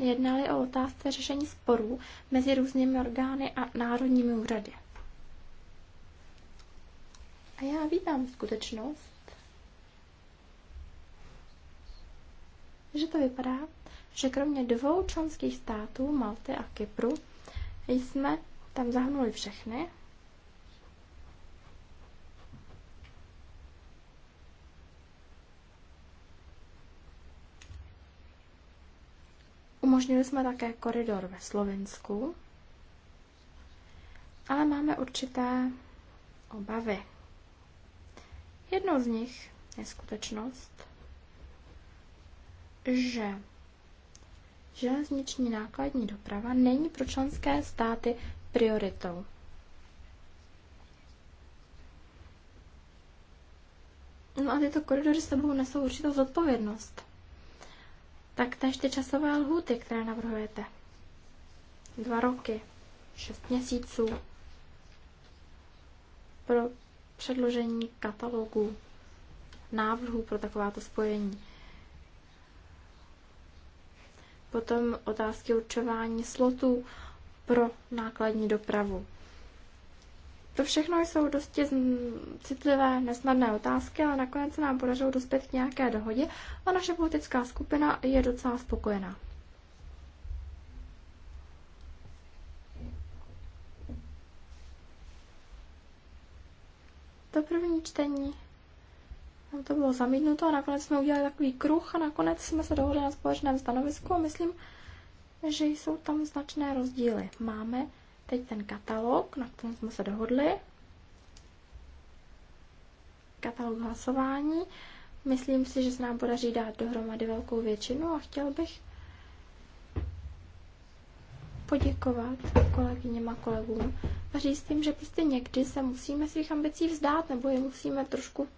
jednali o otázce řešení sporů mezi různými orgány a národními úřady. A já vítám skutečnost, že to vypadá, že kromě dvou členských států, Malty a Kypru, jsme tam zahrnuli všechny Umožnili jsme také koridor ve Slovensku, ale máme určité obavy. Jednou z nich je skutečnost, že železniční nákladní doprava není pro členské státy prioritou. No a tyto koridory s sebou nesou určitou zodpovědnost tak tež ty časové lhuty, které navrhujete. Dva roky, šest měsíců pro předložení katalogu návrhů pro takováto spojení. Potom otázky určování slotů pro nákladní dopravu. To všechno jsou dosti citlivé, nesnadné otázky, ale nakonec se nám podařilo dospět k nějaké dohodě a naše politická skupina je docela spokojená. To první čtení to bylo zamítnuto a nakonec jsme udělali takový kruh a nakonec jsme se dohodli na společném stanovisku a myslím, že jsou tam značné rozdíly. Máme Teď ten katalog, na tom jsme se dohodli. Katalog hlasování. Myslím si, že se nám podaří dát dohromady velkou většinu a chtěl bych poděkovat kolegyněm a kolegům a říct jim, že prostě někdy se musíme svých ambicí vzdát nebo je musíme trošku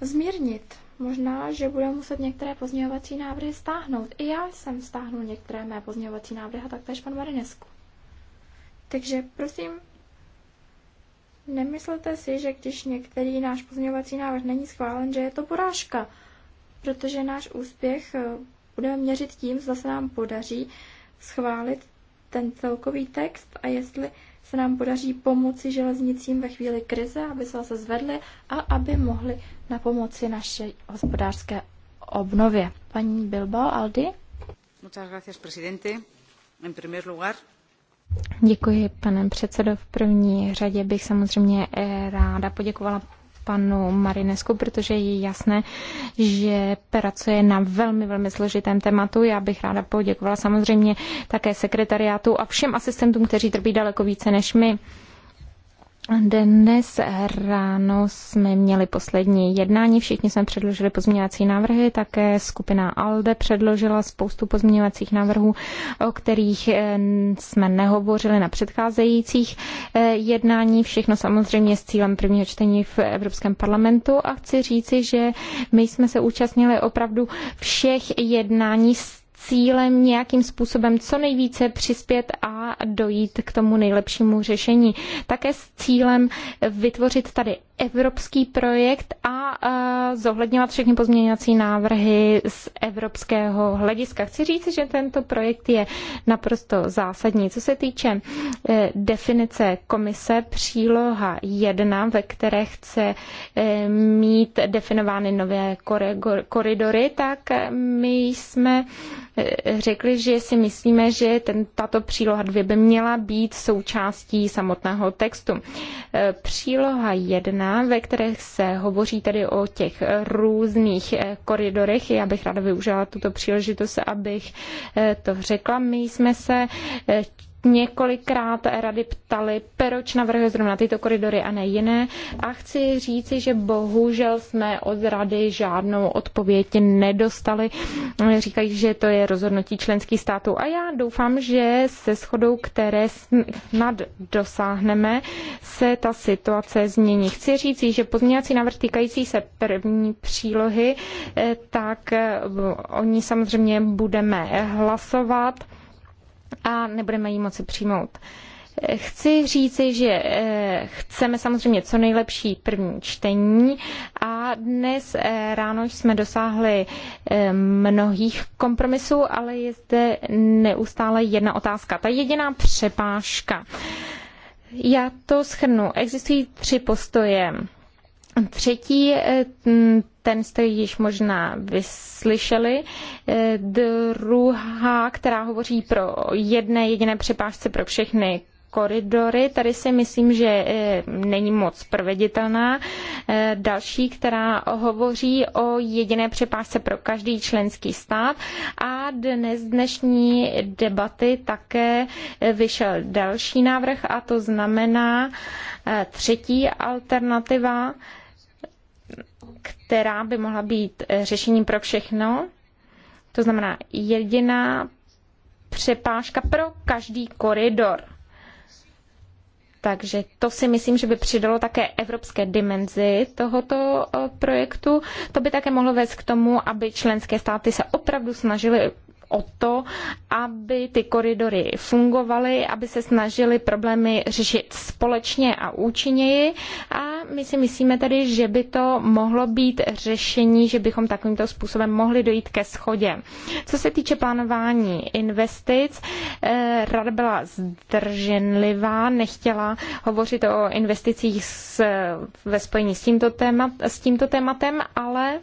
zmírnit. Možná, že budeme muset některé pozměňovací návrhy stáhnout. I já jsem stáhnul některé mé pozměňovací návrhy a taktéž pan Marinesku. Takže prosím, nemyslete si, že když některý náš pozměňovací návrh není schválen, že je to porážka, protože náš úspěch eh, budeme měřit tím, zda se nám podaří schválit ten celkový text a jestli se nám podaří pomoci železnicím ve chvíli krize, aby se zase zvedly a aby mohli na pomoci naší hospodářské obnově. Paní Bilbao Aldi. Muchas gracias, presidente. En primer lugar, Děkuji, pane předsedo. V první řadě bych samozřejmě eh, ráda poděkovala panu Marinesku, protože je jasné, že pracuje na velmi, velmi složitém tématu. Já bych ráda poděkovala samozřejmě také sekretariátu a všem asistentům, kteří trpí daleko více než my. Dnes ráno jsme měli poslední jednání, všichni jsme předložili pozměňovací návrhy, také skupina ALDE předložila spoustu pozměňovacích návrhů, o kterých eh, jsme nehovořili na předcházejících eh, jednání. Všechno samozřejmě s cílem prvního čtení v Evropském parlamentu a chci říci, že my jsme se účastnili opravdu všech jednání s cílem nějakým způsobem co nejvíce přispět a dojít k tomu nejlepšímu řešení. Také s cílem vytvořit tady evropský projekt a e, zohledňovat všechny pozměňovací návrhy z evropského hlediska. Chci říct, že tento projekt je naprosto zásadní. Co se týče e, definice komise příloha 1, ve které chce e, mít definovány nové koridory, tak my jsme řekli, že si myslíme, že ten, tato příloha 2 by měla být součástí samotného textu. Příloha 1 ve kterých se hovoří tedy o těch různých eh, koridorech. Já bych ráda využila tuto příležitost, abych eh, to řekla. My jsme se eh, několikrát rady ptali, proč navrhuje zrovna tyto koridory a ne jiné. A chci říci, že bohužel jsme od rady žádnou odpověď nedostali. Říkají, že to je rozhodnutí členských států. A já doufám, že se shodou, které snad dosáhneme, se ta situace změní. Chci říci, že pozměňovací návrh týkající se první přílohy, eh, tak eh, o ní samozřejmě budeme hlasovat a nebudeme ji moci přijmout. Chci říci, že eh, chceme samozřejmě co nejlepší první čtení a dnes eh, ráno jsme dosáhli eh, mnohých kompromisů, ale je zde neustále jedna otázka, ta jediná přepážka. Já to schrnu. Existují tři postoje. Třetí, eh, ten jste již možná vyslyšeli. Eh, druhá, která hovoří pro jedné jediné přepážce pro všechny koridory. Tady si myslím, že eh, není moc proveditelná. Další, která hovoří o jediné přepážce pro každý členský stát. A dnes dnešní debaty také vyšel další návrh a to znamená třetí alternativa, která by mohla být eh, řešením pro všechno. To znamená jediná přepážka pro každý koridor. Takže to si myslím, že by přidalo také evropské dimenzi tohoto eh, projektu. To by také mohlo vést k tomu, aby členské státy se opravdu snažily o to, aby ty koridory fungovaly, aby se snažili problémy řešit společně a účinněji. A my si myslíme tedy, že by to mohlo být řešení, že bychom takovýmto způsobem mohli dojít ke schodě. Co se týče plánování investic, eh, rada byla zdrženlivá, nechtěla hovořit o investicích s, ve spojení s tímto, témat, s tímto tématem, ale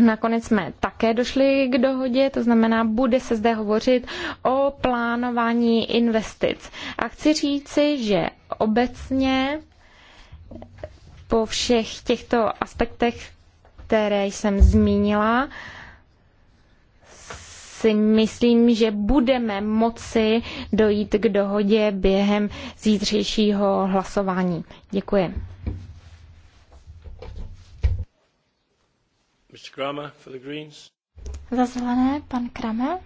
Nakonec jsme také došli k dohodě, to znamená, bude se zde hovořit o plánování investic. A chci říci, že obecně po všech těchto aspektech, které jsem zmínila, si myslím, že budeme moci dojít k dohodě během zítřejšího hlasování. Děkuji. Mr. pan Kramer.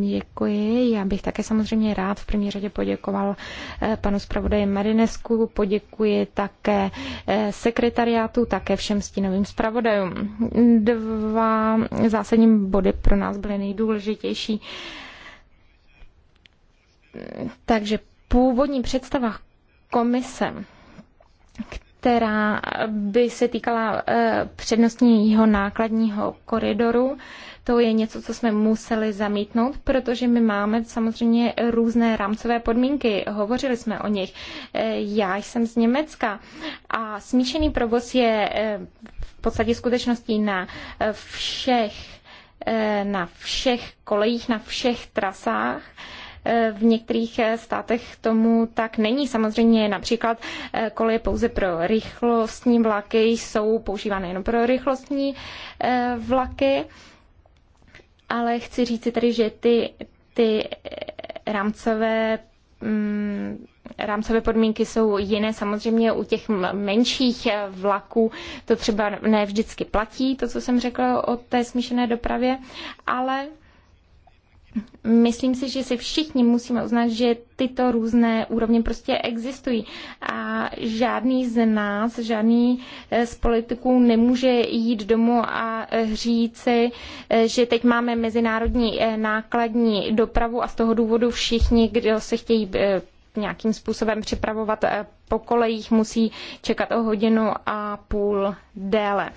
Děkuji. Já bych také samozřejmě rád v první řadě poděkoval eh, panu zpravodaji Marinesku, poděkuji také eh, sekretariátu, také všem stínovým zpravodajům. Dva zásadní body pro nás byly nejdůležitější. Takže původní představa komise, která by se týkala eh, přednostního nákladního koridoru. To je něco, co jsme museli zamítnout, protože my máme samozřejmě různé rámcové podmínky. Hovořili jsme o nich. Eh, já jsem z Německa a smíšený provoz je eh, v podstatě skutečností na všech na všech kolejích, na všech trasách v některých eh, státech tomu tak není. Samozřejmě například eh, koleje pouze pro rychlostní vlaky jsou používány jenom pro rychlostní eh, vlaky, ale chci říci tady, že ty, ty rámcové mm, rámcové podmínky jsou jiné. Samozřejmě u těch menších vlaků to třeba ne vždycky platí, to, co jsem řekla o té smíšené dopravě, ale Myslím si, že si všichni musíme uznat, že tyto různé úrovně prostě existují a žádný z nás, žádný eh, z politiků nemůže jít domů a eh, říci, eh, že teď máme mezinárodní nákladní dopravu a z toho důvodu všichni, kdo se chtějí nějakým způsobem připravovat po kolejích musí čekat o hodinu a půl déle.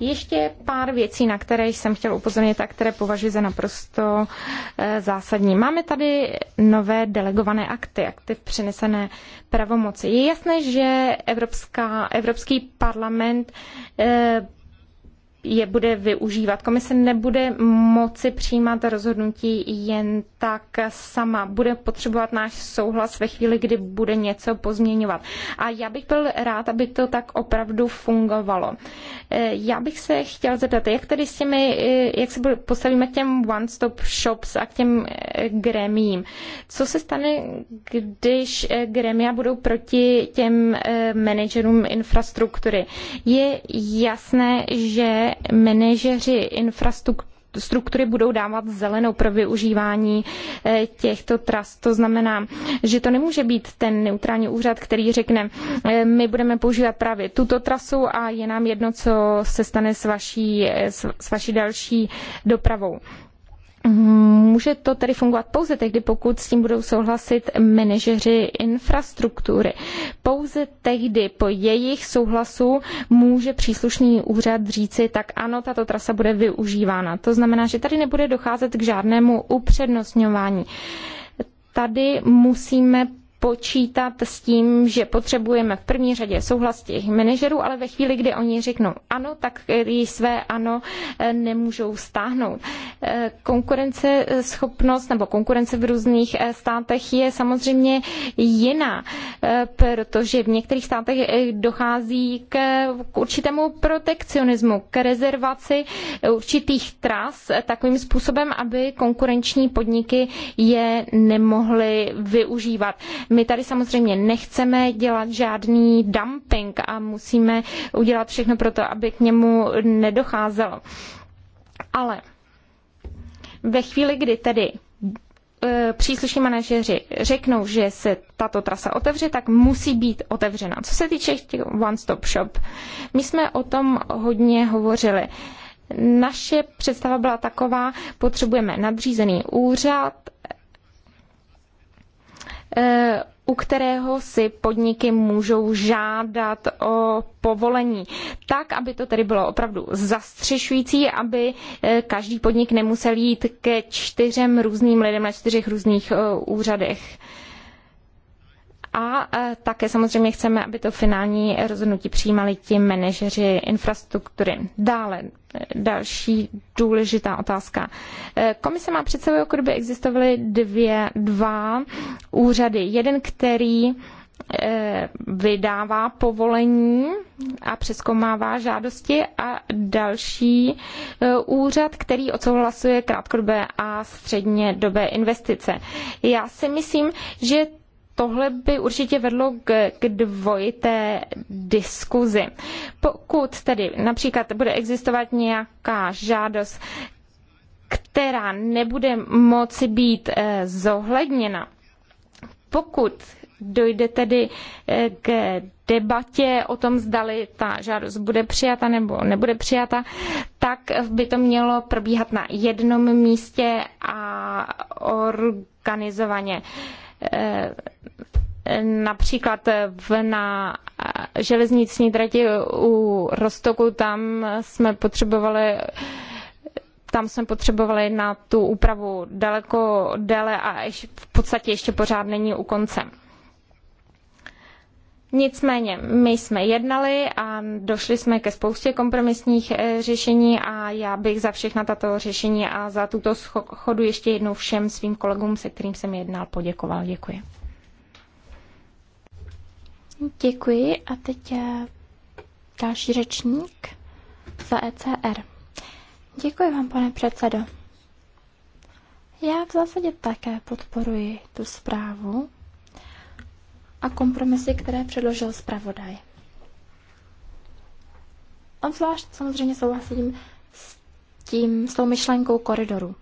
Ještě pár věcí, na které jsem chtěl upozornit a které považuji za naprosto eh, zásadní. Máme tady nové delegované akty, akty přenesené pravomoci. Je jasné, že Evropská, Evropský parlament eh, je bude využívat. Komise nebude moci přijímat rozhodnutí jen tak sama. Bude potřebovat náš souhlas ve chvíli, kdy bude něco pozměňovat. A já bych byl rád, aby to tak opravdu fungovalo. E, já bych se chtěl zeptat, jak tedy s těmi, e, jak se postavíme k těm one-stop shops a k těm e, gremím. Co se stane, když gremia budou proti těm manažerům infrastruktury? Je jasné, že že manažeři infrastruktury struktury budou dávat zelenou pro využívání eh, těchto tras. To znamená, že to nemůže být ten neutrální úřad, který řekne, eh, my budeme používat právě tuto trasu a je nám jedno, co se stane s vaší, eh, s vaší další dopravou. Může to tedy fungovat pouze tehdy, pokud s tím budou souhlasit manažeři infrastruktury. Pouze tehdy po jejich souhlasu může příslušný úřad říci, tak ano, tato trasa bude využívána. To znamená, že tady nebude docházet k žádnému upřednostňování tady musíme počítat s tím, že potřebujeme v první řadě souhlas těch manažerů, ale ve chvíli, kdy oni řeknou ano, tak její své ano eh, nemůžou stáhnout. Eh, konkurence eh, schopnost nebo konkurence v různých státech je samozřejmě jiná, protože v některých státech dochází k, k určitému protekcionismu, k rezervaci určitých tras takovým způsobem, aby konkurenční podniky je nemohly využívat. My tady samozřejmě nechceme dělat žádný dumping a musíme udělat všechno pro to, aby k němu nedocházelo. Ale ve chvíli, kdy tedy e, příslušní manažeři řeknou, že se tato trasa otevře, tak musí být otevřena. Co se týče těch one-stop shop, my jsme o tom hodně hovořili. Naše představa byla taková, potřebujeme nadřízený úřad, Eh, u kterého si podniky můžou žádat o povolení. Tak, aby to tedy bylo opravdu zastřešující, aby eh, každý podnik nemusel jít ke čtyřem různým lidem na čtyřech různých eh, úřadech. A e, také samozřejmě chceme, aby to finální rozhodnutí přijímali ti manažeři infrastruktury. Dále e, další důležitá otázka. E, komise má před sebou, jako kdyby existovaly dvě, dva úřady. Jeden, který vydává povolení a přeskomává žádosti a další úřad, který odsouhlasuje krátkodobé a středně dobé investice. Já si myslím, že tohle by určitě vedlo k, k dvojité diskuzi. Pokud tedy například bude existovat nějaká žádost, která nebude moci být eh, zohledněna, pokud dojde tedy eh, k debatě o tom, zdali ta žádost bude přijata nebo nebude přijata, tak by to mělo probíhat na jednom místě a organizovaně. Eh, například v, na eh, železniční trati u Rostoku, tam jsme potřebovali tam jsme potřebovali na tu úpravu daleko déle a v podstatě ještě pořád není u konce. Nicméně my jsme jednali a došli jsme ke spoustě kompromisních eh, řešení a já bych za všechna tato řešení a za tuto schodu ještě jednou všem svým kolegům, se kterým jsem jednal, poděkoval. Děkuji. Děkuji a teď je eh, další řečník za ECR. Děkuji vám, pane předsedo. Já v zásadě také podporuji tu zprávu, a kompromisy, které předložil zpravodaj. Obzvlášť samozřejmě souhlasím s tím, s tou myšlenkou koridoru.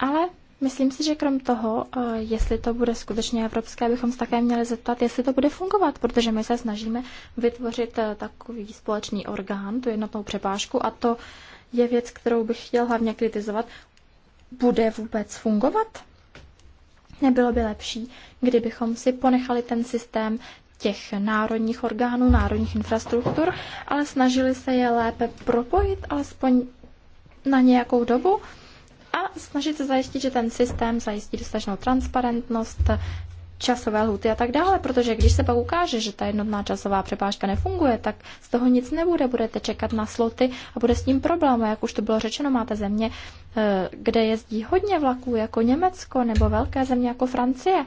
Ale myslím si, že krom toho, eh, jestli to bude skutečně evropské, bychom se také měli zeptat, jestli to bude fungovat, protože my se snažíme vytvořit eh, takový společný orgán, tu jednotnou přepážku a to je věc, kterou bych chtěl hlavně kritizovat. Bude vůbec fungovat? Nebylo by lepší, kdybychom si ponechali ten systém těch národních orgánů, národních infrastruktur, ale snažili se je lépe propojit alespoň na nějakou dobu a snažit se zajistit, že ten systém zajistí dostatečnou transparentnost, časové lhuty a tak dále, protože když se pak ukáže, že ta jednotná časová přepážka nefunguje, tak z toho nic nebude, budete čekat na sloty a bude s tím problém. A jak už to bylo řečeno, máte země, eh, kde jezdí hodně vlaků, jako Německo nebo velké země jako Francie.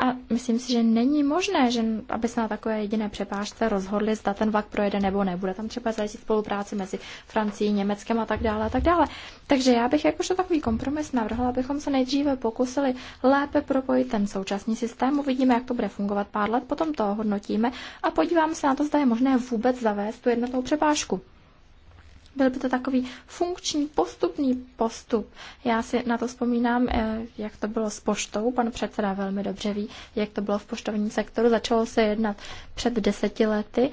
A myslím si, že není možné, že aby se na takové jediné přepážce rozhodli, zda ten vlak projede nebo nebude. Tam třeba zajistit spolupráci mezi Francií, Německem a tak dále a tak dále. Takže já bych jakožto takový kompromis navrhla, abychom se nejdříve pokusili lépe propojit ten současný systém, uvidíme, jak to bude fungovat pár let, potom to hodnotíme a podíváme se na to, zda je možné vůbec zavést tu jednotnou přepážku byl by to takový funkční postupný postup. Já si na to vzpomínám, eh, jak to bylo s poštou. Pan předseda velmi dobře ví, jak to bylo v poštovním sektoru. Začalo se jednat před deseti lety.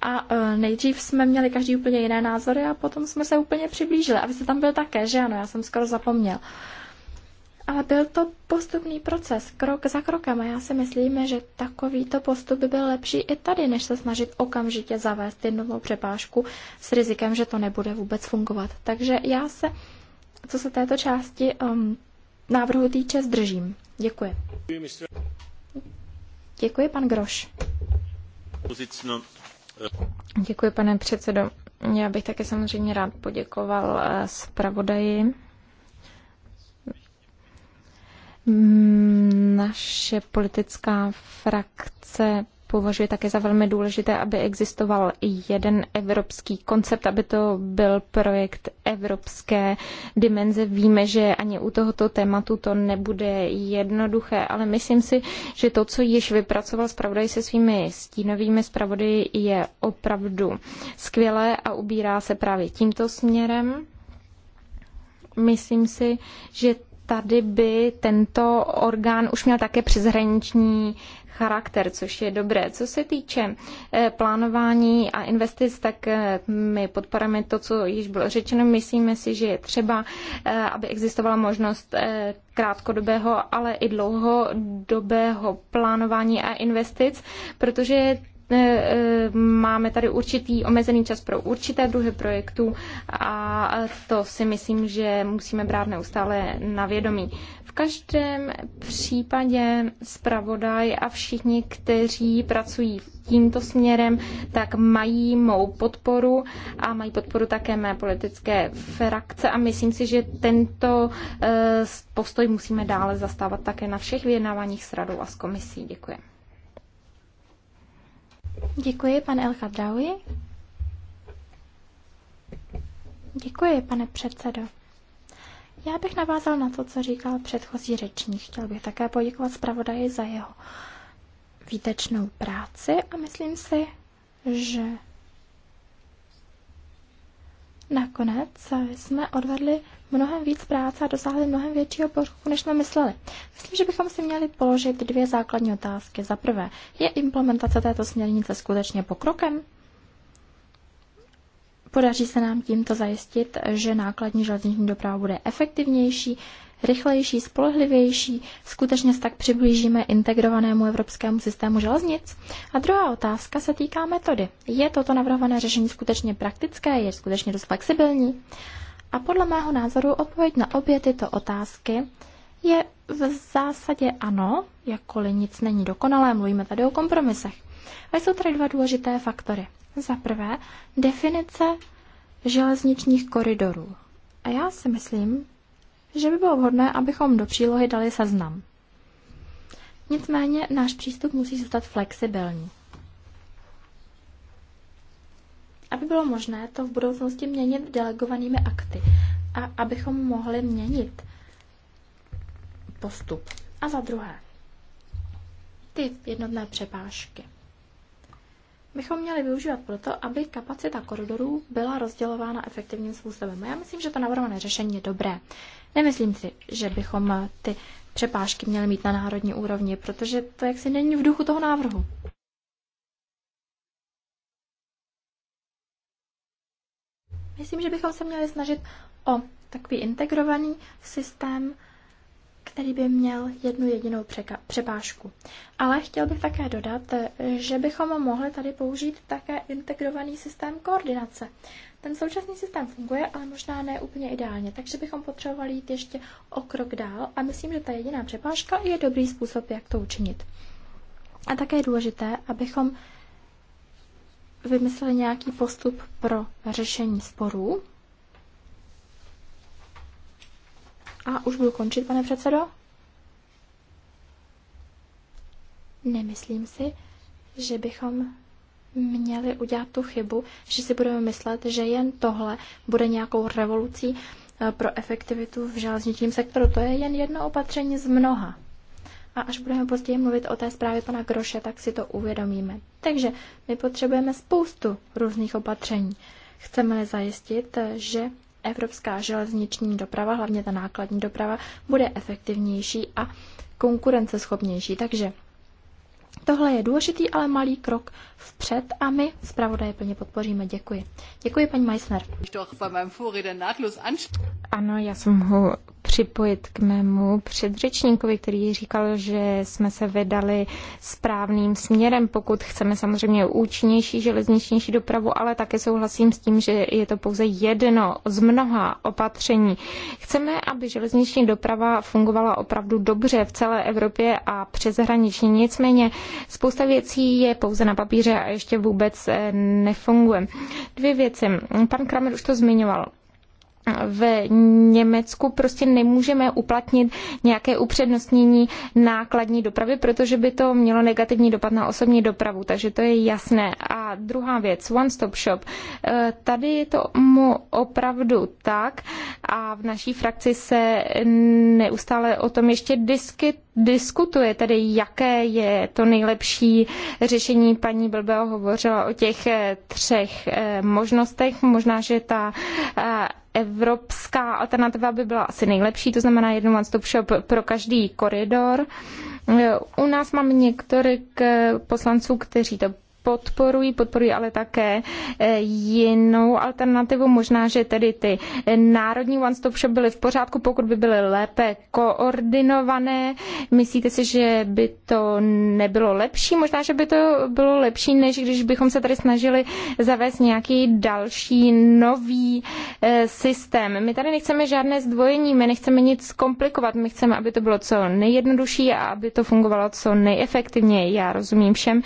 A eh, nejdřív jsme měli každý úplně jiné názory a potom jsme se úplně přiblížili. A vy jste tam byl také, že ano, já jsem skoro zapomněl. Ale byl to postupný proces, krok za krokem a já si myslím, že takovýto postup by byl lepší i tady, než se snažit okamžitě zavést jednotnou přepážku s rizikem, že to nebude vůbec fungovat. Takže já se, co se této části um, návrhu týče, zdržím. Děkuji. Děkuji, pan Groš. Děkuji, pane předsedo. Já bych také samozřejmě rád poděkoval eh, zpravodaji Mm, naše politická frakce považuje také za velmi důležité, aby existoval jeden evropský koncept, aby to byl projekt evropské dimenze. Víme, že ani u tohoto tématu to nebude jednoduché, ale myslím si, že to, co již vypracoval zpravodaj se svými stínovými zpravody, je opravdu skvělé a ubírá se právě tímto směrem. Myslím si, že tady by tento orgán už měl také přeshraniční charakter, což je dobré. Co se týče eh, plánování a investic, tak eh, my podporujeme to, co již bylo řečeno. Myslíme si, že je třeba, eh, aby existovala možnost krátkodobého, ale i dlouhodobého plánování a investic, protože Eh, eh, máme tady určitý omezený čas pro určité druhy projektů a to si myslím, že musíme brát neustále na vědomí. V každém případě zpravodaj a všichni, kteří pracují tímto směrem, tak mají mou podporu a mají podporu také mé politické frakce a myslím si, že tento eh, postoj musíme dále zastávat také na všech vyjednáváních s radou a s komisí. Děkuji. Děkuji, pane El Khadraoui. Děkuji, pane předsedo. Já bych navázal na to, co říkal předchozí řečník. Chtěl bych také poděkovat zpravodaji za jeho výtečnou práci a myslím si, že nakonec jsme odvedli mnohem víc práce a dosáhli mnohem většího pokroku, než jsme mysleli. Myslím, že bychom si měli položit dvě základní otázky. Za prvé, je implementace této směrnice skutečně pokrokem? Podaří se nám tímto zajistit, že nákladní železniční doprava bude efektivnější, rychlejší, spolehlivější, skutečně se tak přiblížíme integrovanému evropskému systému železnic? A druhá otázka se týká metody. Je toto navrhované řešení skutečně praktické, je skutečně dost flexibilní? A podle mého názoru odpověď na obě tyto otázky je v zásadě ano, jakkoliv nic není dokonalé, mluvíme tady o kompromisech. A jsou tady dva důležité faktory. Za prvé, definice železničních koridorů. A já si myslím, že by bylo vhodné, abychom do přílohy dali seznam. Nicméně náš přístup musí zůstat flexibilní. aby bylo možné to v budoucnosti měnit delegovanými akty a abychom mohli měnit postup. A za druhé, ty jednotné přepážky bychom měli využívat proto, aby kapacita koridorů byla rozdělována efektivním způsobem. Já myslím, že to navrhované řešení je dobré. Nemyslím si, že bychom ty přepážky měli mít na národní úrovni, protože to jaksi není v duchu toho návrhu. Myslím, že bychom se měli snažit o takový integrovaný systém, který by měl jednu jedinou přepážku. Ale chtěl bych také dodat, že bychom mohli tady použít také integrovaný systém koordinace. Ten současný systém funguje, ale možná ne úplně ideálně, takže bychom potřebovali jít ještě o krok dál a myslím, že ta jediná přepážka je dobrý způsob, jak to učinit. A také je důležité, abychom vymysleli nějaký postup pro řešení sporů. A už budu končit, pane předsedo? Nemyslím si, že bychom měli udělat tu chybu, že si budeme myslet, že jen tohle bude nějakou revolucí eh, pro efektivitu v železničním sektoru. To je jen jedno opatření z mnoha a až budeme později mluvit o té zprávě pana Groše, tak si to uvědomíme. Takže my potřebujeme spoustu různých opatření. Chceme zajistit, že evropská železniční doprava, hlavně ta nákladní doprava, bude efektivnější a konkurenceschopnější. Takže Tohle je důležitý, ale malý krok vpřed a my zpravodaje plně podpoříme. Děkuji. Děkuji, paní Meissner. Ano, já jsem ho připojit k mému předřečníkovi, který říkal, že jsme se vydali správným směrem, pokud chceme samozřejmě účinnější železničnější dopravu, ale také souhlasím s tím, že je to pouze jedno z mnoha opatření. Chceme, aby železniční doprava fungovala opravdu dobře v celé Evropě a přeshraničně. Nicméně Spousta věcí je pouze na papíře a ještě vůbec eh, nefunguje. Dvě věci. Pan Kramer už to zmiňoval v Německu prostě nemůžeme uplatnit nějaké upřednostnění nákladní dopravy, protože by to mělo negativní dopad na osobní dopravu, takže to je jasné. A druhá věc, One Stop Shop. E, tady je to mu opravdu tak a v naší frakci se neustále o tom ještě disky, diskutuje, tedy jaké je to nejlepší řešení. Paní Blbeo hovořila o těch e, třech e, možnostech. Možná, že ta evropská alternativa by byla asi nejlepší, to znamená jednu one-stop shop pro každý koridor. U nás máme některých poslanců, kteří to podporují, podporují ale také eh, jinou alternativu. Možná, že tedy ty eh, národní one-stop shop byly v pořádku, pokud by byly lépe koordinované. Myslíte si, že by to nebylo lepší? Možná, že by to bylo lepší, než když bychom se tady snažili zavést nějaký další nový eh, systém. My tady nechceme žádné zdvojení, my nechceme nic komplikovat, my chceme, aby to bylo co nejjednodušší a aby to fungovalo co nejefektivněji. Já rozumím všem,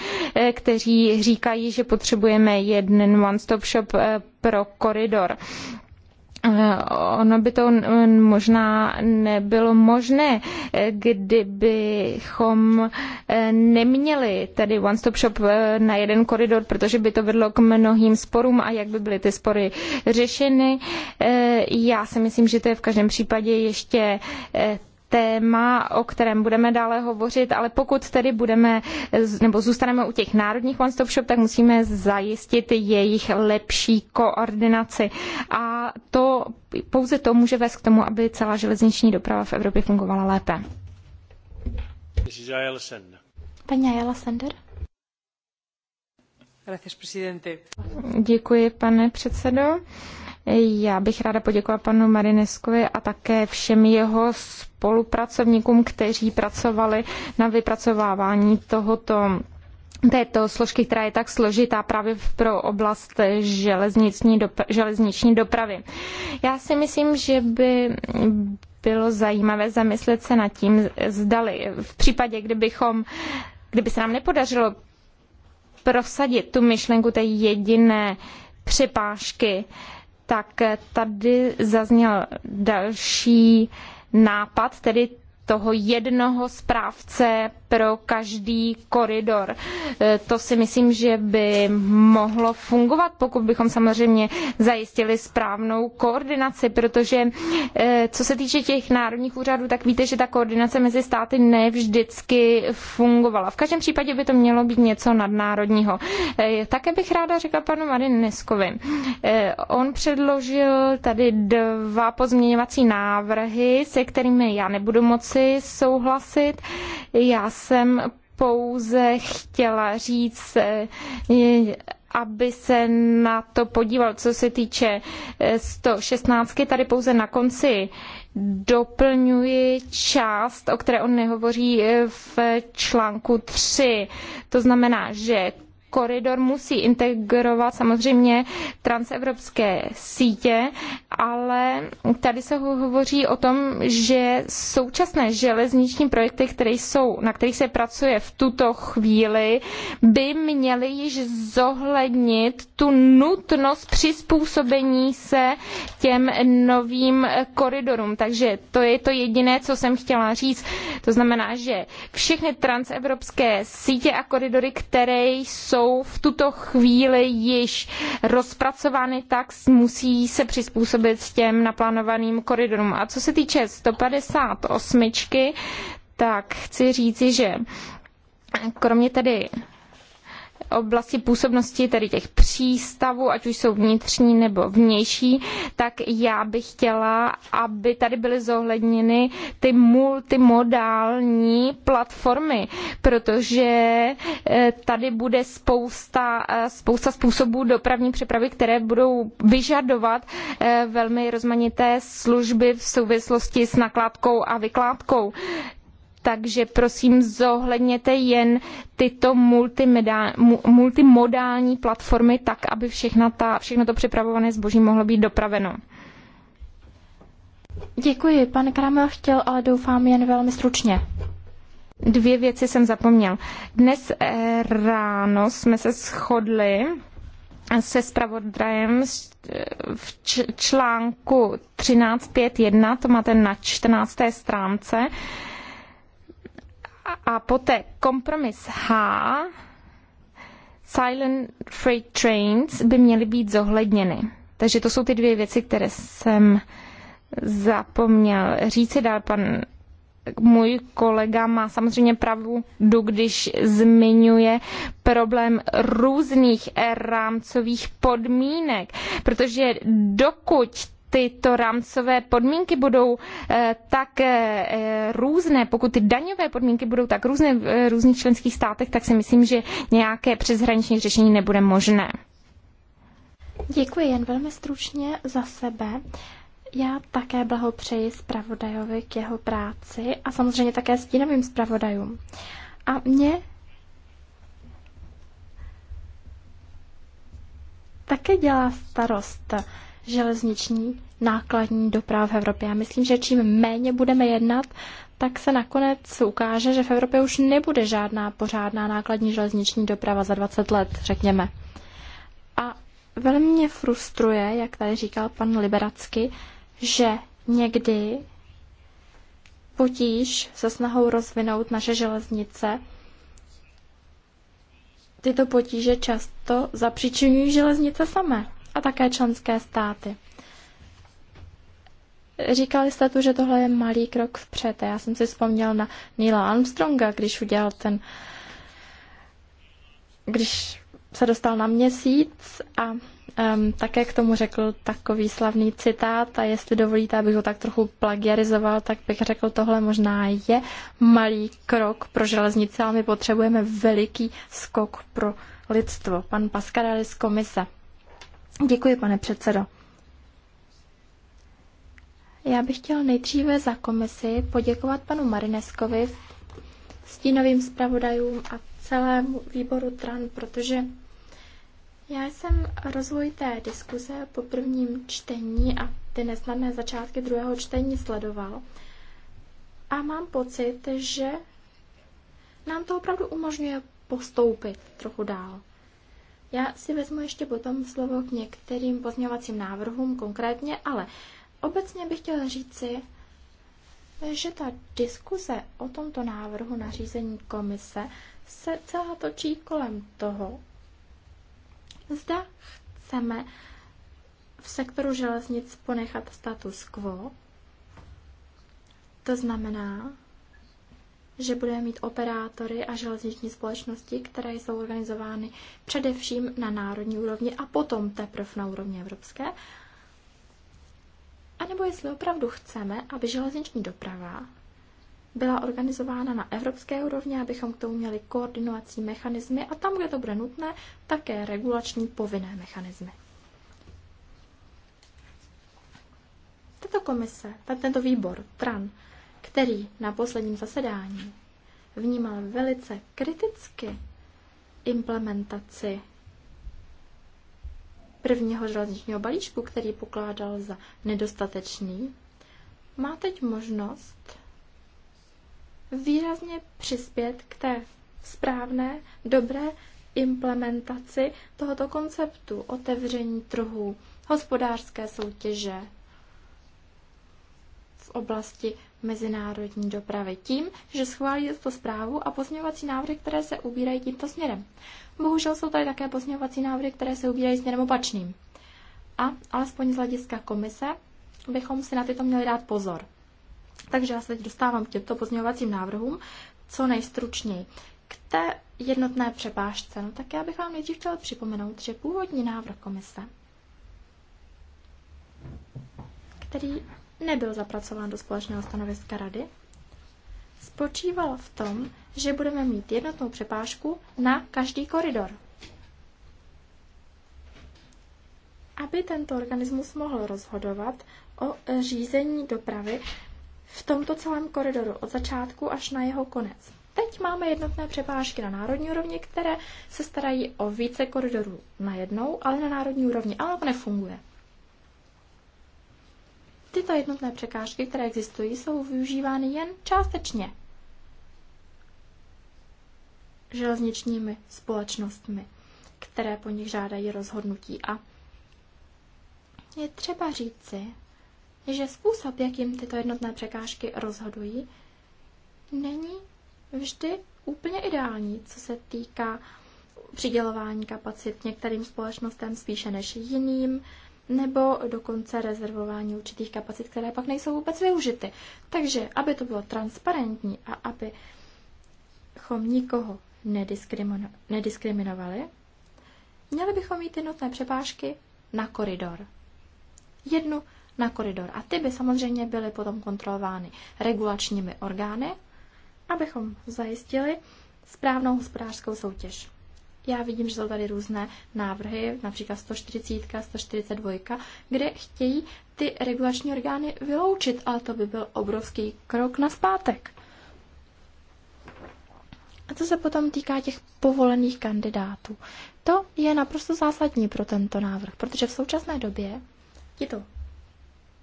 kteří říkají, že potřebujeme jeden one-stop shop eh, pro koridor. Eh, ono by to možná nebylo možné, eh, kdybychom neměli tady One Stop Shop na jeden koridor, protože by to vedlo k mnohým sporům a jak by byly ty spory řešeny. Já si myslím, že to je v každém případě ještě téma, o kterém budeme dále hovořit, ale pokud tedy budeme nebo zůstaneme u těch národních one-stop shop, tak musíme zajistit jejich lepší koordinaci. A to pouze to může vést k tomu, aby celá železniční doprava v Evropě fungovala lépe. Paní Ayala Sender. Děkuji, pane předsedo. Já bych ráda poděkovala panu Marineskovi a také všem jeho spolupracovníkům, kteří pracovali na vypracovávání tohoto této složky, která je tak složitá právě pro oblast železniční, dopra- železniční dopravy. Já si myslím, že by bylo zajímavé zamyslet se nad tím, zdali v případě, kdybychom, kdyby se nám nepodařilo prosadit tu myšlenku té jediné přepážky, tak tady zazněl další nápad, tedy toho jednoho správce pro každý koridor. E, to si myslím, že by mohlo fungovat, pokud bychom samozřejmě zajistili správnou koordinaci, protože e, co se týče těch národních úřadů, tak víte, že ta koordinace mezi státy nevždycky fungovala. V každém případě by to mělo být něco nadnárodního. E, také bych ráda řekla panu Neskovi. On předložil tady dva pozměňovací návrhy, se kterými já nebudu moci souhlasit. Já jsem pouze chtěla říct, eh, aby se na to podíval, co se týče 116. Eh, tady pouze na konci doplňuji část, o které on nehovoří eh, v článku 3. To znamená, že koridor musí integrovat samozřejmě transevropské sítě, ale tady se hovoří o tom, že současné železniční projekty, které jsou, na kterých se pracuje v tuto chvíli, by měly již zohlednit tu nutnost přizpůsobení se těm novým koridorům. Takže to je to jediné, co jsem chtěla říct. To znamená, že všechny transevropské sítě a koridory, které jsou jsou v tuto chvíli již rozpracovány, tak musí se přizpůsobit těm naplánovaným koridorům. A co se týče 158, tak chci říci, že kromě tedy oblasti působnosti, tedy těch přístavů, ať už jsou vnitřní nebo vnější, tak já bych chtěla, aby tady byly zohledněny ty multimodální platformy, protože eh, tady bude spousta, eh, spousta způsobů dopravní přepravy, které budou vyžadovat eh, velmi rozmanité služby v souvislosti s nakládkou a vykládkou takže prosím zohledněte jen tyto multimodální platformy tak, aby všechna ta, všechno to přepravované zboží mohlo být dopraveno. Děkuji. Pan Kramel chtěl, ale doufám jen velmi stručně. Dvě věci jsem zapomněl. Dnes eh, ráno jsme se shodli se zpravodajem eh, v článku 13.5.1, to máte na 14. stránce, a poté kompromis H, silent freight trains, by měly být zohledněny. Takže to jsou ty dvě věci, které jsem zapomněl říci dál pan můj kolega má samozřejmě pravdu, když zmiňuje problém různých rámcových podmínek, protože dokud tyto rámcové podmínky budou eh, tak eh, různé, pokud ty daňové podmínky budou tak různé v eh, různých členských státech, tak si myslím, že nějaké přeshraniční řešení nebude možné. Děkuji jen velmi stručně za sebe. Já také blahopřeji zpravodajovi k jeho práci a samozřejmě také stínovým zpravodajům. A mě také dělá starost, železniční nákladní doprava v Evropě. Já myslím, že čím méně budeme jednat, tak se nakonec ukáže, že v Evropě už nebude žádná pořádná nákladní železniční doprava za 20 let, řekněme. A velmi mě frustruje, jak tady říkal pan Liberacky, že někdy potíž se snahou rozvinout naše železnice Tyto potíže často zapříčinují železnice samé a také členské státy. Říkali jste tu, že tohle je malý krok vpřed. Já jsem si vzpomněl na Neila Armstronga, když udělal ten, když se dostal na měsíc a um, také k tomu řekl takový slavný citát a jestli dovolíte, abych ho tak trochu plagiarizoval, tak bych řekl, tohle možná je malý krok pro železnice, ale my potřebujeme veliký skok pro lidstvo. Pan z komise. Děkuji, pane předsedo. Já bych chtěl nejdříve za komisi poděkovat panu Marineskovi, stínovým zpravodajům a celému výboru TRAN, protože já jsem rozvoj té diskuze po prvním čtení a ty nesnadné začátky druhého čtení sledoval. A mám pocit, že nám to opravdu umožňuje postoupit trochu dál. Já si vezmu ještě potom slovo k některým pozměňovacím návrhům konkrétně, ale obecně bych chtěla říci, že ta diskuze o tomto návrhu na řízení komise se celá točí kolem toho, zda chceme v sektoru železnic ponechat status quo, to znamená, že budeme mít operátory a železniční společnosti, které jsou organizovány především na národní úrovni a potom teprve na úrovni evropské. A nebo jestli opravdu chceme, aby železniční doprava byla organizována na evropské úrovni, abychom k tomu měli koordinovací mechanismy a tam, kde to bude nutné, také regulační povinné mechanismy. Tato komise, tento výbor, TRAN, který na posledním zasedání vnímal velice kriticky implementaci prvního železničního balíčku, který pokládal za nedostatečný, má teď možnost výrazně přispět k té správné, dobré implementaci tohoto konceptu otevření trhu, hospodářské soutěže v oblasti mezinárodní dopravy tím, že schválí tuto zprávu a pozměňovací návrhy, které se ubírají tímto směrem. Bohužel jsou tady také pozměňovací návrhy, které se ubírají směrem opačným. A alespoň z hlediska komise bychom si na tyto měli dát pozor. Takže já se teď dostávám k těmto pozměňovacím návrhům, co nejstručněji. K té jednotné přepážce, no tak já bych vám nejdřív chtěla připomenout, že původní návrh komise, který nebyl zapracován do společného stanoviska rady, spočíval v tom, že budeme mít jednotnou přepážku na každý koridor. Aby tento organismus mohl rozhodovat o řízení dopravy v tomto celém koridoru od začátku až na jeho konec. Teď máme jednotné přepážky na národní úrovni, které se starají o více koridorů najednou, ale na národní úrovni, ale to nefunguje tyto jednotné překážky, které existují, jsou využívány jen částečně železničními společnostmi, které po nich žádají rozhodnutí. A je třeba říci, že způsob, jakým tyto jednotné překážky rozhodují, není vždy úplně ideální, co se týká přidělování kapacit některým společnostem spíše než jiným, nebo dokonce rezervování určitých kapacit, které pak nejsou vůbec využity. Takže, aby to bylo transparentní a aby chom nikoho nediskrimino- nediskriminovali, měli bychom mít nutné přepážky na koridor. Jednu na koridor. A ty by samozřejmě byly potom kontrolovány regulačními orgány, abychom zajistili správnou hospodářskou soutěž. Já vidím, že jsou tady různé návrhy, například 140, 142, kde chtějí ty regulační orgány vyloučit, ale to by byl obrovský krok na zpátek. A co se potom týká těch povolených kandidátů? To je naprosto zásadní pro tento návrh, protože v současné době tito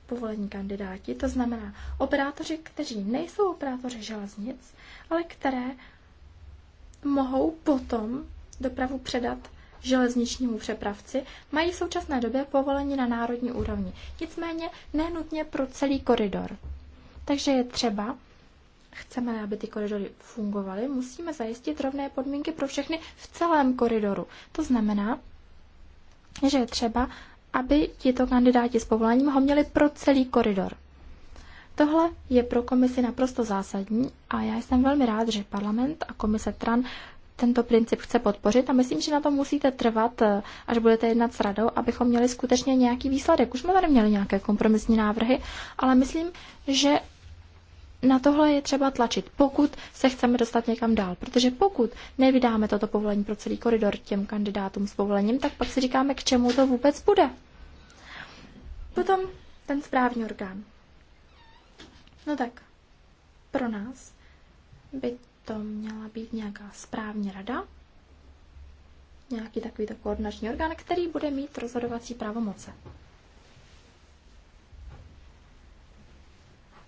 povolení kandidáti, to znamená operátoři, kteří nejsou operátoři železnic, ale které mohou potom dopravu předat železničnímu přepravci, mají v současné době povolení na národní úrovni. Nicméně nehnutně pro celý koridor. Takže je třeba, chceme, aby ty koridory fungovaly, musíme zajistit rovné podmínky pro všechny v celém koridoru. To znamená, že je třeba, aby tito kandidáti s povolením ho měli pro celý koridor. Tohle je pro komisi naprosto zásadní a já jsem velmi rád, že parlament a komise TRAN tento princip chce podpořit a myslím, že na to musíte trvat, eh, až budete jednat s radou, abychom měli skutečně nějaký výsledek. Už jsme tady měli nějaké kompromisní návrhy, ale myslím, že na tohle je třeba tlačit, pokud se chceme dostat někam dál. Protože pokud nevydáme toto povolení pro celý koridor těm kandidátům s povolením, tak pak si říkáme, k čemu to vůbec bude. Potom ten správní orgán. No tak, pro nás by to měla být nějaká správní rada, nějaký takovýto koordinační orgán, který bude mít rozhodovací pravomoce.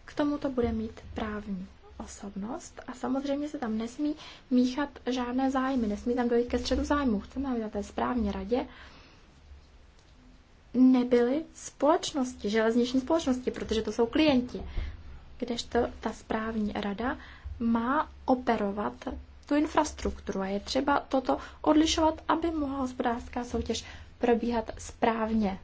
K tomu to bude mít právní osobnost a samozřejmě se tam nesmí míchat žádné zájmy, nesmí tam dojít ke středu zájmu. Chceme, aby na té správní radě nebyly společnosti, železniční společnosti, protože to jsou klienti. Kdežto ta správní rada má operovat tu infrastrukturu a je třeba toto odlišovat, aby mohla hospodářská soutěž probíhat správně.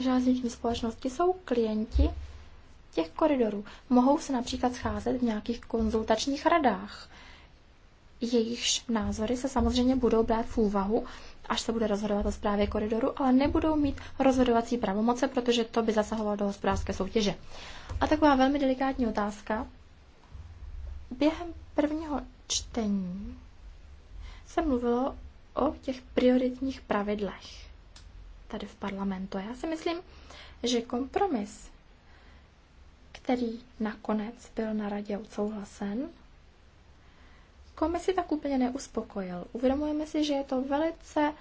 Železniční společnosti jsou klienti těch koridorů. Mohou se například scházet v nějakých konzultačních radách. Jejichž názory se samozřejmě budou brát v úvahu až se bude rozhodovat o zprávě koridoru, ale nebudou mít rozhodovací pravomoce, protože to by zasahovalo do hospodářské soutěže. A taková velmi delikátní otázka. Během prvního čtení se mluvilo o těch prioritních pravidlech tady v parlamentu. Já si myslím, že kompromis, který nakonec byl na radě odsouhlasen, komisi tak úplně neuspokojil. Uvědomujeme si, že je to velice,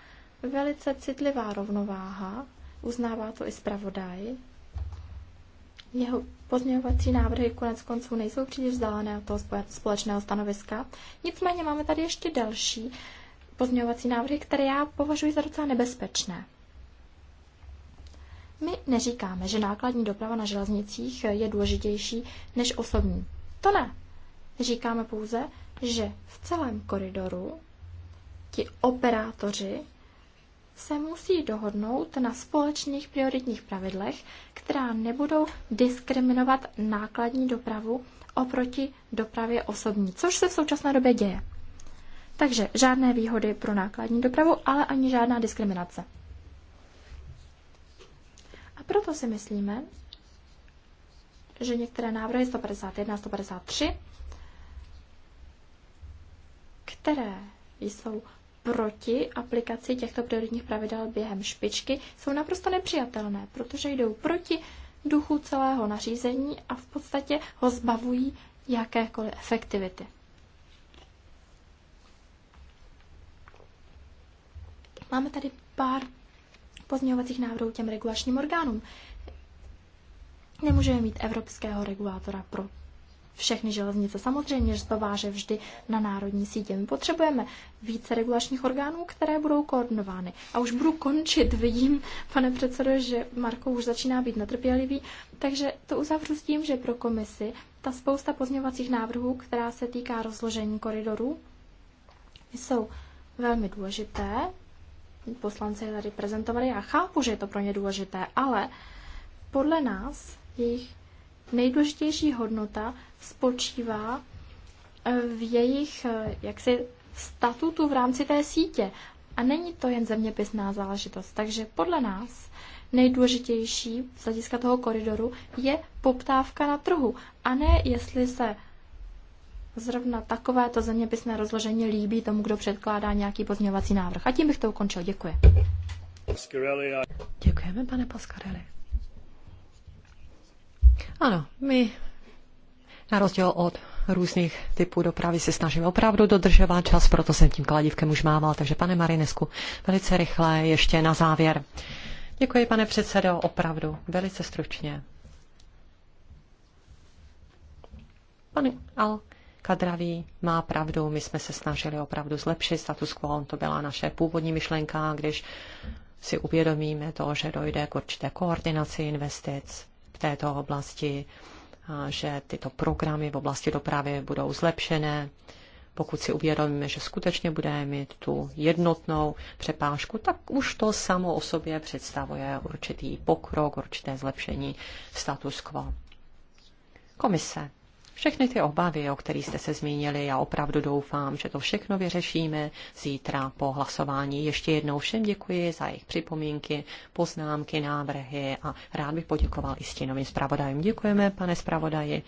velice citlivá rovnováha, uznává to i zpravodaj. Jeho pozměňovací návrhy konec konců nejsou příliš vzdálené od toho společného stanoviska. Nicméně máme tady ještě další pozměňovací návrhy, které já považuji za docela nebezpečné. My neříkáme, že nákladní doprava na železnicích je důležitější než osobní. To ne. Říkáme pouze, že v celém koridoru ti operátoři se musí dohodnout na společných prioritních pravidlech, která nebudou diskriminovat nákladní dopravu oproti dopravě osobní, což se v současné době děje. Takže žádné výhody pro nákladní dopravu, ale ani žádná diskriminace. A proto si myslíme, že některé návrhy 151 a 153 které jsou proti aplikaci těchto prioritních pravidel během špičky, jsou naprosto nepřijatelné, protože jdou proti duchu celého nařízení a v podstatě ho zbavují jakékoliv efektivity. Máme tady pár pozměňovacích návrhů těm regulačním orgánům. Nemůžeme mít evropského regulátora pro všechny železnice. Samozřejmě, že to váže vždy na národní sítě. My potřebujeme více regulačních orgánů, které budou koordinovány. A už budu končit, vidím, pane předsedo, že Marko už začíná být netrpělivý, takže to uzavřu s tím, že pro komisi ta spousta pozměňovacích návrhů, která se týká rozložení koridorů, jsou velmi důležité. Poslanci je tady prezentovali, já chápu, že je to pro ně důležité, ale podle nás jejich nejdůležitější hodnota spočívá eh, v jejich eh, jaksi statutu v rámci té sítě. A není to jen zeměpisná záležitost. Takže podle nás nejdůležitější z hlediska toho koridoru je poptávka na trhu. A ne jestli se zrovna takovéto zeměpisné rozložení líbí tomu, kdo předkládá nějaký pozměňovací návrh. A tím bych to ukončil. Děkuji. Děkujeme, pane Pascarelli. Ano, my na rozdíl od různých typů dopravy se snažím opravdu dodržovat čas, proto jsem tím kladívkem už mával. Takže pane Marinesku, velice rychle ještě na závěr. Děkuji, pane předsedo, opravdu, velice stručně. Pan Al Kadraví má pravdu, my jsme se snažili opravdu zlepšit status quo, to byla naše původní myšlenka, když si uvědomíme to, že dojde k určité koordinaci investic v této oblasti, že tyto programy v oblasti dopravy budou zlepšené. Pokud si uvědomíme, že skutečně budeme mít tu jednotnou přepážku, tak už to samo o sobě představuje určitý pokrok, určité zlepšení status quo. Komise všechny ty obavy, o kterých jste se zmínili, já opravdu doufám, že to všechno vyřešíme zítra po hlasování. Ještě jednou všem děkuji za jejich připomínky, poznámky, návrhy a rád bych poděkoval i stínovým zpravodajům. Děkujeme, pane zpravodaji.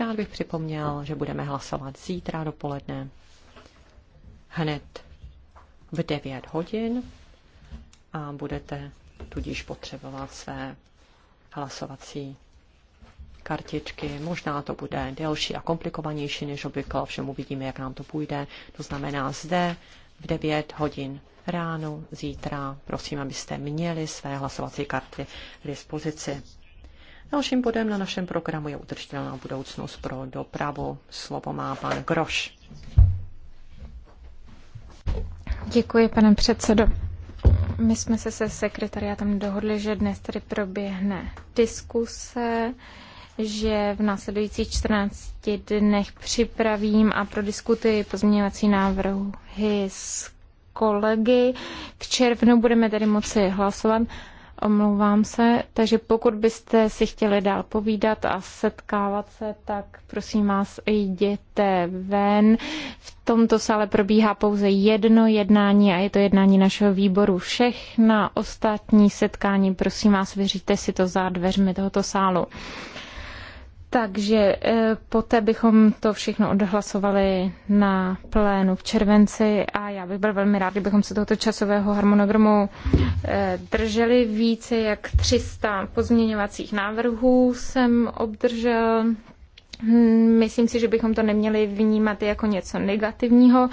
Rád bych připomněl, že budeme hlasovat zítra dopoledne hned v 9 hodin a budete tudíž potřebovat své hlasovací kartičky. Možná to bude delší a komplikovanější než obvykle, ovšem uvidíme, jak nám to půjde. To znamená zde v 9 hodin ráno, zítra. Prosím, abyste měli své hlasovací karty k dispozici. Dalším bodem na našem programu je udržitelná budoucnost pro dopravu. Slovo má pan Groš. Děkuji, pane předsedo. My jsme se se sekretariátem dohodli, že dnes tady proběhne diskuse že v následujících 14 dnech připravím a prodiskutuji pozměňovací návrhy s kolegy. K červnu budeme tedy moci hlasovat. Omlouvám se, takže pokud byste si chtěli dál povídat a setkávat se, tak prosím vás, jděte ven. V tomto sále probíhá pouze jedno jednání a je to jednání našeho výboru. Všech na ostatní setkání, prosím vás, vyříte si to za dveřmi tohoto sálu. Takže eh, poté bychom to všechno odhlasovali na plénu v červenci a já bych byl velmi rád, kdybychom se tohoto časového harmonogramu eh, drželi. Více jak 300 pozměňovacích návrhů jsem obdržel Hmm, myslím si, že bychom to neměli vnímat jako něco negativního.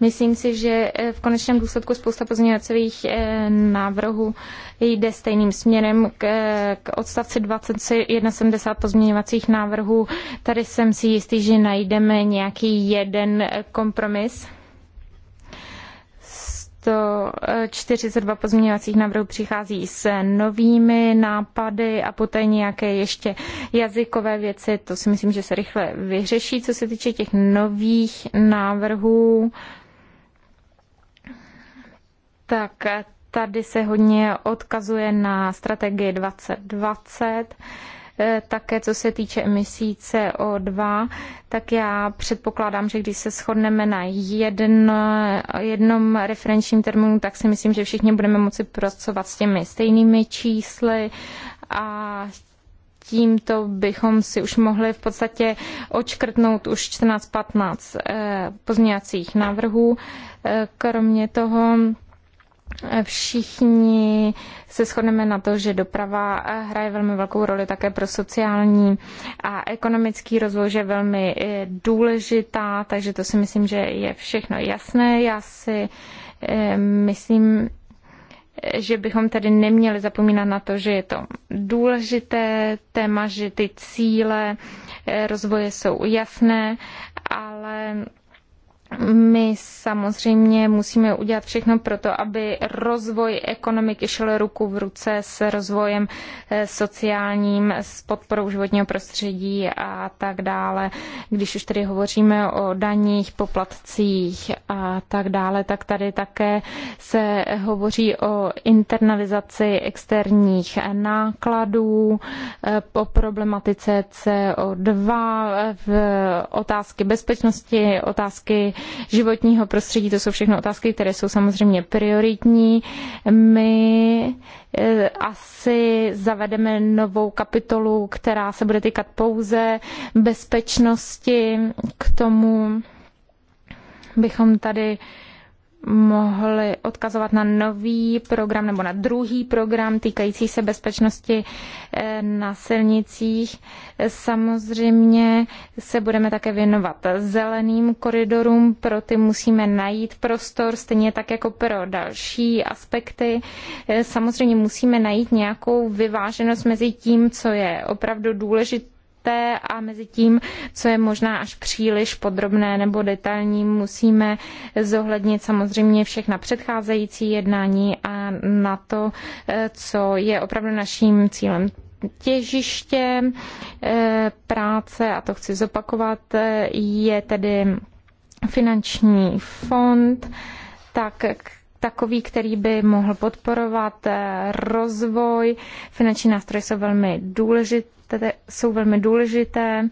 Myslím si, že eh, v konečném důsledku spousta pozměňovacích eh, návrhů jde stejným směrem k, eh, odstavci 2170 pozměňovacích návrhů. Tady jsem si jistý, že najdeme nějaký jeden kompromis těchto 42 pozměňovacích návrhů přichází s novými nápady a poté nějaké ještě jazykové věci. To si myslím, že se rychle vyřeší, co se týče těch nových návrhů. Tak tady se hodně odkazuje na strategii 2020 E, také co se týče emisí CO2, tak já předpokládám, že když se shodneme na jedn, jednom referenčním termínu, tak si myslím, že všichni budeme moci pracovat s těmi stejnými čísly a tímto bychom si už mohli v podstatě očkrtnout už 14-15 e, pozměňovacích návrhů. E, kromě toho Eh, všichni se shodneme na to, že doprava eh, hraje velmi velkou roli také pro sociální a ekonomický rozvoj, že je velmi eh, důležitá, takže to si myslím, že je všechno jasné. Já si myslím, že bychom tedy neměli zapomínat na to, že je to důležité téma, že ty cíle rozvoje jsou jasné, ale my samozřejmě musíme udělat všechno pro to, aby rozvoj ekonomiky šel ruku v ruce s rozvojem eh, sociálním, s podporou životního prostředí a tak dále. Když už tedy hovoříme o daních, poplatcích a tak dále, tak tady také se hovoří o internalizaci externích nákladů, eh, o problematice CO2, eh, v otázky bezpečnosti, otázky životního prostředí. To jsou všechno otázky, které jsou samozřejmě prioritní. My eh, asi zavedeme novou kapitolu, která se bude týkat pouze bezpečnosti. K tomu bychom tady mohli odkazovat na nový program nebo na druhý program týkající se bezpečnosti eh, na silnicích. Samozřejmě se budeme také věnovat zeleným koridorům, pro ty musíme najít prostor, stejně tak jako pro další aspekty. Eh, samozřejmě musíme najít nějakou vyváženost mezi tím, co je opravdu důležité časté a mezi tím, co je možná až příliš podrobné nebo detailní, musíme zohlednit samozřejmě všechna předcházející jednání a na to, eh, co je opravdu naším cílem těžiště eh, práce, a to chci zopakovat, eh, je tedy finanční fond, tak takový, který by mohl podporovat rozvoj. Finanční nástroje jsou velmi důležité které jsou velmi důležité.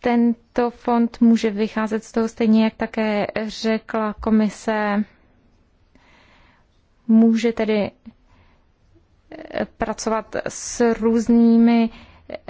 Tento fond může vycházet z toho stejně, jak také řekla komise, může tedy pracovat s různými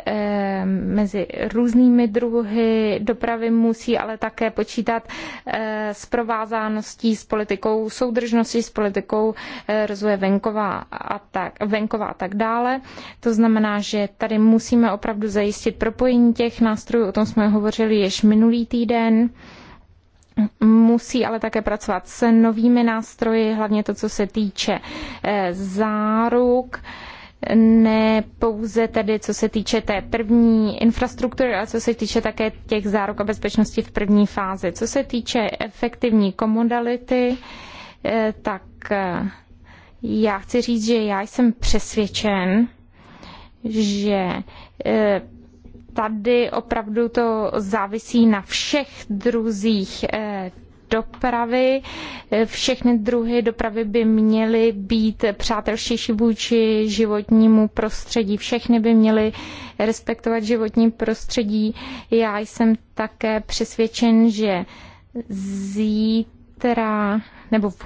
Eh, mezi různými druhy dopravy, musí ale také počítat eh, s provázáností, s politikou soudržnosti, s politikou eh, rozvoje venkova a tak, venkova a tak dále. To znamená, že tady musíme opravdu zajistit propojení těch nástrojů, o tom jsme hovořili již minulý týden musí ale také pracovat s novými nástroji, hlavně to, co se týče záruk ne pouze tedy co se týče té první infrastruktury, ale co se týče také těch záruk a bezpečnosti v první fázi. Co se týče efektivní komodality, eh, tak eh, já chci říct, že já jsem přesvědčen, že eh, tady opravdu to závisí na všech druzích dopravy. Všechny druhy dopravy by měly být přátelštější vůči životnímu prostředí. Všechny by měly respektovat životní prostředí. Já jsem také přesvědčen, že zítra nebo v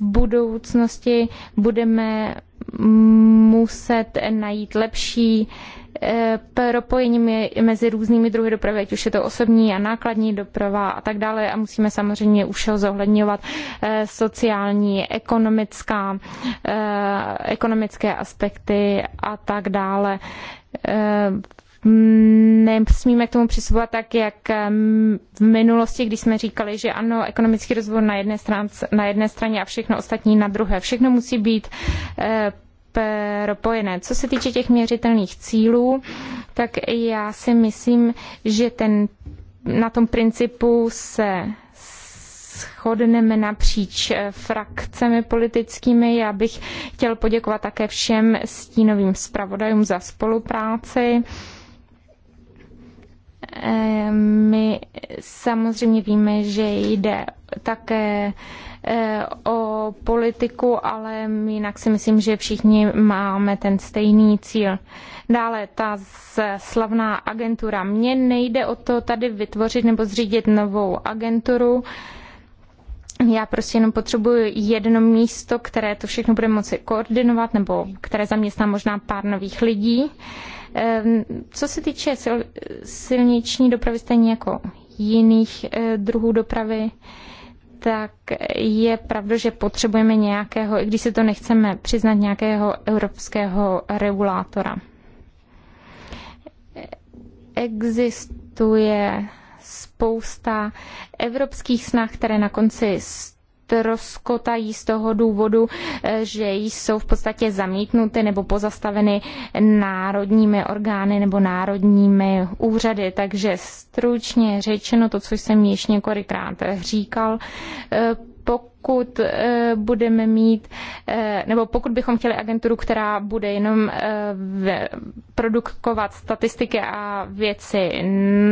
budoucnosti budeme muset najít lepší Eh, propojení mezi různými druhy dopravy, ať už je to osobní a nákladní doprava a tak dále. A musíme samozřejmě už zohledňovat eh, sociální, ekonomická, eh, ekonomické aspekty a tak dále nesmíme k tomu přistupovat tak, jak v minulosti, když jsme říkali, že ano, ekonomický rozvoj na jedné, straně, na jedné straně a všechno ostatní na druhé. Všechno musí být propojené. Co se týče těch měřitelných cílů, tak já si myslím, že ten, na tom principu se shodneme napříč frakcemi politickými. Já bych chtěl poděkovat také všem stínovým zpravodajům za spolupráci. Eh, my samozřejmě víme, že jde také Eh, o politiku, ale jinak si myslím, že všichni máme ten stejný cíl. Dále ta slavná agentura. Mně nejde o to tady vytvořit nebo zřídit novou agenturu. Já prostě jenom potřebuji jedno místo, které to všechno bude moci koordinovat nebo které zaměstná možná pár nových lidí. Ehm, co se týče silniční dopravy, stejně jako jiných eh, druhů dopravy, tak je pravda, že potřebujeme nějakého, i když si to nechceme přiznat, nějakého evropského regulátora. Existuje spousta evropských snah, které na konci rozkotají z toho důvodu, eh, že jsou v podstatě zamítnuty nebo pozastaveny národními orgány nebo národními úřady. Takže stručně řečeno to, co jsem již několikrát říkal, eh, pokud eh, budeme mít, eh, nebo pokud bychom chtěli agenturu, která bude jenom eh, produkovat statistiky a věci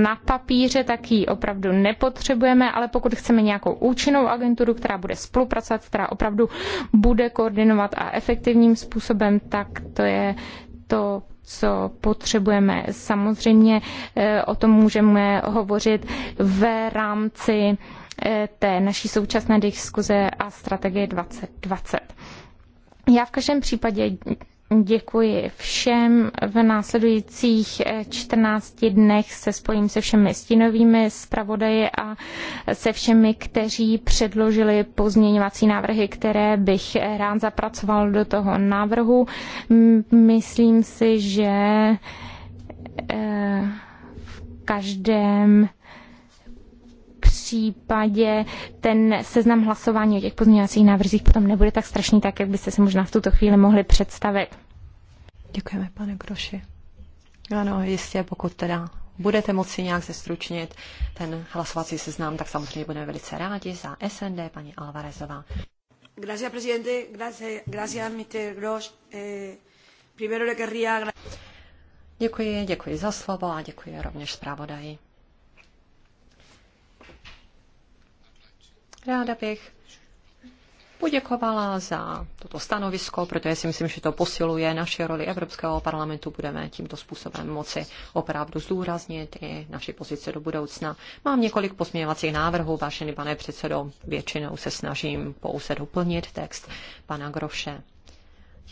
na papíře, tak ji opravdu nepotřebujeme, ale pokud chceme nějakou účinnou agenturu, která bude spolupracovat, která opravdu bude koordinovat a efektivním způsobem, tak to je to, co potřebujeme. Samozřejmě o tom můžeme hovořit v rámci Eh, té naší současné diskuze a strategie 2020. Já v každém případě Děkuji všem. V následujících 14 eh, dnech se spojím se všemi stínovými zpravodaji a se všemi, kteří předložili pozměňovací návrhy, které bych eh, rád zapracoval do toho návrhu. Myslím si, že v každém případě ten seznam hlasování o těch pozměňovacích návrzích potom nebude tak strašný, tak jak byste si možná v tuto chvíli mohli představit. Děkujeme, pane Groši. Ano, jistě, pokud teda budete moci nějak zestručnit ten hlasovací seznam, tak samozřejmě budeme velice rádi za SND, paní Alvarezová. Gracias, presidente. Gracias, gracias Mr. Grosch. Eh, primero le querría... Děkuji, děkuji za slovo a děkuji rovněž zpravodaji. Ráda bych poděkovala za toto stanovisko, protože si myslím, že to posiluje naše roli Evropského parlamentu. Budeme tímto způsobem moci opravdu zdůraznit i naši pozice do budoucna. Mám několik pozměňovacích návrhů, vážený pane předsedo. Většinou se snažím pouze doplnit text pana Groše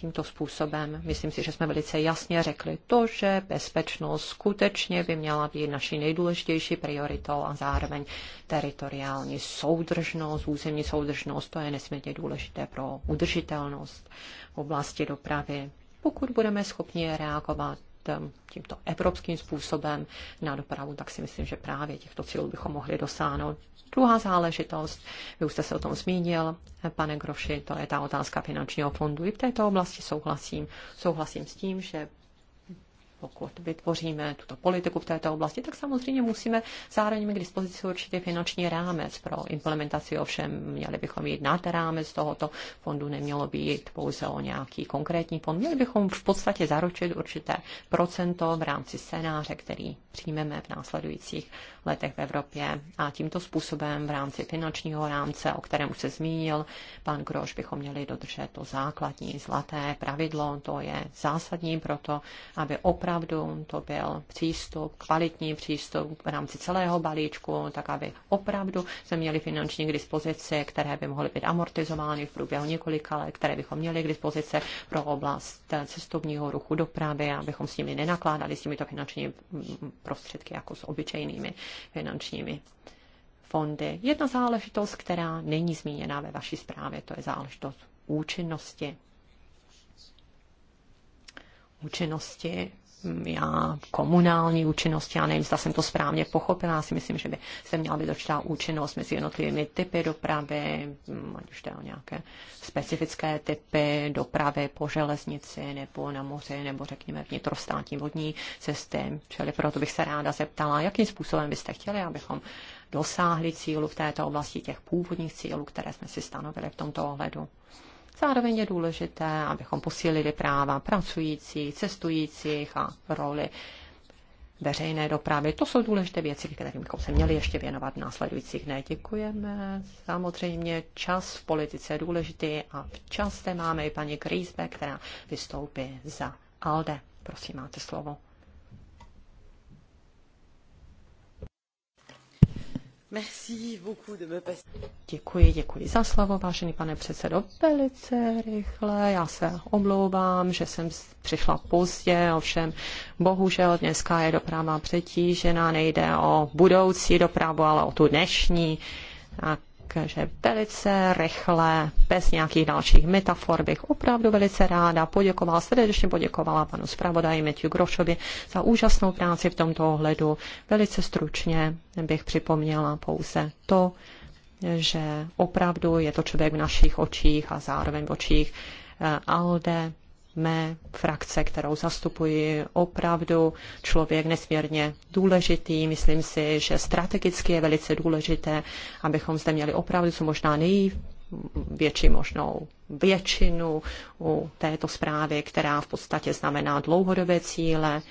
tímto způsobem. Myslím si, že jsme velice jasně řekli to, že bezpečnost skutečně by měla být naší nejdůležitější prioritou a zároveň teritoriální soudržnost, územní soudržnost, to je nesmírně důležité pro udržitelnost v oblasti dopravy. Pokud budeme schopni reagovat Eh, tímto evropským způsobem na dopravu, tak si myslím, že právě těchto cílů bychom mohli dosáhnout. Druhá záležitost, vy už jste se o tom zmínil, eh, pane Groši, to je ta otázka finančního fondu. I v této oblasti souhlasím. Souhlasím s tím, že pokud vytvoříme tuto politiku v této oblasti, tak samozřejmě musíme zároveň mít k dispozici určitě finanční rámec pro implementaci. Ovšem měli bychom jít nad rámec tohoto fondu, nemělo by jít pouze o nějaký konkrétní fond. Měli bychom v podstatě zaručit určité procento v rámci scénáře, který přijmeme v následujících letech v Evropě. A tímto způsobem v rámci finančního rámce, o kterém už se zmínil pan Groš, bychom měli dodržet to základní zlaté pravidlo. To je zásadní proto, aby opravdu opravdu to byl přístup, kvalitní přístup v rámci celého balíčku, tak aby opravdu jsme měli finanční k dispozici, které by mohly být amortizovány v průběhu několika let, které bychom měli k dispozici pro oblast cestovního ruchu dopravy, abychom s nimi nenakládali s těmito finančními prostředky jako s obyčejnými finančními fondy. Jedna záležitost, která není zmíněna ve vaší zprávě, to je záležitost účinnosti. Účinnosti já komunální účinnost, já nevím, zda jsem to správně pochopila, já si myslím, že by se měla být určitá účinnost mezi jednotlivými typy dopravy, ať už o nějaké specifické typy dopravy po železnici nebo na moři, nebo řekněme vnitrostátní vodní cesty. Čili proto bych se ráda zeptala, jakým způsobem byste chtěli, abychom dosáhli cílu v této oblasti těch původních cílů, které jsme si stanovili v tomto ohledu. Zároveň je důležité, abychom posílili práva pracujících, cestujících a roli veřejné dopravy. To jsou důležité věci, kterým bychom se měli ještě věnovat v následujících dnech. Děkujeme. Samozřejmě čas v politice je důležitý a včas čase máme i paní Griesbeck, která vystoupí za ALDE. Prosím, máte slovo. Děkuji, děkuji za slovo, vážený pane předsedo. Velice rychle, já se omlouvám, že jsem přišla pozdě, ovšem bohužel dneska je doprava přetížená, nejde o budoucí dopravu, ale o tu dnešní. Tak že velice rychle, bez nějakých dalších metafor, bych opravdu velice ráda poděkovala, srdečně poděkovala panu zpravodaji Matthew Grošovi za úžasnou práci v tomto ohledu. Velice stručně bych připomněla pouze to, že opravdu je to člověk v našich očích a zároveň v očích eh, Alde, mé frakce, kterou zastupuji, opravdu člověk nesmírně důležitý. Myslím si, že strategicky je velice důležité, abychom zde měli opravdu co možná největší možnou většinu u této zprávy, která v podstatě znamená dlouhodobé cíle,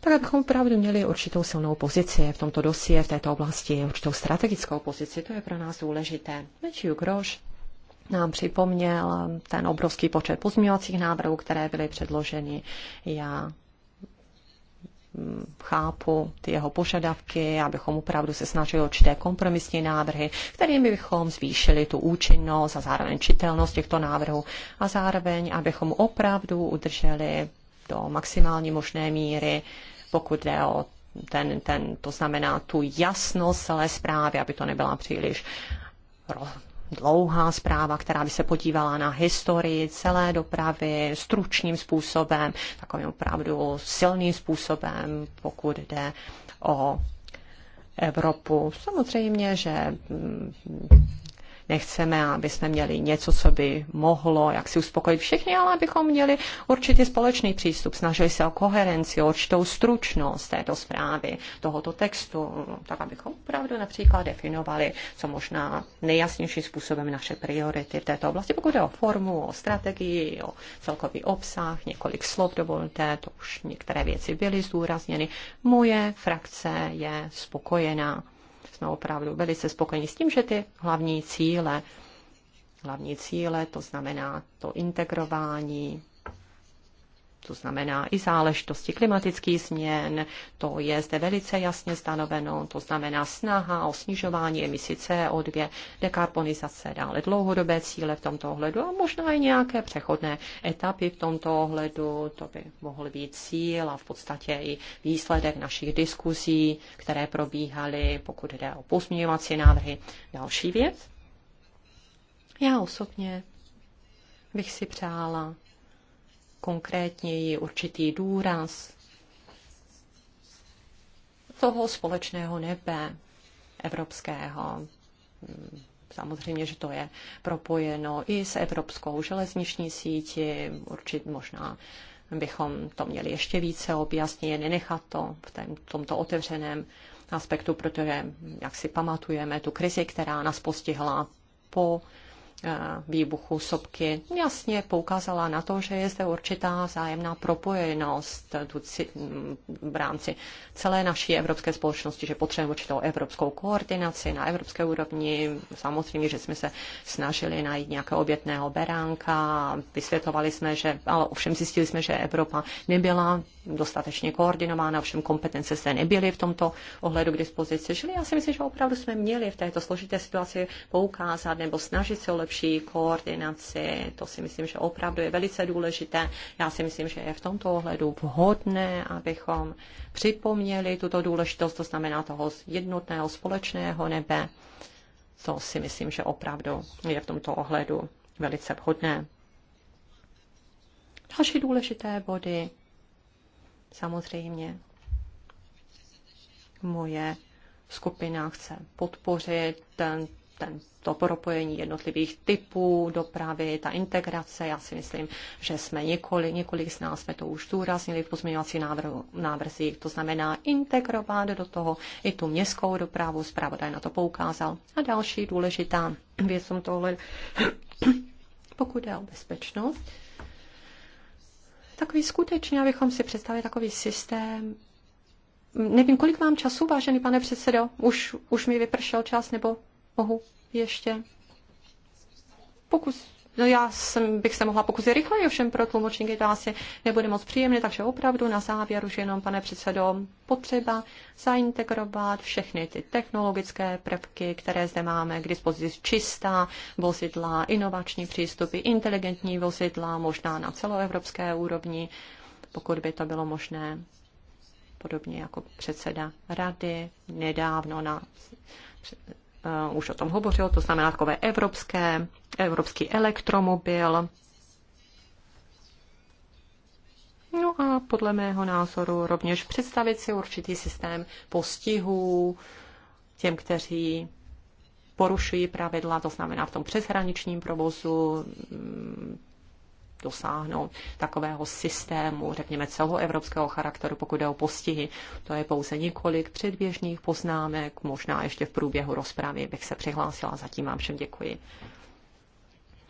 tak abychom opravdu měli určitou silnou pozici v tomto dosie, v této oblasti, určitou strategickou pozici, to je pro nás důležité. Menší Groš nám připomněl ten obrovský počet pozměňovacích návrhů, které byly předloženy. Já mm, chápu ty jeho požadavky, abychom opravdu se snažili určité kompromisní návrhy, kterými bychom zvýšili tu účinnost a zároveň čitelnost těchto návrhů a zároveň, abychom opravdu udrželi do maximální možné míry, pokud jde o ten, ten, to znamená tu jasnost celé zprávy, aby to nebyla příliš dlouhá zpráva, která by se podívala na historii celé dopravy stručným způsobem, takovým opravdu silným způsobem, pokud jde o Evropu. Samozřejmě, že mm, nechceme, aby jsme měli něco, co by mohlo jak si uspokojit všechny, ale abychom měli určitě společný přístup. Snažili se o koherenci, o určitou stručnost této zprávy, tohoto textu, tak abychom opravdu například definovali, co možná nejjasnější způsobem naše priority v této oblasti, pokud jde o formu, o strategii, o celkový obsah, několik slov dovolte, to už některé věci byly zdůrazněny. Moje frakce je spokojená jsme opravdu velice spokojeni s tím, že ty hlavní cíle, hlavní cíle, to znamená to integrování, to znamená i záležitosti klimatických změn, to je zde velice jasně stanoveno, to znamená snaha o snižování emisí CO2, dekarbonizace, dále dlouhodobé cíle v tomto ohledu a možná i nějaké přechodné etapy v tomto ohledu, to by mohl být cíl a v podstatě i výsledek našich diskuzí, které probíhaly, pokud jde o pozměňovací návrhy. Další věc. Já osobně bych si přála konkrétněji určitý důraz toho společného nebe evropského. Samozřejmě, že to je propojeno i s evropskou železniční sítí, určitě možná bychom to měli ještě více objasnit, nenechat to v tomto otevřeném aspektu, protože, jak si pamatujeme, tu krizi, která nás postihla po výbuchu sopky jasně poukázala na to, že je zde určitá zájemná propojenost mm, v rámci celé naší evropské společnosti, že potřebujeme určitou evropskou koordinaci na evropské úrovni. Samozřejmě, že jsme se snažili najít nějaké obětného beránka, vysvětovali jsme, že, ale ovšem zjistili jsme, že Evropa nebyla dostatečně koordinována, ovšem kompetence se nebyly v tomto ohledu k dispozici. Čili já si myslím, že opravdu jsme měli v této složité situaci poukázat nebo snažit se o lepší koordinaci. To si myslím, že opravdu je velice důležité. Já si myslím, že je v tomto ohledu vhodné, abychom připomněli tuto důležitost, to znamená toho jednotného společného nebe. To si myslím, že opravdu je v tomto ohledu velice vhodné. Další důležité body, samozřejmě, moje skupina chce podpořit ten ten, to propojení jednotlivých typů dopravy, ta integrace. Já si myslím, že jsme několik, několik z nás jsme to už zdůraznili v návrhu, návrzích. To znamená integrovat do toho i tu městskou dopravu. Zpravodaj na to poukázal. A další důležitá věc jsem tohle, pokud je o bezpečnost, takový skutečně, abychom si představili takový systém, Nevím, kolik mám času, vážený pane předsedo. Už, už mi vypršel čas, nebo mohu ještě. Pokus, no já jsem, bych se mohla pokusit rychleji, ovšem pro tlumočníky to asi nebude moc příjemné, takže opravdu na závěr už jenom, pane předsedo, potřeba zaintegrovat všechny ty technologické prvky, které zde máme k dispozici, čistá vozidla, inovační přístupy, inteligentní vozidla, možná na celoevropské úrovni, pokud by to bylo možné podobně jako předseda rady nedávno na uh, už o tom hovořil, to znamená takové evropské, evropský elektromobil. No a podle mého názoru rovněž představit si určitý systém postihů těm, kteří porušují pravidla, to znamená v tom přeshraničním provozu, dosáhnout takového systému, řekněme celoevropského charakteru, pokud jde o postihy. To je pouze několik předběžných poznámek, možná ještě v průběhu rozpravy bych se přihlásila. Zatím vám všem děkuji.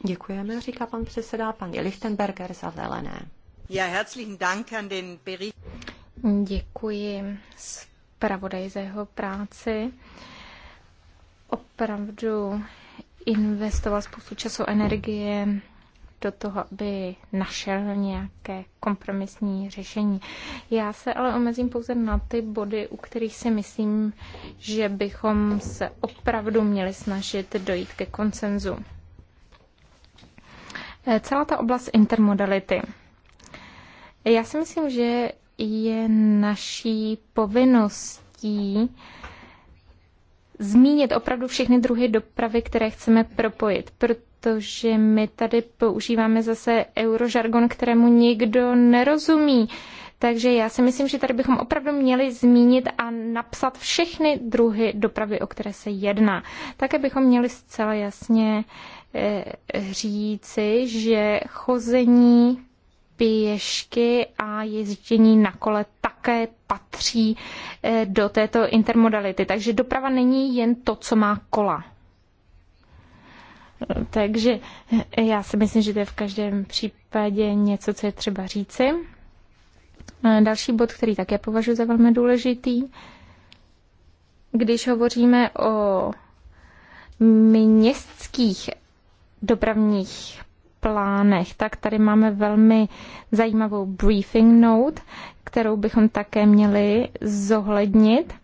Děkujeme, říká pan předseda, paní Lichtenberger za zelené. Ja, herzlichen Dank an den Bericht. Děkuji zpravodaj za jeho práci. Opravdu investoval spoustu času, energie, do toho, aby našel nějaké kompromisní řešení. Já se ale omezím pouze na ty body, u kterých si myslím, že bychom se opravdu měli snažit dojít ke konsenzu. Eh, celá ta oblast intermodality. Já si myslím, že je naší povinností, zmínit opravdu všechny druhy dopravy, které chceme propojit, protože my tady používáme zase eurožargon, kterému nikdo nerozumí. Takže já si myslím, že tady bychom opravdu měli zmínit a napsat všechny druhy dopravy, o které se jedná. Také bychom měli zcela jasně eh, říci, že chození pěšky a jezdění na kole také patří eh, do této intermodality. Takže doprava není jen to, co má kola. Takže eh, já si myslím, že to je v každém případě něco, co je třeba říci. Eh, další bod, který také považuji za velmi důležitý, když hovoříme o městských dopravních plánech, tak tady máme velmi zajímavou briefing note, kterou bychom také měli zohlednit.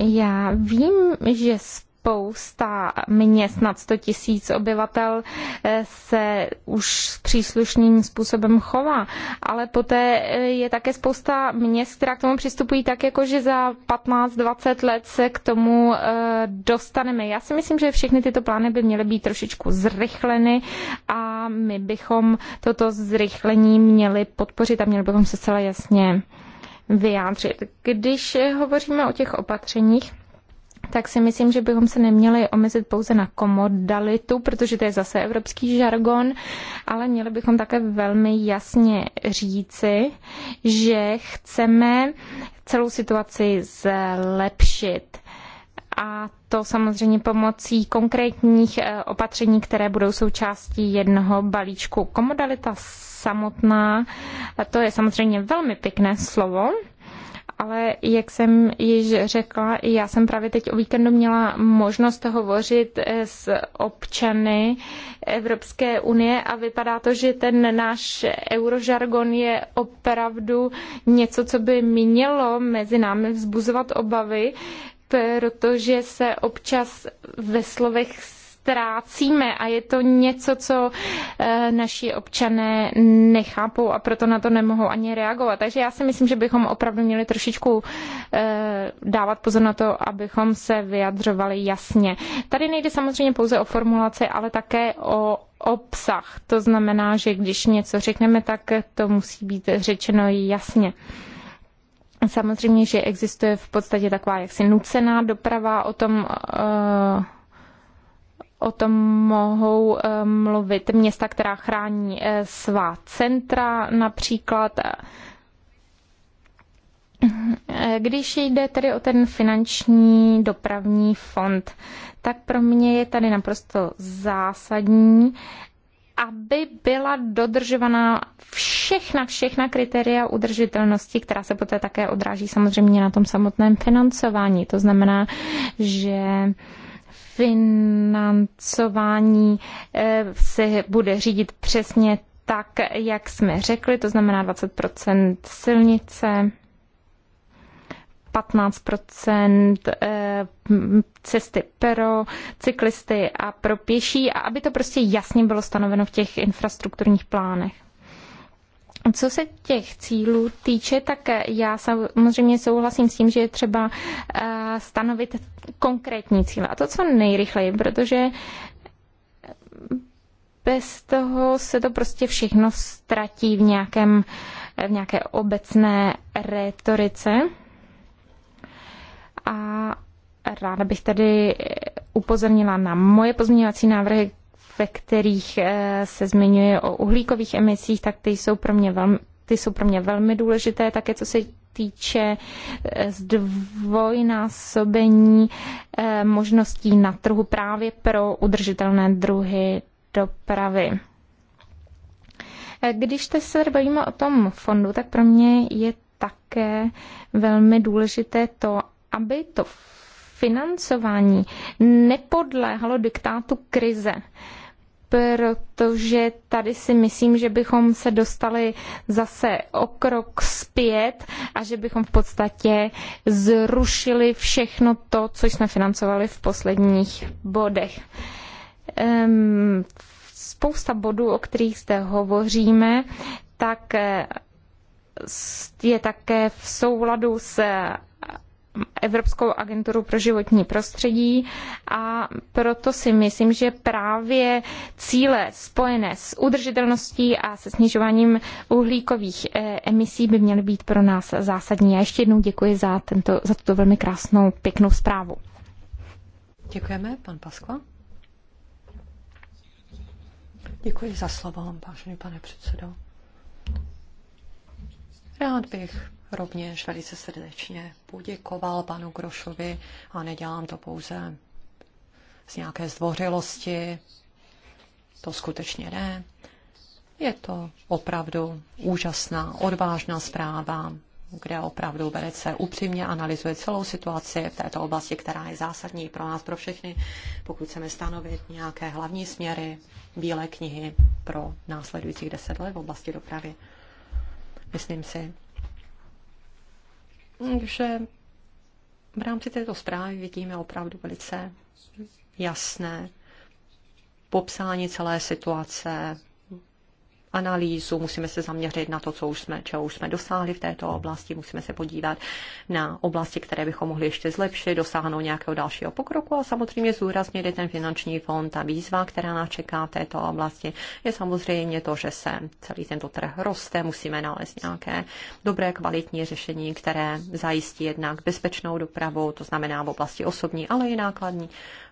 Já vím, že spousta měst nad 100 tisíc obyvatel eh, se už příslušným způsobem chová, ale poté eh, je také spousta měst, která k tomu přistupují tak, jako že za 15-20 let se k tomu eh, dostaneme. Já si myslím, že všechny tyto plány by měly být trošičku zrychleny a my bychom toto zrychlení měli podpořit a měli bychom se celé jasně vyjádřit. Když hovoříme o těch opatřeních, tak si myslím, že bychom se neměli omezit pouze na komodalitu, protože to je zase evropský žargon, ale měli bychom také velmi jasně říci, že chceme celou situaci zlepšit a to samozřejmě pomocí konkrétních eh, opatření, které budou součástí jednoho balíčku. Komodalita samotná, to je samozřejmě velmi pěkné slovo, ale jak jsem již řekla, já jsem právě teď o víkendu měla možnost hovořit eh, s občany Evropské unie a vypadá to, že ten náš eurožargon je opravdu něco, co by mělo mezi námi vzbuzovat obavy, protože se občas ve slovech ztrácíme a je to něco, co eh, naši občané nechápou a proto na to nemohou ani reagovat. Takže já si myslím, že bychom opravdu měli trošičku eh, dávat pozor na to, abychom se vyjadřovali jasně. Tady nejde samozřejmě pouze o formulaci, ale také o obsah. To znamená, že když něco řekneme, tak to musí být řečeno jasně. Samozřejmě, že existuje v podstatě taková jaksi nucená doprava, o tom uh, o tom mohou eh, mluvit města, která chrání eh, svá centra například. Eh, když jde tedy o ten finanční dopravní fond, tak pro mě je tady naprosto zásadní, aby byla dodržovaná všechna, všechna kritéria udržitelnosti, která se poté také odráží samozřejmě na tom samotném financování. To znamená, že financování eh, se bude řídit přesně tak, jak jsme řekli, to znamená 20 silnice, 15 eh, cesty pro cyklisty a pro pěší, a aby to prostě jasně bylo stanoveno v těch infrastrukturních plánech. Co se těch cílů týče, tak já samozřejmě souhlasím s tím, že je třeba eh, stanovit konkrétní cíle. A to co nejrychleji, protože eh, bez toho se to prostě všechno ztratí v, nějakém, eh, v nějaké obecné retorice. A ráda bych tady upozornila na moje pozměňovací návrhy, ve kterých eh, se zmiňuje o uhlíkových emisích, tak ty jsou pro mě velmi, ty jsou pro mě velmi důležité, také co se týče eh, zdvojnásobení eh, možností na trhu právě pro udržitelné druhy dopravy. Když te se bavíme o tom fondu, tak pro mě je také velmi důležité to, aby to financování nepodléhalo diktátu krize protože tady si myslím, že bychom se dostali zase o krok zpět a že bychom v podstatě zrušili všechno to, co jsme financovali v posledních bodech. Ehm, spousta bodů, o kterých zde hovoříme, tak eh, je také v souladu s Evropskou agenturu pro životní prostředí a proto si myslím, že právě cíle spojené s udržitelností a se snižováním uhlíkových eh, emisí by měly být pro nás zásadní. A ještě jednou děkuji za, tento, za tuto velmi krásnou, pěknou zprávu. Děkujeme, pan Paskva. Děkuji za slovo, vážený pane předsedo. Rád bych rovněž velice srdečně poděkoval panu Grošovi a nedělám to pouze z nějaké zdvořilosti. To skutečně ne. Je to opravdu úžasná, odvážná zpráva, kde opravdu velice upřímně analyzuje celou situaci v této oblasti, která je zásadní pro nás, pro všechny, pokud chceme stanovit nějaké hlavní směry Bílé knihy pro následujících deset let v oblasti dopravy. Myslím si, že v rámci této zprávy vidíme opravdu velice jasné popsání celé situace, analýzu, musíme se zaměřit na to, co už jsme, čeho už jsme dosáhli v této oblasti, musíme se podívat na oblasti, které bychom mohli ještě zlepšit, dosáhnout nějakého dalšího pokroku a samozřejmě zúraznit i ten finanční fond. Ta výzva, která nás čeká v této oblasti, je samozřejmě to, že se celý tento trh roste, musíme nalézt nějaké dobré kvalitní řešení, které zajistí jednak bezpečnou dopravu, to znamená v oblasti osobní, ale i nákladní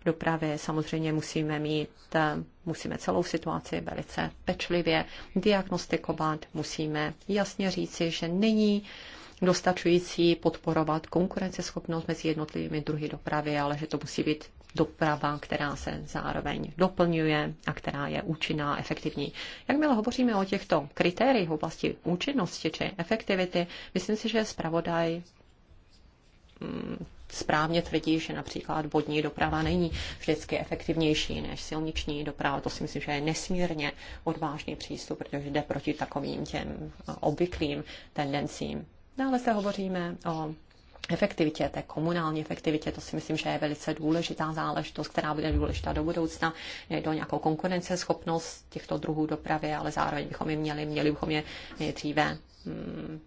dopravy. Samozřejmě musíme mít, eh, musíme celou situaci velice pečlivě diagnostikovat, musíme jasně říci, že není dostačující podporovat konkurenceschopnost mezi jednotlivými druhy dopravy, ale že to musí být doprava, která se zároveň doplňuje a která je účinná, efektivní. Jakmile hovoříme o těchto kritériích v oblasti účinnosti či efektivity, myslím si, že zpravodaj mm, správně tvrdí, že například vodní doprava není vždycky efektivnější než silniční doprava. To si myslím, že je nesmírně odvážný přístup, protože jde proti takovým těm obvyklým tendencím. Dále no, se hovoříme o efektivitě, té komunální efektivitě, to si myslím, že je velice důležitá záležitost, která bude důležitá do budoucna. Nejde o nějakou konkurenceschopnost těchto druhů dopravy, ale zároveň bychom je měli, měli bychom je nejdříve mm,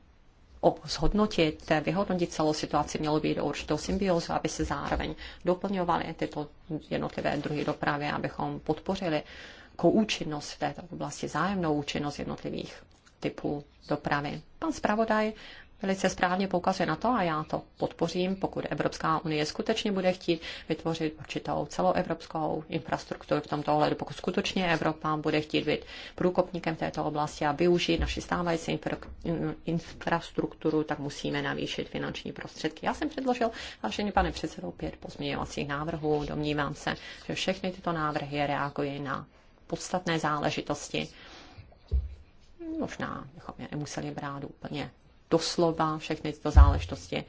zhodnotit, eh, vyhodnotit celou situaci, mělo být do určitou symbiozu, aby se zároveň doplňovaly tyto jednotlivé druhy dopravy, abychom podpořili koúčinnost v této oblasti, zájemnou účinnost jednotlivých typů dopravy. Pan zpravodaj velice správně poukazuje na to a já to podpořím, pokud Evropská unie skutečně bude chtít vytvořit určitou celoevropskou infrastrukturu v tomto ohledu, pokud skutečně Evropa bude chtít být průkopníkem této oblasti a využít naši stávající infrastrukturu, tak musíme navýšit finanční prostředky. Já jsem předložil, vážený pane předsedo, pět pozměňovacích návrhů. Domnívám se, že všechny tyto návrhy reagují na podstatné záležitosti možná bychom je nemuseli brát úplně doslova všechny tyto záležitosti.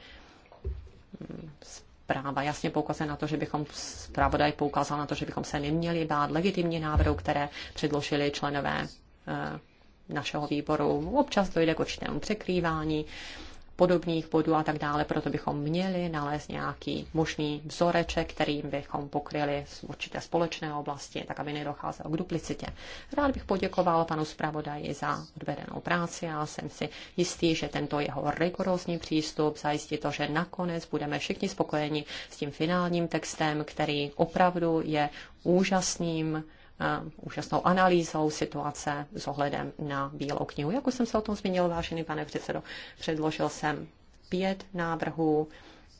Mm, zpráva jasně poukazuje na to, že bychom, zpravodaj poukázal na to, že bychom se neměli bát legitimní návrhu, které předložili členové eh, našeho výboru. Občas dojde k určitému překrývání podobných bodů a tak dále. Proto bychom měli nalézt nějaký možný vzoreček, kterým bychom pokryli z určité společné oblasti, tak aby nedocházelo k duplicitě. Rád bych poděkoval panu zpravodaji za odvedenou práci a jsem si jistý, že tento jeho rigorózní přístup zajistí to, že nakonec budeme všichni spokojeni s tím finálním textem, který opravdu je úžasným Eh, úžasnou analýzou situace s ohledem na Bílou knihu. Jak už jsem se o tom zmínil, vážený pane předsedo, předložil jsem pět návrhů,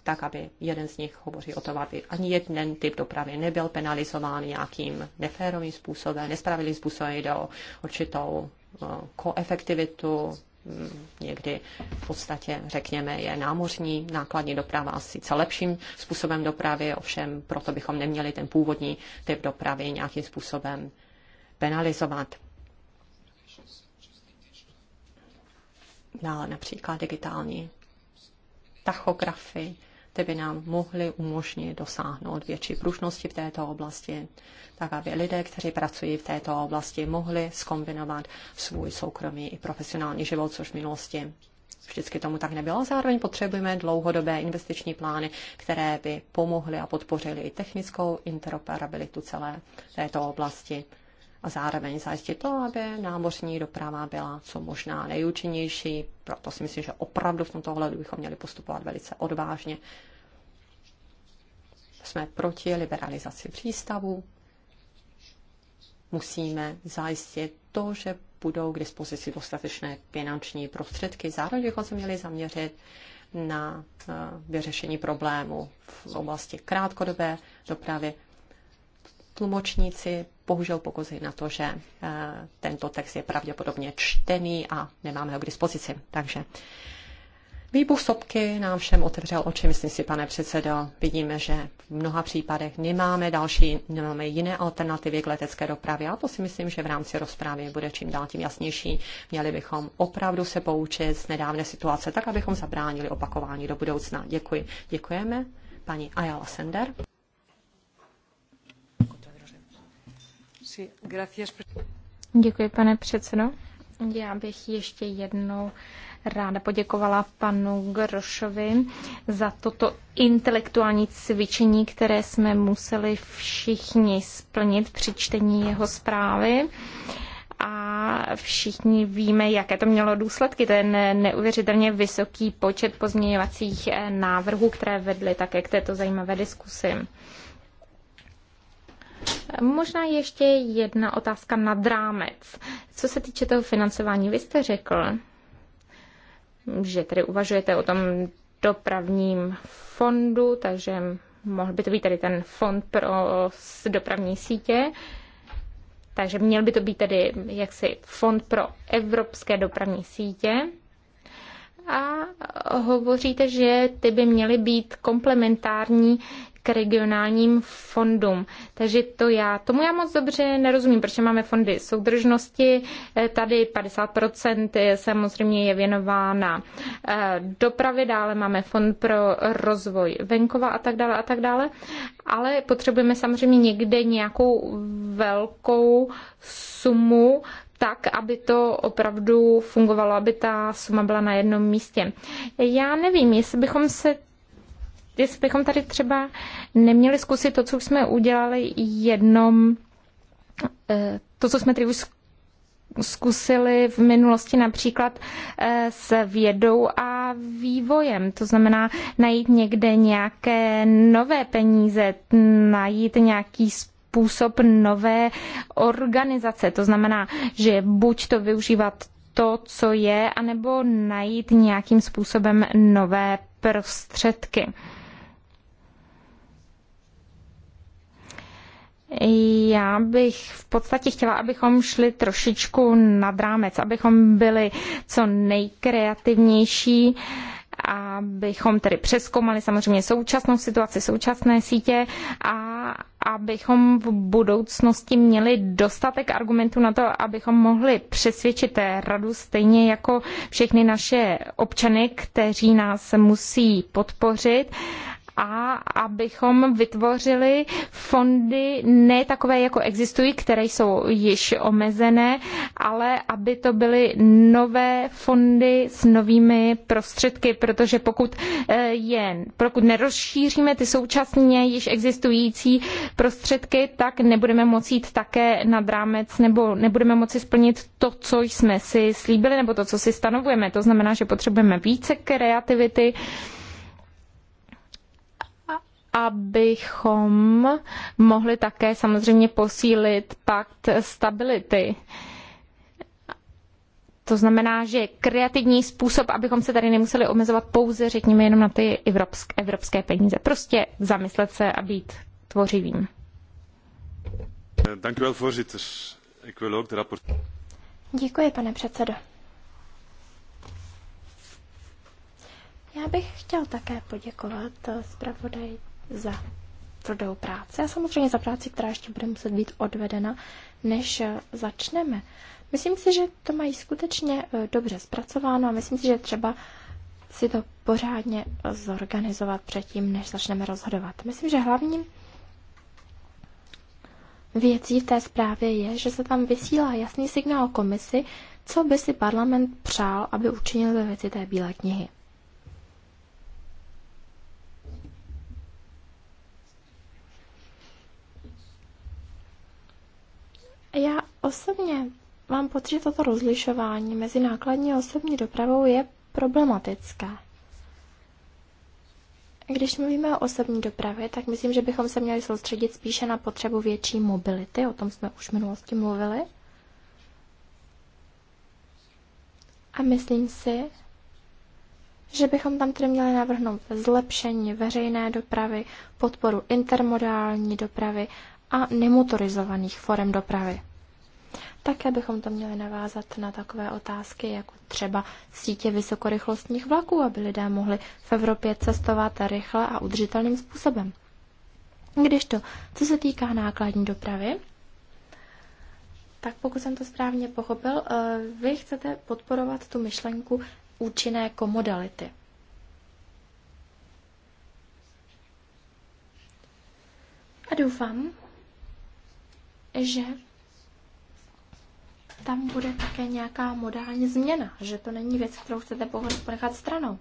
tak aby jeden z nich hovoří o tom, aby ani jeden typ dopravy nebyl penalizován nějakým neférovým způsobem, nespravedlivým způsobem, jde o určitou eh, koefektivitu někdy v podstatě, řekněme, je námořní nákladní doprava asi co lepším způsobem dopravy, ovšem proto bychom neměli ten původní typ dopravy nějakým způsobem penalizovat. Dále například digitální tachografy, ty by nám mohly umožnit dosáhnout větší pružnosti v této oblasti, tak aby lidé, kteří pracují v této oblasti, mohli skombinovat svůj soukromý i profesionální život, což v minulosti vždycky tomu tak nebylo. Zároveň potřebujeme dlouhodobé investiční plány, které by pomohly a podpořily i technickou interoperabilitu celé této oblasti a zároveň zajistit to, aby námořní doprava byla co možná nejúčinnější. Proto si myslím, že opravdu v tomto ohledu bychom měli postupovat velice odvážně. Jsme proti liberalizaci přístavů. Musíme zajistit to, že budou k dispozici dostatečné finanční prostředky. Zároveň bychom se měli zaměřit na eh, vyřešení problému v oblasti krátkodobé dopravy, Tlumočníci bohužel pokozí na to, že eh, tento text je pravděpodobně čtený a nemáme ho k dispozici. Takže Výbuch sopky nám všem otevřel oči, myslím si, pane předsedo. Vidíme, že v mnoha případech nemáme další, nemáme jiné alternativy k letecké dopravě a to si myslím, že v rámci rozprávy bude čím dál tím jasnější. Měli bychom opravdu se poučit z nedávné situace, tak abychom zabránili opakování do budoucna. Děkuji. Děkujeme. Pani Ayala Sender. Děkuji, pane předsedo. Já bych ještě jednou ráda poděkovala panu Grošovi za toto intelektuální cvičení, které jsme museli všichni splnit při čtení jeho zprávy. A všichni víme, jaké to mělo důsledky, ten neuvěřitelně vysoký počet pozměňovacích eh, návrhů, které vedly také k této zajímavé diskusi. Možná ještě jedna otázka nad rámec. Co se týče toho financování, vy jste řekl, že tedy uvažujete o tom dopravním fondu, takže mohl by to být tady ten fond pro dopravní sítě. Takže měl by to být tedy jaksi fond pro evropské dopravní sítě. A hovoříte, že ty by měly být komplementární k regionálním fondům. Takže to já, tomu já moc dobře nerozumím, protože máme fondy soudržnosti, eh, tady 50% samozřejmě je věnována eh, dopravě, dále máme fond pro rozvoj venkova a tak dále a tak dále, ale potřebujeme samozřejmě někde nějakou velkou sumu, tak, aby to opravdu fungovalo, aby ta suma byla na jednom místě. Já nevím, jestli bychom se jestli bychom tady třeba neměli zkusit to, co jsme udělali jednom, eh, to, co jsme tady už zkusili v minulosti například eh, s vědou a vývojem. To znamená najít někde nějaké nové peníze, najít nějaký způsob nové organizace. To znamená, že buď to využívat to, co je, anebo najít nějakým způsobem nové prostředky. Já bych v podstatě chtěla, abychom šli trošičku nad rámec, abychom byli co nejkreativnější, abychom tedy přeskoumali samozřejmě současnou situaci, současné sítě a abychom v budoucnosti měli dostatek argumentů na to, abychom mohli přesvědčit radu stejně jako všechny naše občany, kteří nás musí podpořit a abychom vytvořili fondy ne takové, jako existují, které jsou již omezené, ale aby to byly nové fondy s novými prostředky, protože pokud, eh, je, pokud nerozšíříme ty současně již existující prostředky, tak nebudeme moci jít také nad rámec nebo nebudeme moci splnit to, co jsme si slíbili nebo to, co si stanovujeme. To znamená, že potřebujeme více kreativity, abychom mohli také samozřejmě posílit pakt stability. To znamená, že kreativní způsob, abychom se tady nemuseli omezovat pouze, řekněme, jenom na ty evropské peníze. Prostě zamyslet se a být tvořivým. Děkuji, pane předsedo. Já bych chtěl také poděkovat zpravodaji za tvrdou práci a samozřejmě za práci, která ještě bude muset být odvedena, než eh, začneme. Myslím si, že to mají skutečně eh, dobře zpracováno a myslím si, že třeba si to pořádně eh, zorganizovat předtím, než začneme rozhodovat. Myslím, že hlavním věcí v té zprávě je, že se tam vysílá jasný signál komisi, co by si parlament přál, aby učinil ve věci té bílé knihy. Já osobně mám pocit, že toto rozlišování mezi nákladní a osobní dopravou je problematické. Když mluvíme o osobní dopravě, tak myslím, že bychom se měli soustředit spíše na potřebu větší mobility, o tom jsme už v minulosti mluvili. A myslím si, že bychom tam tedy měli navrhnout zlepšení veřejné dopravy, podporu intermodální dopravy a nemotorizovaných forem dopravy. Také bychom to měli navázat na takové otázky, jako třeba sítě vysokorychlostních vlaků, aby lidé mohli v Evropě cestovat rychle a udržitelným způsobem. Když to, co se týká nákladní dopravy, tak pokud jsem to správně pochopil, eh, vy chcete podporovat tu myšlenku účinné komodality. A doufám, že tam bude také nějaká modální změna, že to není věc, kterou chcete ponechat stranou.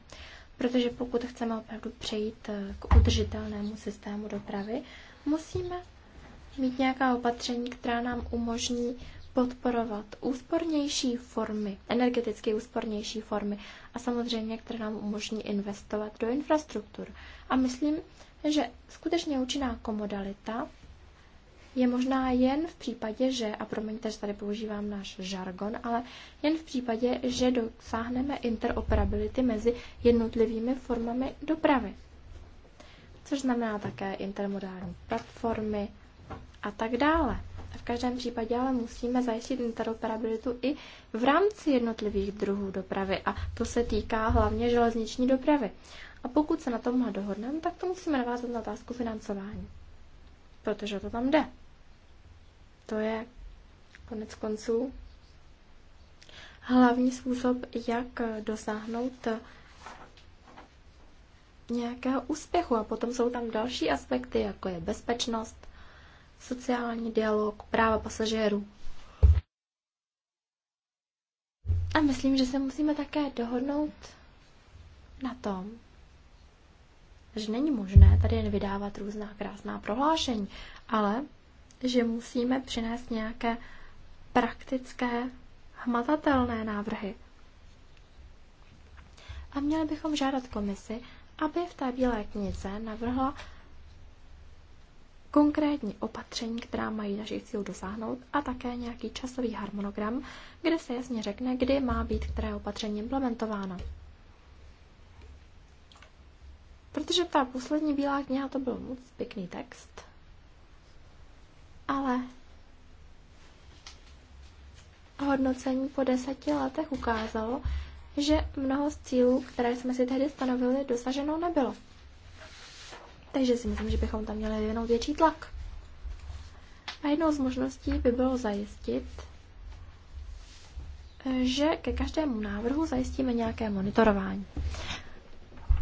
Protože pokud chceme opravdu přejít eh, k udržitelnému systému dopravy, musíme mít nějaká opatření, která nám umožní podporovat úspornější formy, energeticky úspornější formy a samozřejmě, které nám umožní investovat do infrastruktur. A myslím, že skutečně účinná komodalita je možná jen v případě, že, a promiňte, že tady používám náš žargon, ale jen v případě, že dosáhneme interoperability mezi jednotlivými formami dopravy. Což znamená také intermodální platformy a tak dále. V každém případě ale musíme zajistit interoperabilitu i v rámci jednotlivých druhů dopravy a to se týká hlavně železniční dopravy. A pokud se na tomhle dohodneme, tak to musíme navázat na otázku financování. Protože to tam jde to je konec konců hlavní způsob, jak dosáhnout nějakého úspěchu. A potom jsou tam další aspekty, jako je bezpečnost, sociální dialog, práva pasažérů. A myslím, že se musíme také dohodnout na tom, že není možné tady jen vydávat různá krásná prohlášení, ale že musíme přinést nějaké praktické, hmatatelné návrhy. A měli bychom žádat komisi, aby v té bílé knize navrhla konkrétní opatření, která mají našich cílů dosáhnout a také nějaký časový harmonogram, kde se jasně řekne, kdy má být které opatření implementováno. Protože ta poslední bílá kniha to byl moc pěkný text, ale hodnocení po deseti letech ukázalo, že mnoho z cílů, které jsme si tehdy stanovili, dosaženo nebylo. Takže si myslím, že bychom tam měli jenom větší tlak. A jednou z možností by bylo zajistit, že ke každému návrhu zajistíme nějaké monitorování.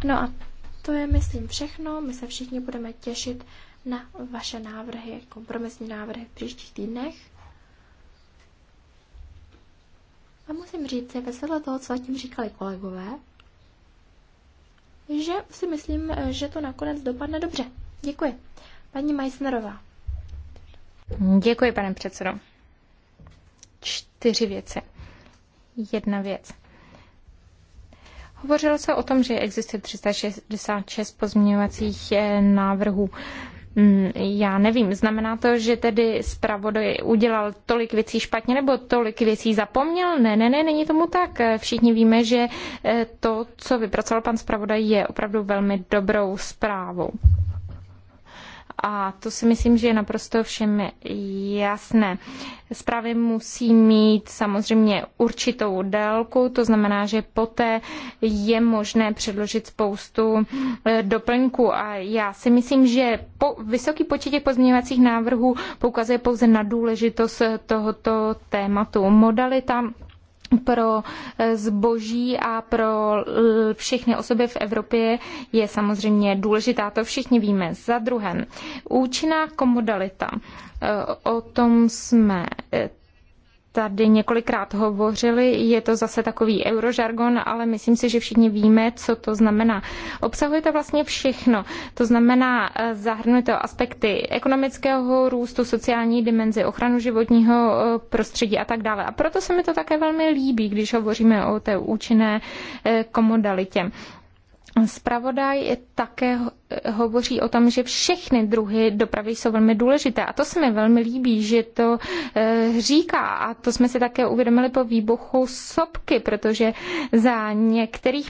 No a to je, myslím, všechno. My se všichni budeme těšit na vaše návrhy, kompromisní návrhy v příštích týdnech. A musím říct, ve světle toho, co tím říkali kolegové, že si myslím, že to nakonec dopadne dobře. Děkuji. Paní Majsnerová. Děkuji, pane předsedo. Čtyři věci. Jedna věc. Hovořilo se o tom, že existuje 366 pozměňovacích eh, návrhů. Mm, já nevím, znamená to, že tedy zpravodaj udělal tolik věcí špatně nebo tolik věcí zapomněl? Ne, ne, ne, není tomu tak. Všichni víme, že eh, to, co vypracoval pan zpravodaj, je opravdu velmi dobrou zprávou. A to si myslím, že je naprosto všem jasné. Zprávy musí mít samozřejmě určitou délku, to znamená, že poté je možné předložit spoustu eh, doplňků. A já si myslím, že po, vysoký počet těch pozměňovacích návrhů poukazuje pouze na důležitost tohoto tématu. Modalita pro eh, zboží a pro eh, všechny osoby v Evropě je samozřejmě důležitá, to všichni víme. Za druhé, účinná komodalita. Eh, o tom jsme tady několikrát hovořili. Je to zase takový eurožargon, ale myslím si, že všichni víme, co to znamená. Obsahuje to vlastně všechno. To znamená, eh, zahrnuje to aspekty ekonomického růstu, sociální dimenzi, ochranu životního eh, prostředí a tak dále. A proto se mi to také velmi líbí, když hovoříme o té účinné eh, komodalitě. Spravodaj také Eh, hovoří o tom, že všechny druhy dopravy jsou velmi důležité. A to se mi velmi líbí, že to eh, říká. A to jsme si také uvědomili po výbuchu sopky, protože za některých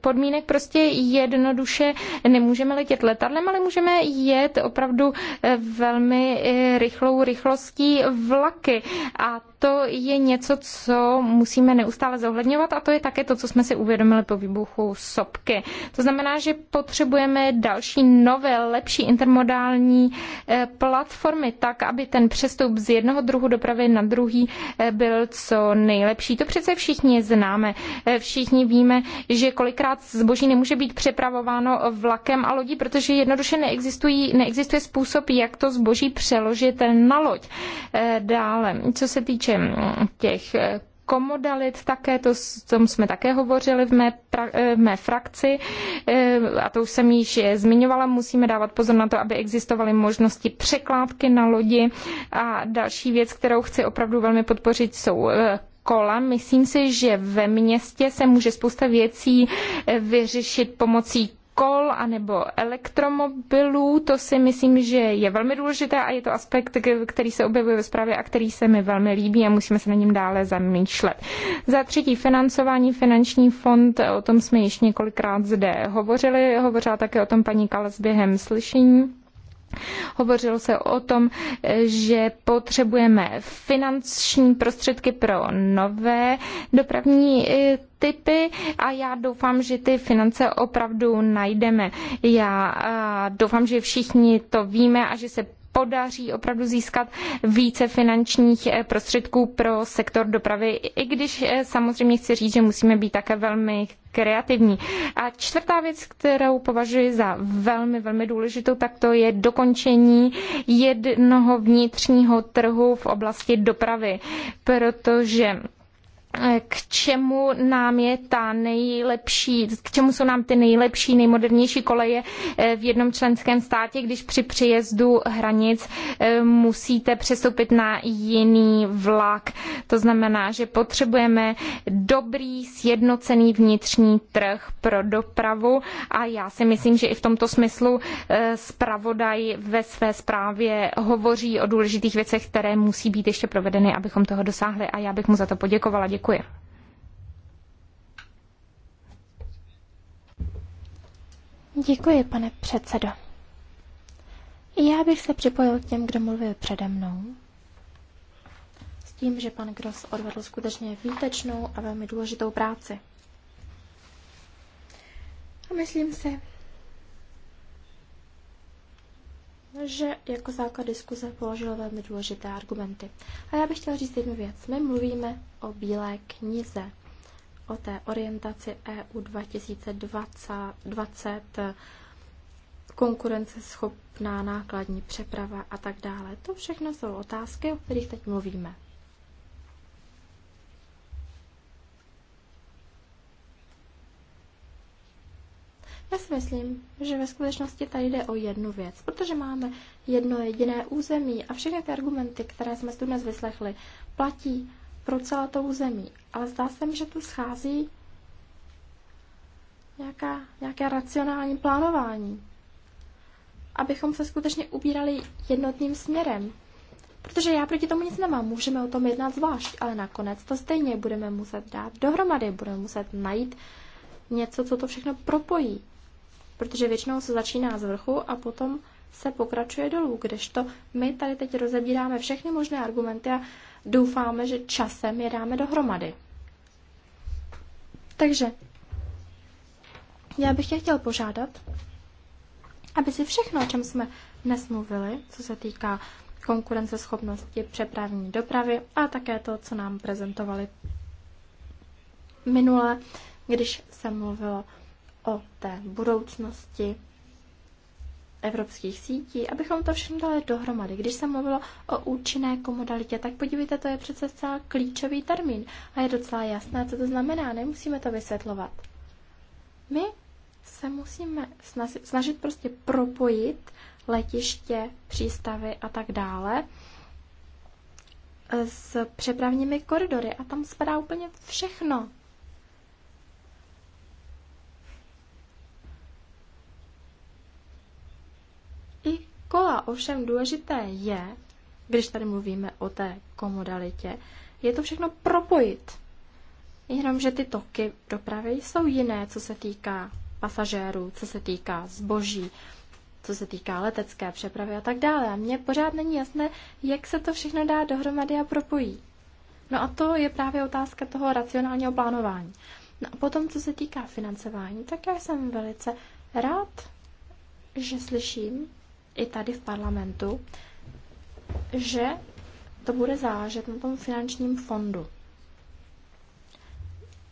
podmínek prostě jednoduše nemůžeme letět letadlem, ale můžeme jet opravdu eh, velmi rychlou rychlostí vlaky. A to je něco, co musíme neustále zohledňovat a to je také to, co jsme si uvědomili po výbuchu sopky. To znamená, že potřebujeme další další nové, lepší intermodální eh, platformy, tak, aby ten přestup z jednoho druhu dopravy na druhý eh, byl co nejlepší. To přece všichni známe. Eh, všichni víme, že kolikrát zboží nemůže být přepravováno vlakem a lodí, protože jednoduše neexistují, neexistuje způsob, jak to zboží přeložit na loď. Dále, co se týče hm, těch komodalit také, to, tom jsme také hovořili v mé, pra, eh, v mé frakci, eh, a to už jsem již zmiňovala, musíme dávat pozor na to, aby existovaly možnosti překládky na lodi. A další věc, kterou chci opravdu velmi podpořit, jsou eh, kola. Myslím si, že ve městě se může spousta věcí vyřešit pomocí kol anebo elektromobilů. To si myslím, že je velmi důležité a je to aspekt, který se objevuje ve zprávě a který se mi velmi líbí a musíme se na něm dále zamýšlet. Za třetí financování, finanční fond, o tom jsme již několikrát zde hovořili, hovořila také o tom paní Kales během slyšení. Hovořilo se o tom, že potřebujeme finanční prostředky pro nové dopravní e, typy a já doufám, že ty finance opravdu najdeme. Já doufám, že všichni to víme a že se podaří opravdu získat více finančních e, prostředků pro sektor dopravy, i když e, samozřejmě chci říct, že musíme být také velmi kreativní. A čtvrtá věc, kterou považuji za velmi, velmi důležitou, tak to je dokončení jednoho vnitřního trhu v oblasti dopravy, protože Eh, k čemu nám je ta nejlepší, k čemu jsou nám ty nejlepší, nejmodernější koleje eh, v jednom členském státě, když při příjezdu hranic eh, musíte přestoupit na jiný vlak. To znamená, že potřebujeme dobrý, sjednocený vnitřní trh pro dopravu a já si myslím, že i v tomto smyslu zpravodaj ve své zprávě hovoří o důležitých věcech, které musí být ještě provedeny, abychom toho dosáhli a já bych mu za to poděkovala. Děkuji. Děkuji. Děkuji, pane předsedo. Já bych se připojil k těm, kdo mluvil přede mnou. S tím, že pan Gross odvedl skutečně výtečnou a velmi důležitou práci. A myslím si, že jako základ diskuze položil velmi důležité argumenty. A já bych chtěla říct jednu věc. My mluvíme o Bílé knize, o té orientaci EU 2020, konkurenceschopná nákladní přeprava a tak dále. To všechno jsou otázky, o kterých teď mluvíme. Já si myslím, že ve skutečnosti tady jde o jednu věc, protože máme jedno jediné území a všechny ty argumenty, které jsme tu dnes vyslechli, platí pro celé to území. Ale zdá se mi, že tu schází nějaká, nějaké racionální plánování. Abychom se skutečně ubírali jednotným směrem. Protože já proti tomu nic nemám, můžeme o tom jednat zvlášť, ale nakonec to stejně budeme muset dát dohromady, budeme muset najít něco, co to všechno propojí protože většinou se začíná z vrchu a potom se pokračuje dolů, kdežto my tady teď rozebíráme všechny možné argumenty a doufáme, že časem je dáme dohromady. Takže já bych tě chtěl požádat, aby si všechno, o čem jsme dnes mluvili, co se týká konkurenceschopnosti přepravní dopravy a také to, co nám prezentovali minule, když se mluvilo o té budoucnosti evropských sítí, abychom to všem dali dohromady. Když se mluvilo o účinné komodalitě, tak podívejte, to je přece celá klíčový termín a je docela jasné, co to znamená, nemusíme to vysvětlovat. My se musíme snažit, snažit prostě propojit letiště, přístavy a tak dále s přepravními koridory a tam spadá úplně všechno. škola. Ovšem důležité je, když tady mluvíme o té komodalitě, je to všechno propojit. Jenomže ty toky dopravy jsou jiné, co se týká pasažérů, co se týká zboží, co se týká letecké přepravy a tak dále. A mně pořád není jasné, jak se to všechno dá dohromady a propojí. No a to je právě otázka toho racionálního plánování. No a potom, co se týká financování, tak já jsem velice rád, že slyším, i tady v parlamentu, že to bude záležet na tom finančním fondu.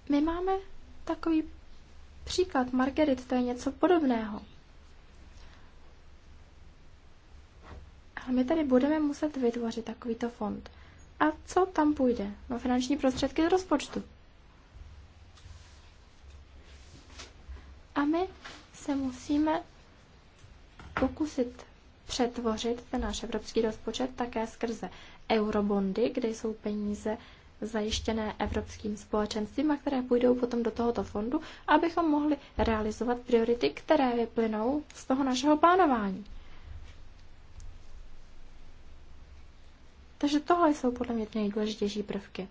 My máme takový příklad Margaret, to je něco podobného. Ale my tady budeme muset vytvořit takovýto fond. A co tam půjde? No finanční prostředky z rozpočtu. A my se musíme pokusit přetvořit ten náš evropský rozpočet také skrze eurobondy, kde jsou peníze zajištěné evropským společenstvím a které půjdou potom do tohoto fondu, abychom mohli realizovat priority, které vyplynou z toho našeho plánování. Takže tohle jsou podle mě ty nejdůležitější prvky.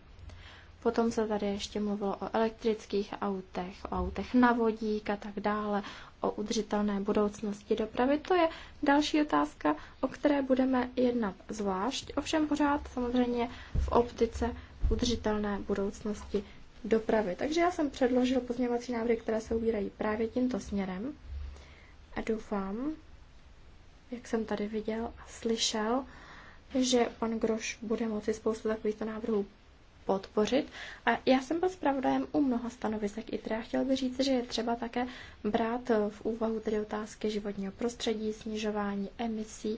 Potom se tady ještě mluvilo o elektrických autech, o autech na vodík a tak dále, o udržitelné budoucnosti dopravy, to je další otázka, o které budeme jednat zvlášť, ovšem pořád samozřejmě v optice udržitelné budoucnosti dopravy. Takže já jsem předložil pozměňovací návrhy, které se ubírají právě tímto směrem a doufám, jak jsem tady viděl a slyšel, že pan Groš bude moci spoustu takovýchto návrhů podpořit. A já jsem byl zpravodajem u mnoha stanovisek ITRE a chtěl bych říct, že je třeba také brát v úvahu tedy otázky životního prostředí, snižování emisí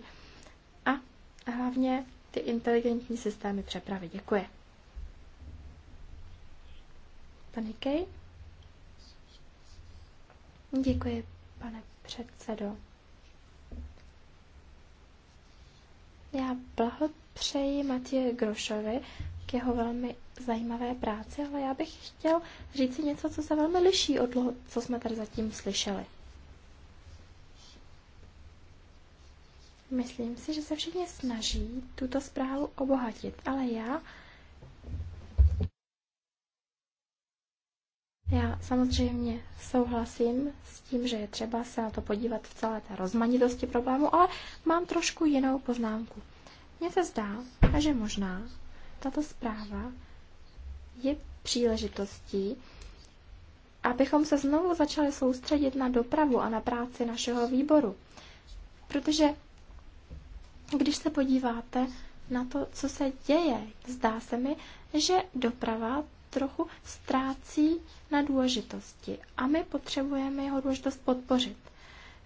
a hlavně ty inteligentní systémy přepravy. Děkuji. Pane Kej? Děkuji, pane předsedo. Já blahopřeji Matěji Grošovi k jeho velmi zajímavé práci, ale já bych chtěl říct si něco, co se velmi liší od toho, co jsme tady zatím slyšeli. Myslím si, že se všichni snaží tuto zprávu obohatit, ale já Já samozřejmě souhlasím s tím, že je třeba se na to podívat v celé té rozmanitosti problému, ale mám trošku jinou poznámku. Mně se zdá, že možná tato zpráva je příležitostí, abychom se znovu začali soustředit na dopravu a na práci našeho výboru. Protože když se podíváte na to, co se děje, zdá se mi, že doprava trochu ztrácí na důležitosti a my potřebujeme jeho důležitost podpořit.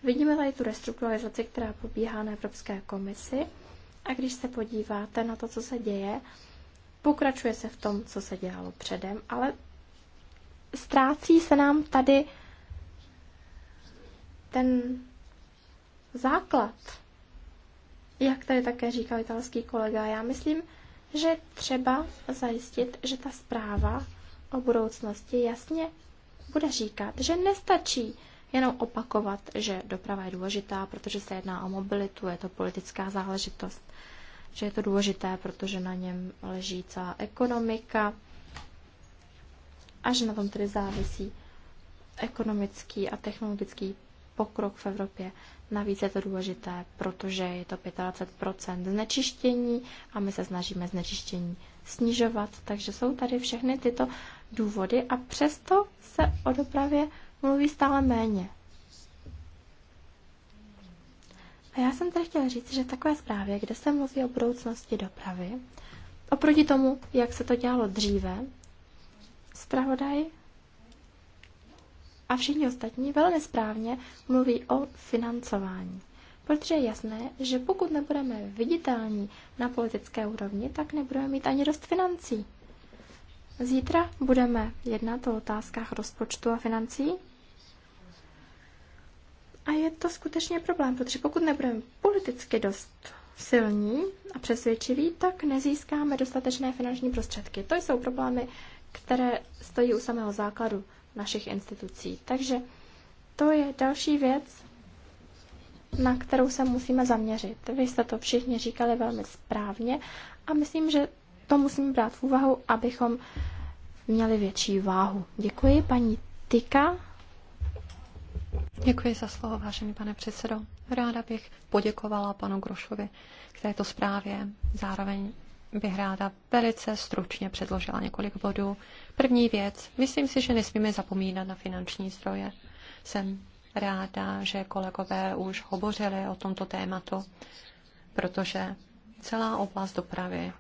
Vidíme tady tu restrukturalizaci, která probíhá na Evropské komisi a když se podíváte na to, co se děje, Pokračuje se v tom, co se dělalo předem, ale ztrácí se nám tady ten základ. Jak tady také říkal italský kolega, já myslím, že třeba zajistit, že ta zpráva o budoucnosti jasně bude říkat, že nestačí jenom opakovat, že doprava je důležitá, protože se jedná o mobilitu, je to politická záležitost že je to důležité, protože na něm leží celá ekonomika a že na tom tedy závisí ekonomický a technologický pokrok v Evropě. Navíc je to důležité, protože je to 25 znečištění a my se snažíme znečištění snižovat. Takže jsou tady všechny tyto důvody a přesto se o dopravě mluví stále méně. A já jsem tady chtěla říct, že v takové zprávě, kde se mluví o budoucnosti dopravy, oproti tomu, jak se to dělalo dříve, zpravodaj a všichni ostatní velmi správně mluví o financování. Protože je jasné, že pokud nebudeme viditelní na politické úrovni, tak nebudeme mít ani dost financí. Zítra budeme jednat o otázkách rozpočtu a financí a je to skutečně problém, protože pokud nebudeme politicky dost silní a přesvědčiví, tak nezískáme dostatečné finanční prostředky. To jsou problémy, které stojí u samého základu našich institucí. Takže to je další věc, na kterou se musíme zaměřit. Vy jste to všichni říkali velmi správně a myslím, že to musíme brát v úvahu, abychom měli větší váhu. Děkuji, paní Tika Děkuji za slovo, vážený pane předsedo. Ráda bych poděkovala panu Grošovi k této zprávě. Zároveň bych ráda velice stručně předložila několik bodů. První věc, myslím si, že nesmíme zapomínat na finanční zdroje. Jsem ráda, že kolegové už hovořili o tomto tématu, protože celá oblast dopravy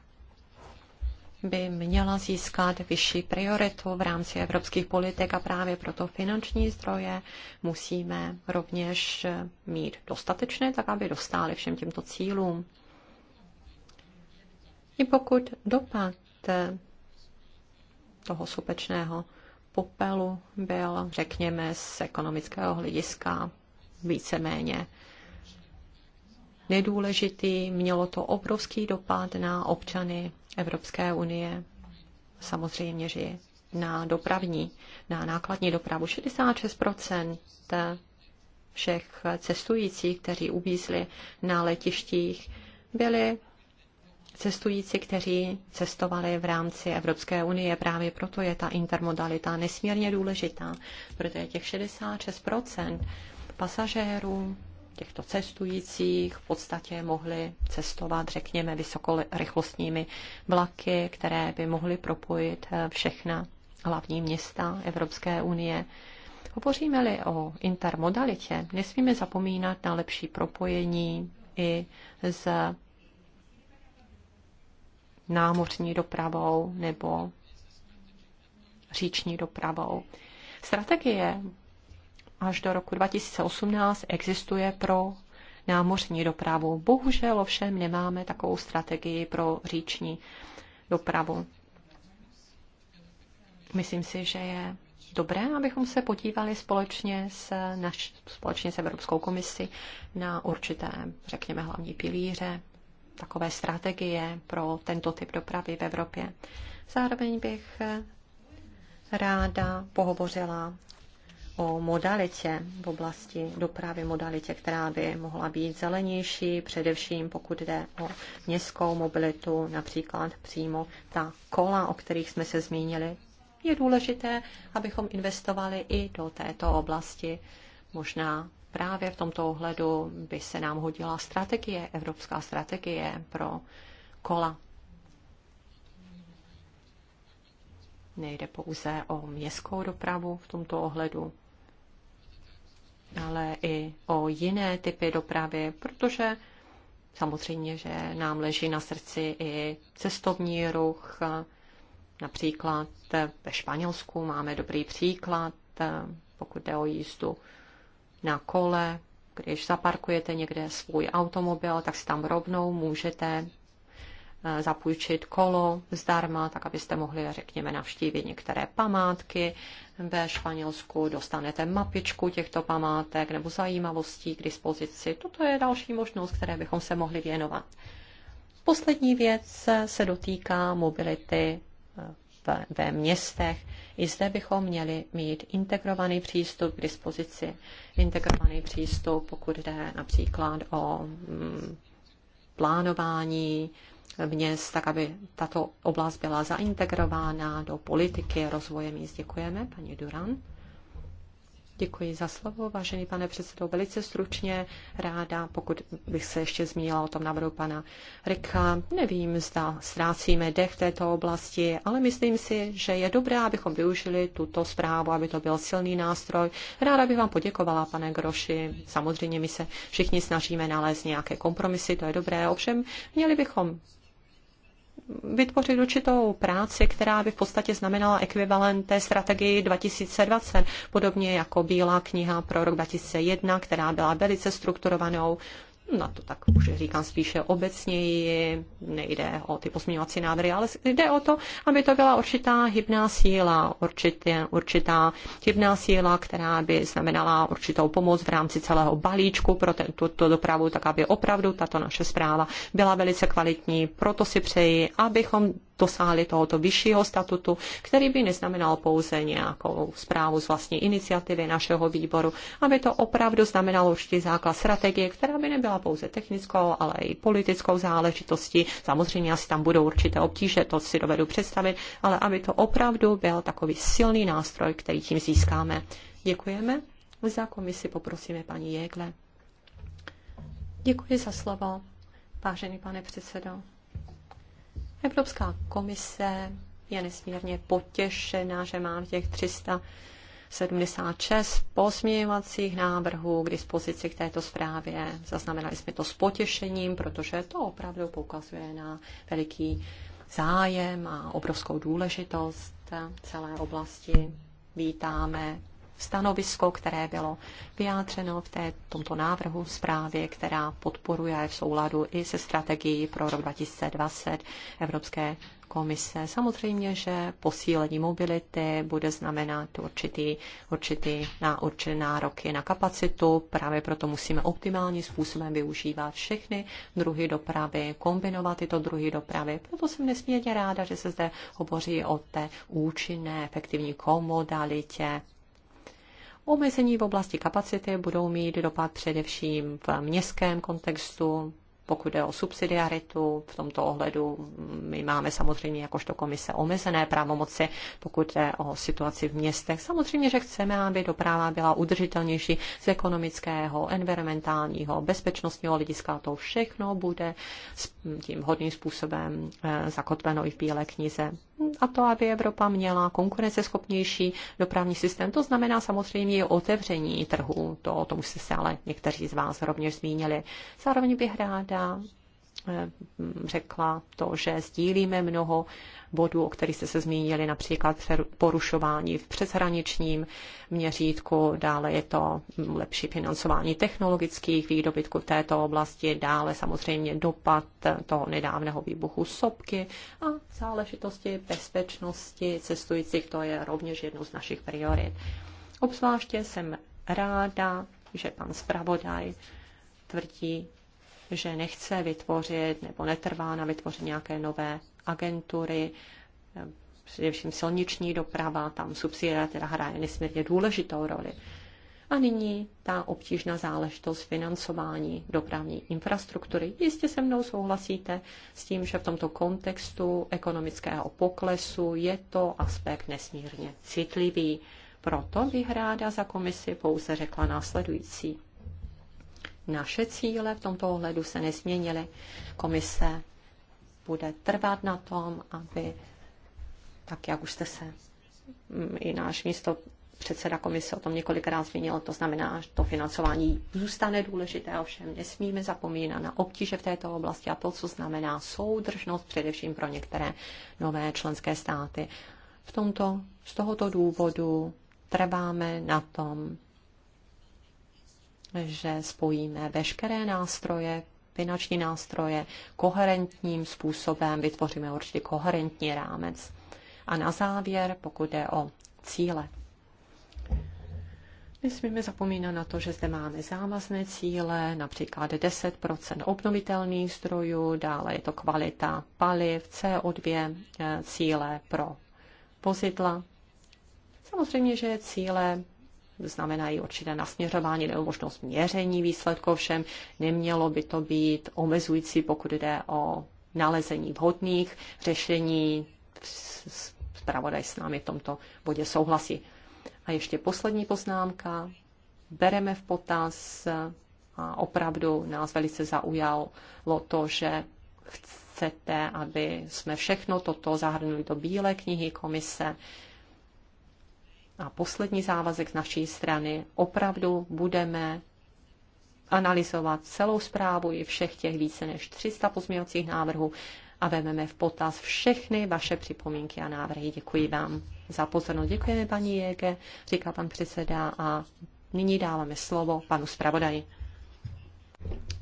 by měla získat vyšší prioritu v rámci evropských politik a právě proto finanční zdroje musíme rovněž mít dostatečné, tak aby dostály všem těmto cílům. I pokud dopad toho supečného popelu byl, řekněme, z ekonomického hlediska víceméně nedůležitý, mělo to obrovský dopad na občany Evropské unie samozřejmě žije na dopravní, na nákladní dopravu. 66% všech cestujících, kteří uvízli na letištích, byli cestující, kteří cestovali v rámci Evropské unie. Právě proto je ta intermodalita nesmírně důležitá, protože těch 66% pasažérů těchto cestujících v podstatě mohli cestovat, řekněme, vysokorychlostními vlaky, které by mohly propojit eh, všechna hlavní města Evropské unie. Hovoříme-li o intermodalitě, nesmíme zapomínat na lepší propojení i s námořní dopravou nebo říční dopravou. Strategie až do roku 2018 existuje pro námořní dopravu. Bohužel ovšem nemáme takovou strategii pro říční dopravu. Myslím si, že je dobré, abychom se podívali společně s, naš, společně s Evropskou komisí na určité, řekněme, hlavní pilíře takové strategie pro tento typ dopravy v Evropě. Zároveň bych ráda pohovořila o modalitě v oblasti dopravy, modalitě, která by mohla být zelenější, především pokud jde o městskou mobilitu, například přímo ta kola, o kterých jsme se zmínili. Je důležité, abychom investovali i do této oblasti. Možná právě v tomto ohledu by se nám hodila strategie, evropská strategie pro kola. Nejde pouze o městskou dopravu v tomto ohledu, ale i o jiné typy dopravy, protože samozřejmě, že nám leží na srdci i cestovní ruch. Například ve Španělsku máme dobrý příklad, pokud jde o jízdu na kole, když zaparkujete někde svůj automobil, tak si tam rovnou můžete Eh, zapůjčit kolo zdarma, tak abyste mohli, řekněme, navštívit některé památky ve Španělsku, dostanete mapičku těchto památek nebo zajímavostí k dispozici. Toto je další možnost, které bychom se mohli věnovat. Poslední věc se dotýká mobility eh, ve městech. I zde bychom měli mít integrovaný přístup k dispozici, integrovaný přístup, pokud jde například o mm, plánování měst, tak aby tato oblast byla zaintegrována do politiky rozvoje míst. Děkujeme, paní Duran. Děkuji za slovo, vážený pane předsedo. Velice stručně ráda, pokud bych se ještě zmínila o tom návrhu pana Rika, nevím, zda ztrácíme dech v této oblasti, ale myslím si, že je dobré, abychom využili tuto zprávu, aby to byl silný nástroj. Ráda bych vám poděkovala, pane Groši. Samozřejmě my se všichni snažíme nalézt nějaké kompromisy, to je dobré. Ovšem, měli bychom vytvořit určitou práci, která by v podstatě znamenala ekvivalent té strategii 2020, podobně jako Bílá kniha pro rok 2001, která byla velice strukturovanou na no, to tak už říkám spíše obecněji, nejde o ty pozměňovací návrhy, ale jde o to, aby to byla určitá hybná síla, určitě, určitá hybná síla, která by znamenala určitou pomoc v rámci celého balíčku pro tuto dopravu, tak aby opravdu tato naše zpráva byla velice kvalitní. Proto si přeji, abychom dosáhli tohoto vyššího statutu, který by neznamenal pouze nějakou zprávu z vlastní iniciativy našeho výboru, aby to opravdu znamenalo určitý základ strategie, která by nebyla pouze technickou, ale i politickou záležitostí. Samozřejmě asi tam budou určité obtíže, to si dovedu představit, ale aby to opravdu byl takový silný nástroj, který tím získáme. Děkujeme. Za komisi poprosíme paní Jegle. Děkuji za slovo, vážený pane předsedo. Evropská komise je nesmírně potěšená, že má těch 376 pozměňovacích návrhů k dispozici k této zprávě. Zaznamenali jsme to s potěšením, protože to opravdu poukazuje na veliký zájem a obrovskou důležitost celé oblasti. Vítáme stanovisko, které bylo vyjádřeno v té, tomto návrhu zprávy, která podporuje v souladu i se strategií pro rok 2020 Evropské komise. Samozřejmě, že posílení mobility bude znamenat určitý, určitý na určité nároky na kapacitu. Právě proto musíme optimálním způsobem využívat všechny druhy dopravy, kombinovat tyto druhy dopravy. Proto jsem nesmírně ráda, že se zde hovoří o té účinné, efektivní komodalitě Omezení v oblasti kapacity budou mít dopad především v městském kontextu, pokud jde o subsidiaritu, v tomto ohledu my máme samozřejmě jakožto komise omezené právomoci, pokud jde o situaci v městech. Samozřejmě, že chceme, aby doprava byla udržitelnější z ekonomického, environmentálního, bezpečnostního hlediska. To všechno bude tím hodným způsobem eh, zakotveno i v Bílé knize a to, aby Evropa měla konkurenceschopnější dopravní systém. To znamená samozřejmě i otevření trhu, to, o tom už se ale někteří z vás rovněž zmínili. Zároveň bych ráda eh, řekla to, že sdílíme mnoho bodů, o kterých jste se zmínili, například porušování v přeshraničním měřítku, dále je to lepší financování technologických výdobytků v této oblasti, dále samozřejmě dopad toho nedávného výbuchu sopky a záležitosti bezpečnosti cestujících, to je rovněž jednou z našich priorit. Obzvláště jsem ráda, že pan zpravodaj tvrdí, že nechce vytvořit nebo netrvá na vytvoření nějaké nové agentury, především silniční doprava, tam subsidia teda hraje nesmírně důležitou roli. A nyní ta obtížná záležitost financování dopravní infrastruktury. Jistě se mnou souhlasíte s tím, že v tomto kontextu ekonomického poklesu je to aspekt nesmírně citlivý. Proto bych ráda za komisi pouze řekla následující. Naše cíle v tomto ohledu se nezměnily. Komise bude trvat na tom, aby, tak jak už jste se mm, i náš místo předseda komise o tom několikrát zmínil, to znamená, že to financování zůstane důležité, ovšem nesmíme zapomínat na obtíže v této oblasti a to, co znamená soudržnost především pro některé nové členské státy. V tomto, z tohoto důvodu trváme na tom, že spojíme veškeré nástroje finanční nástroje koherentním způsobem, vytvoříme určitě koherentní rámec. A na závěr, pokud jde o cíle. Nesmíme zapomínat na to, že zde máme závazné cíle, například 10 obnovitelných zdrojů, dále je to kvalita paliv, CO2 eh, cíle pro vozidla. Samozřejmě, že cíle znamenají určité nasměřování nebo možnost měření výsledku, všem. nemělo by to být omezující, pokud jde o nalezení vhodných řešení. Zpravodaj s námi v tomto bodě souhlasí. A ještě poslední poznámka. Bereme v potaz a opravdu nás velice zaujalo to, že chcete, aby jsme všechno toto zahrnuli do Bílé knihy komise a poslední závazek z naší strany, opravdu budeme analyzovat celou zprávu i všech těch více než 300 pozměňovacích návrhů a vezmeme v potaz všechny vaše připomínky a návrhy. Děkuji vám za pozornost. Děkujeme, paní Jege, říká pan předseda a nyní dáváme slovo panu zpravodaji.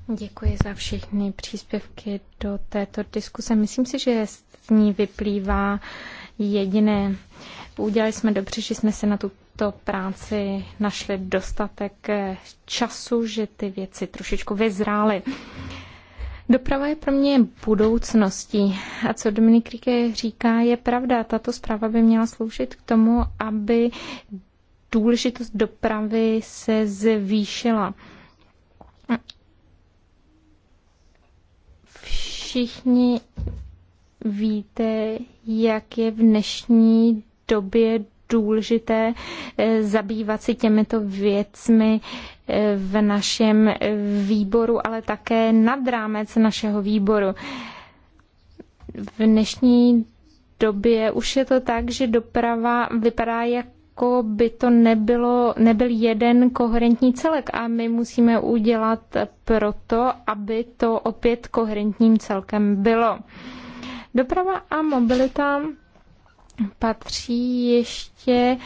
Děkuji za všechny příspěvky do této diskuse. Myslím si, že z ní vyplývá jediné. Udělali jsme dobře, že jsme se na tuto práci našli dostatek eh, času, že ty věci trošičku vyzrály. Doprava je pro mě budoucností. A co Dominik Ríke říká, je pravda. Tato zpráva by měla sloužit k tomu, aby důležitost dopravy se zvýšila. Všichni víte, jak je v dnešní době důležité eh, zabývat si těmito věcmi eh, v našem eh, výboru, ale také nad rámec našeho výboru. V dnešní době už je to tak, že doprava vypadá jako jako by to nebylo, nebyl jeden koherentní celek a my musíme udělat proto, aby to opět koherentním celkem bylo. Doprava a mobilita patří ještě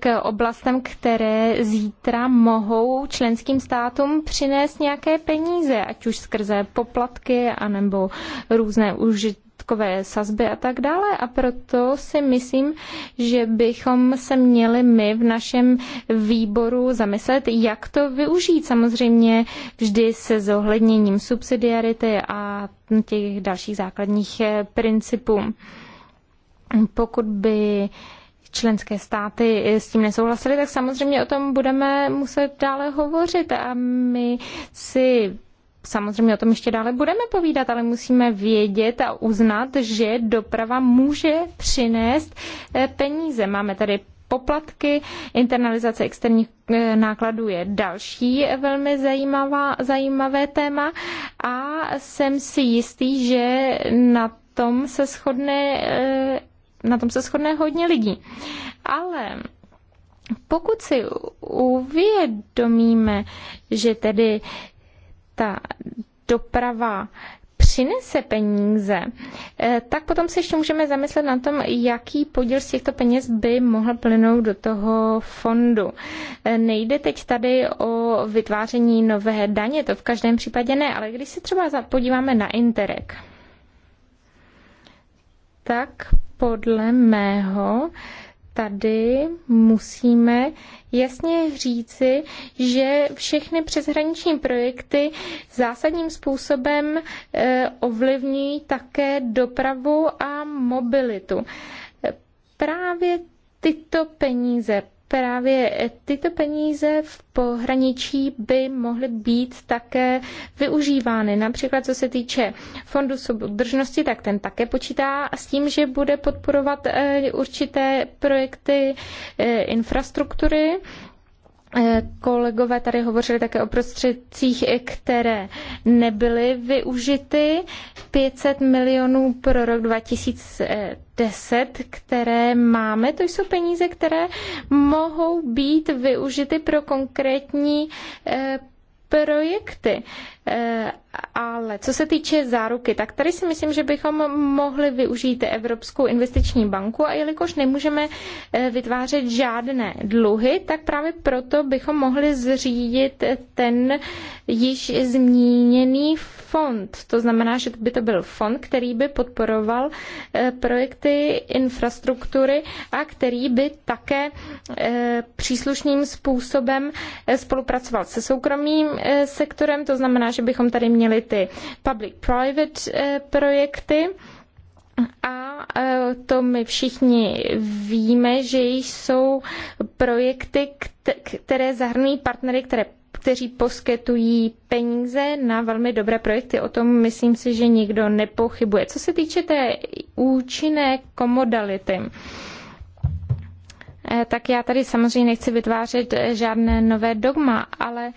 k oblastem, které zítra mohou členským státům přinést nějaké peníze, ať už skrze poplatky anebo různé užitky sazby a tak dále. A proto si myslím, že bychom se měli my v našem výboru zamyslet, jak to využít. Samozřejmě vždy se zohledněním subsidiarity a těch dalších základních principů pokud by členské státy s tím nesouhlasily, tak samozřejmě o tom budeme muset dále hovořit a my si samozřejmě o tom ještě dále budeme povídat, ale musíme vědět a uznat, že doprava může přinést eh, peníze. Máme tady poplatky, internalizace externích eh, nákladů je další velmi zajímavá, zajímavé téma a jsem si jistý, že na tom se shodne eh, na tom se shodne hodně lidí. Ale pokud si uvědomíme, že tedy ta doprava přinese peníze, eh, tak potom se ještě můžeme zamyslet na tom, jaký podíl z těchto peněz by mohl plynout do toho fondu. Eh, nejde teď tady o vytváření nové daně, to v každém případě ne, ale když se třeba podíváme na Interreg, tak podle mého tady musíme jasně říci, že všechny přeshraniční projekty zásadním způsobem eh, ovlivňují také dopravu a mobilitu. Právě tyto peníze právě tyto peníze v pohraničí by mohly být také využívány. Například co se týče fondu soudržnosti, tak ten také počítá s tím, že bude podporovat eh, určité projekty eh, infrastruktury Eh, kolegové tady hovořili také o prostředcích, eh, které nebyly využity. 500 milionů pro rok 2010, které máme, to jsou peníze, které mohou být využity pro konkrétní eh, projekty. Eh, ale co se týče záruky, tak tady si myslím, že bychom mohli využít Evropskou investiční banku a jelikož nemůžeme eh, vytvářet žádné dluhy, tak právě proto bychom mohli zřídit ten již zmíněný fond. To znamená, že by to byl fond, který by podporoval eh, projekty infrastruktury a který by také eh, příslušným způsobem eh, spolupracoval se soukromým sektorem. To znamená, že bychom tady měli ty public-private projekty. A to my všichni víme, že jsou projekty, které zahrnují partnery, které kteří poskytují peníze na velmi dobré projekty. O tom myslím si, že nikdo nepochybuje. Co se týče té účinné komodality, eh, tak já tady samozřejmě nechci vytvářet žádné nové dogma, ale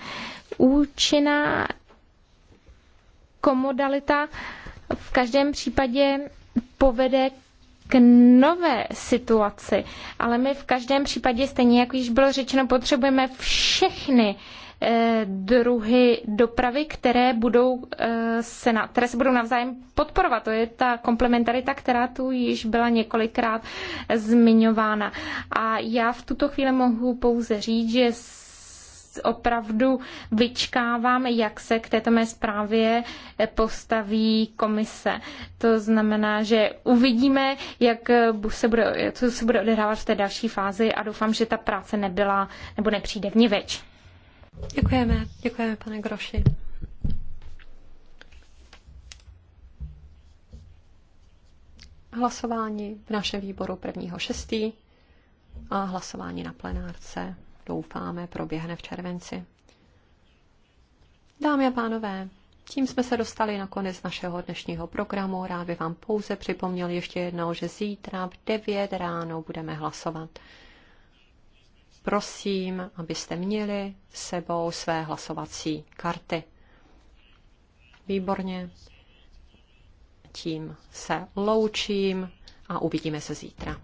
účinná komodalita v každém případě povede k nové situaci, ale my v každém případě, stejně jak již bylo řečeno, potřebujeme všechny Eh, druhy dopravy, které, budou, eh, se, na, které se budou navzájem podporovat. To je ta komplementarita, která tu již byla několikrát zmiňována. A já v tuto chvíli mohu pouze říct, že opravdu vyčkávám, jak se k této mé zprávě eh, postaví komise. To znamená, že uvidíme, jak se bude, co se bude odehrávat v té další fázi a doufám, že ta práce nebyla nebo nepřijde v ní več. Děkujeme, děkujeme, pane Groši. Hlasování v našem výboru 1.6. a hlasování na plenárce doufáme proběhne v červenci. Dámy a pánové, tím jsme se dostali na konec našeho dnešního programu. Rád bych vám pouze připomněl ještě jednou, že zítra v 9 ráno budeme hlasovat prosím, abyste měli sebou své hlasovací karty. Výborně. Tím se loučím a uvidíme se zítra.